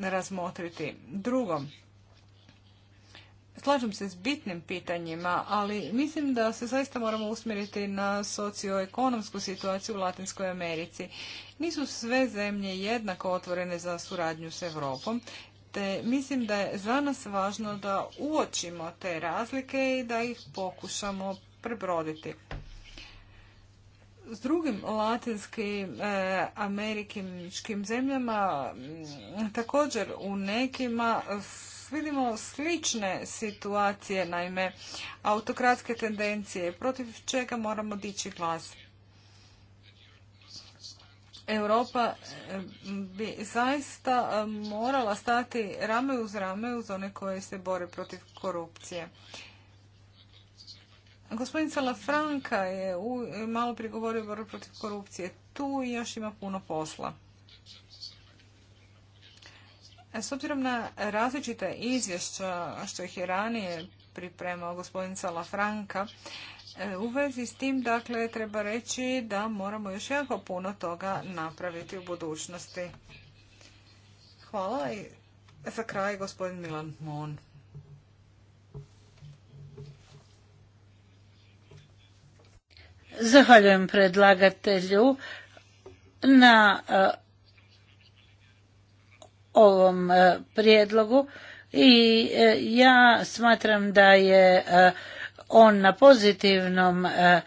razmotriti. Drugo, slažem se s bitnim pitanjima, ali mislim da se zaista moramo usmjeriti na socioekonomsku situaciju u Latinskoj Americi. Nisu sve zemlje jednako otvorene za suradnju s Europom mislim da je za nas važno da uočimo te razlike i da ih pokušamo prebroditi. S drugim latinskim e, američkim zemljama, također u nekima vidimo slične situacije, naime autokratske tendencije, protiv čega moramo dići glas. Europa e, bi zaista e, morala stati rame uz rame uz one koje se bore protiv korupcije. Gospodin Salafranka je malo prigovorio o borbi protiv korupcije. Tu još ima puno posla. E, s obzirom na različita izvješća što ih je ranije pripremao gospodin Salafranka, Franka, E, u vezi s tim, dakle, treba reći da moramo još jako puno toga napraviti u budućnosti. Hvala i za kraj gospodin Milan Mon. Zahvaljujem predlagatelju na e, ovom e, prijedlogu i ja smatram da je on na pozitivnom e,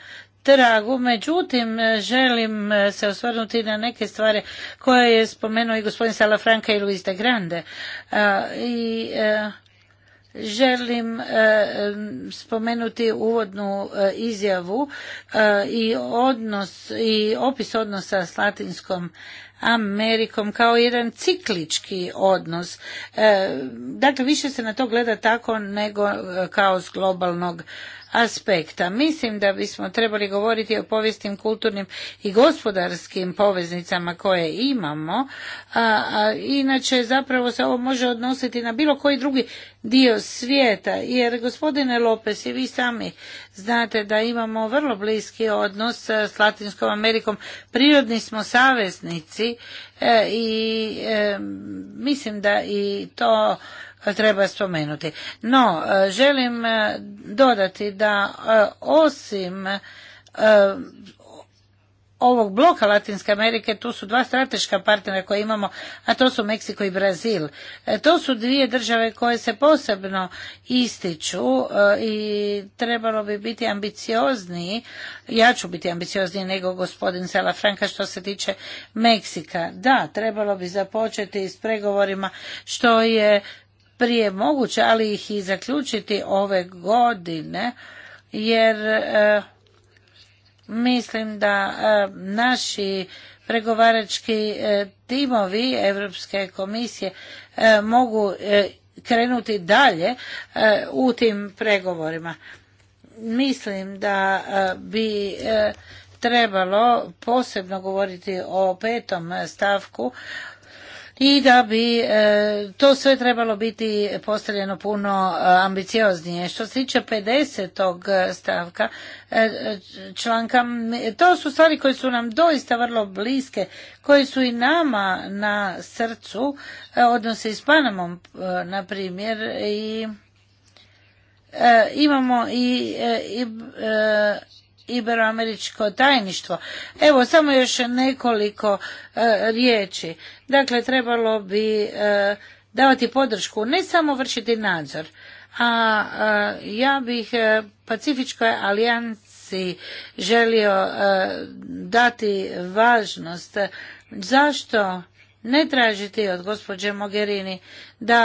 tragu, međutim e, želim e, se osvrnuti na neke stvari koje je spomenuo i gospodin Salafranca i Luis de Grande. I želim spomenuti uvodnu izjavu i odnos i opis odnosa s latinskom Amerikom kao jedan ciklički odnos. Dakle, više se na to gleda tako nego kao s globalnog aspekta. Mislim da bismo trebali govoriti o povijesnim, kulturnim i gospodarskim poveznicama koje imamo, a, inače zapravo se ovo može odnositi na bilo koji drugi dio svijeta, jer gospodine Lopes i vi sami znate da imamo vrlo bliski odnos s Latinskom Amerikom, prirodni smo saveznici e, i e, mislim da i to treba spomenuti. No, e, želim e, dodati da e, osim ovog bloka Latinske Amerike tu su dva strateška partnera koje imamo, a to su Meksiko i Brazil. To su dvije države koje se posebno ističu i trebalo bi biti ambiciozniji, ja ću biti ambiciozniji nego gospodin Franka što se tiče Meksika. Da, trebalo bi započeti s pregovorima što je prije moguće, ali ih i zaključiti ove godine, jer e, mislim da e, naši pregovarački e, timovi Europske komisije mogu krenuti dalje u tim pregovorima. Mislim da bi trebalo posebno govoriti o petom stavku i da bi e, to sve trebalo biti postavljeno puno e, ambicioznije. Što se tiče 50. E, stavka članka, to su stvari koje su nam doista vrlo bliske, koje su i nama na srcu, odnose i s Panamom, na primjer, i imamo i Iberoameričko tajništvo. Evo, samo još nekoliko e, riječi. Dakle, trebalo bi e, davati podršku, ne samo vršiti nadzor, a e, ja bih Pacifičkoj alijanci želio dati važnost. Zašto ne tražiti od gospođe Mogherini da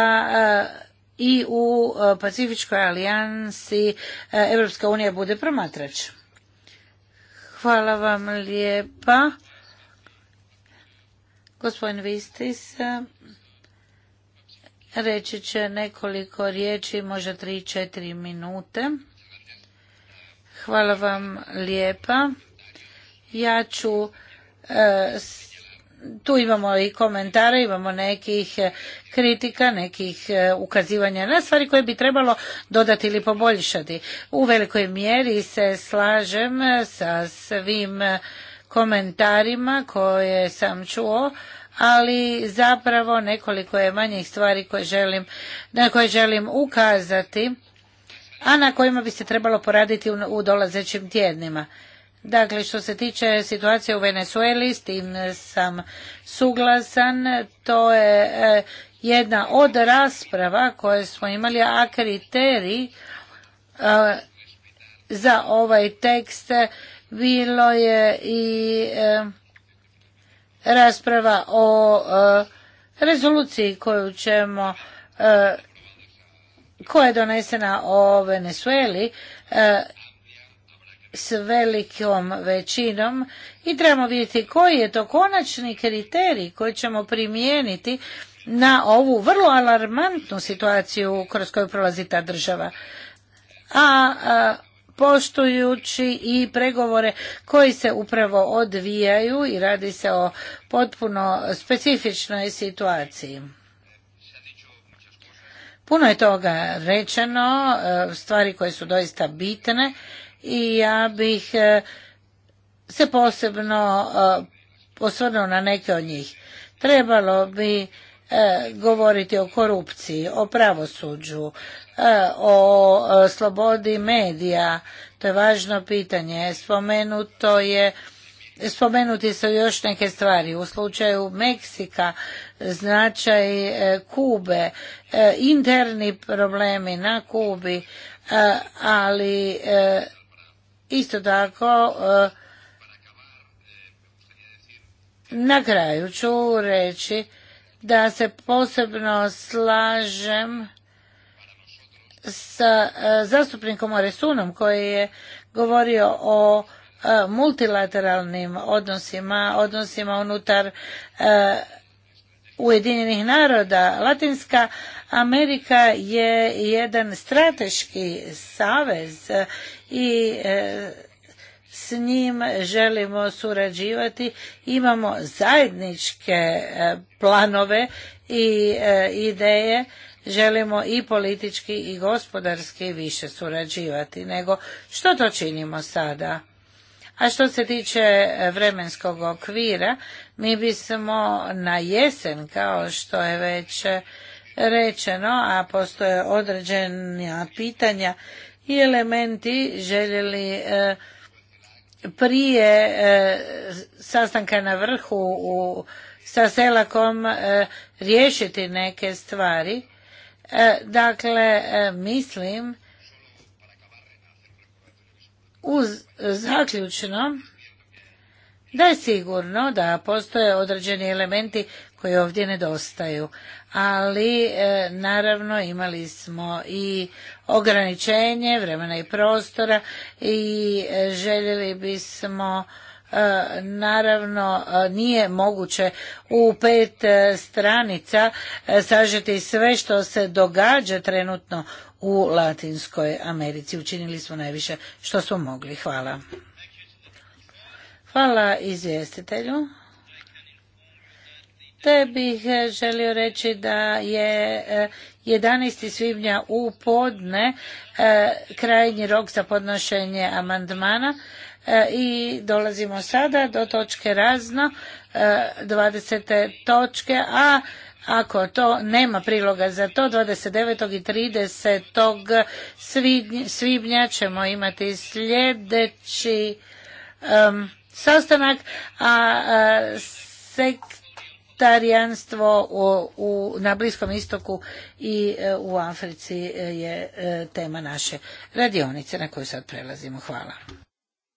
i u Pacifičkoj alijansi Europska unija bude promatrač. Hvala vam lijepa. Gospodin Vistis reći će nekoliko riječi, možda tri, četiri minute. Hvala vam lijepa. Ja ću eh, tu imamo i komentare, imamo nekih e, kritika, nekih e, ukazivanja na stvari koje bi trebalo dodati ili poboljšati. U velikoj mjeri se slažem e, sa svim komentarima koje sam čuo, ali zapravo nekoliko je manjih stvari koje želim, na koje želim ukazati, a na kojima bi se trebalo poraditi u dolazećim tjednima. Dakle, što se tiče situacije u Venezueli, s tim sam suglasan. To je e, jedna od rasprava koje smo imali, a kriterij e, za ovaj tekst bilo je i e, rasprava o rezoluciji koju ćemo koja je donesena o Venezueli s velikom većinom i trebamo vidjeti koji je to konačni kriterij koji ćemo primijeniti na ovu vrlo alarmantnu situaciju kroz koju prolazi ta država. A, poštujući i pregovore koji se upravo odvijaju i radi se o potpuno specifičnoj situaciji. Puno je toga rečeno, e, stvari koje su doista bitne i ja bih e, se posebno e, osvrnuo na neke od njih. Trebalo bi e, govoriti o korupciji, o pravosuđu, o slobodi medija, to je važno pitanje. Spomenuto je Spomenuti su još neke stvari. U slučaju Meksika, značaj Kube, interni problemi na Kubi, ali Isto tako, e, na kraju ću reći da se posebno slažem sa e, zastupnikom Oresunom koji je govorio o e, multilateralnim odnosima, odnosima unutar Ujedinjenih naroda. Latinska Amerika je jedan strateški savez i e, s njim želimo surađivati, imamo zajedničke e, planove i e, ideje, želimo i politički i gospodarski više surađivati nego što to činimo sada. A što se tiče vremenskog okvira, mi bismo na jesen, kao što je već rečeno, a postoje određena pitanja i elementi željeli e, prije e, sastanka na vrhu u, sa Selakom e, riješiti neke stvari. Dakle, mislim uz zaključno da je sigurno da postoje određeni elementi koji ovdje nedostaju ali e, naravno imali smo i ograničenje vremena i prostora i e, željeli bismo e, naravno nije moguće u pet stranica sažeti sve što se događa trenutno u Latinskoj Americi. Učinili smo najviše što smo mogli. Hvala. Hvala izvjestitelju te bih e, želio reći da je 11. E, svibnja u podne e, krajnji rok za podnošenje amandmana i dolazimo sada do točke razno 20. točke, a ako to nema priloga za to, 29. i 30. svibnja ćemo imati sljedeći sastanak, a, a vegetarijanstvo u, na Bliskom istoku i e, u Africi e, je e, tema naše radionice na koju sad prelazimo. Hvala.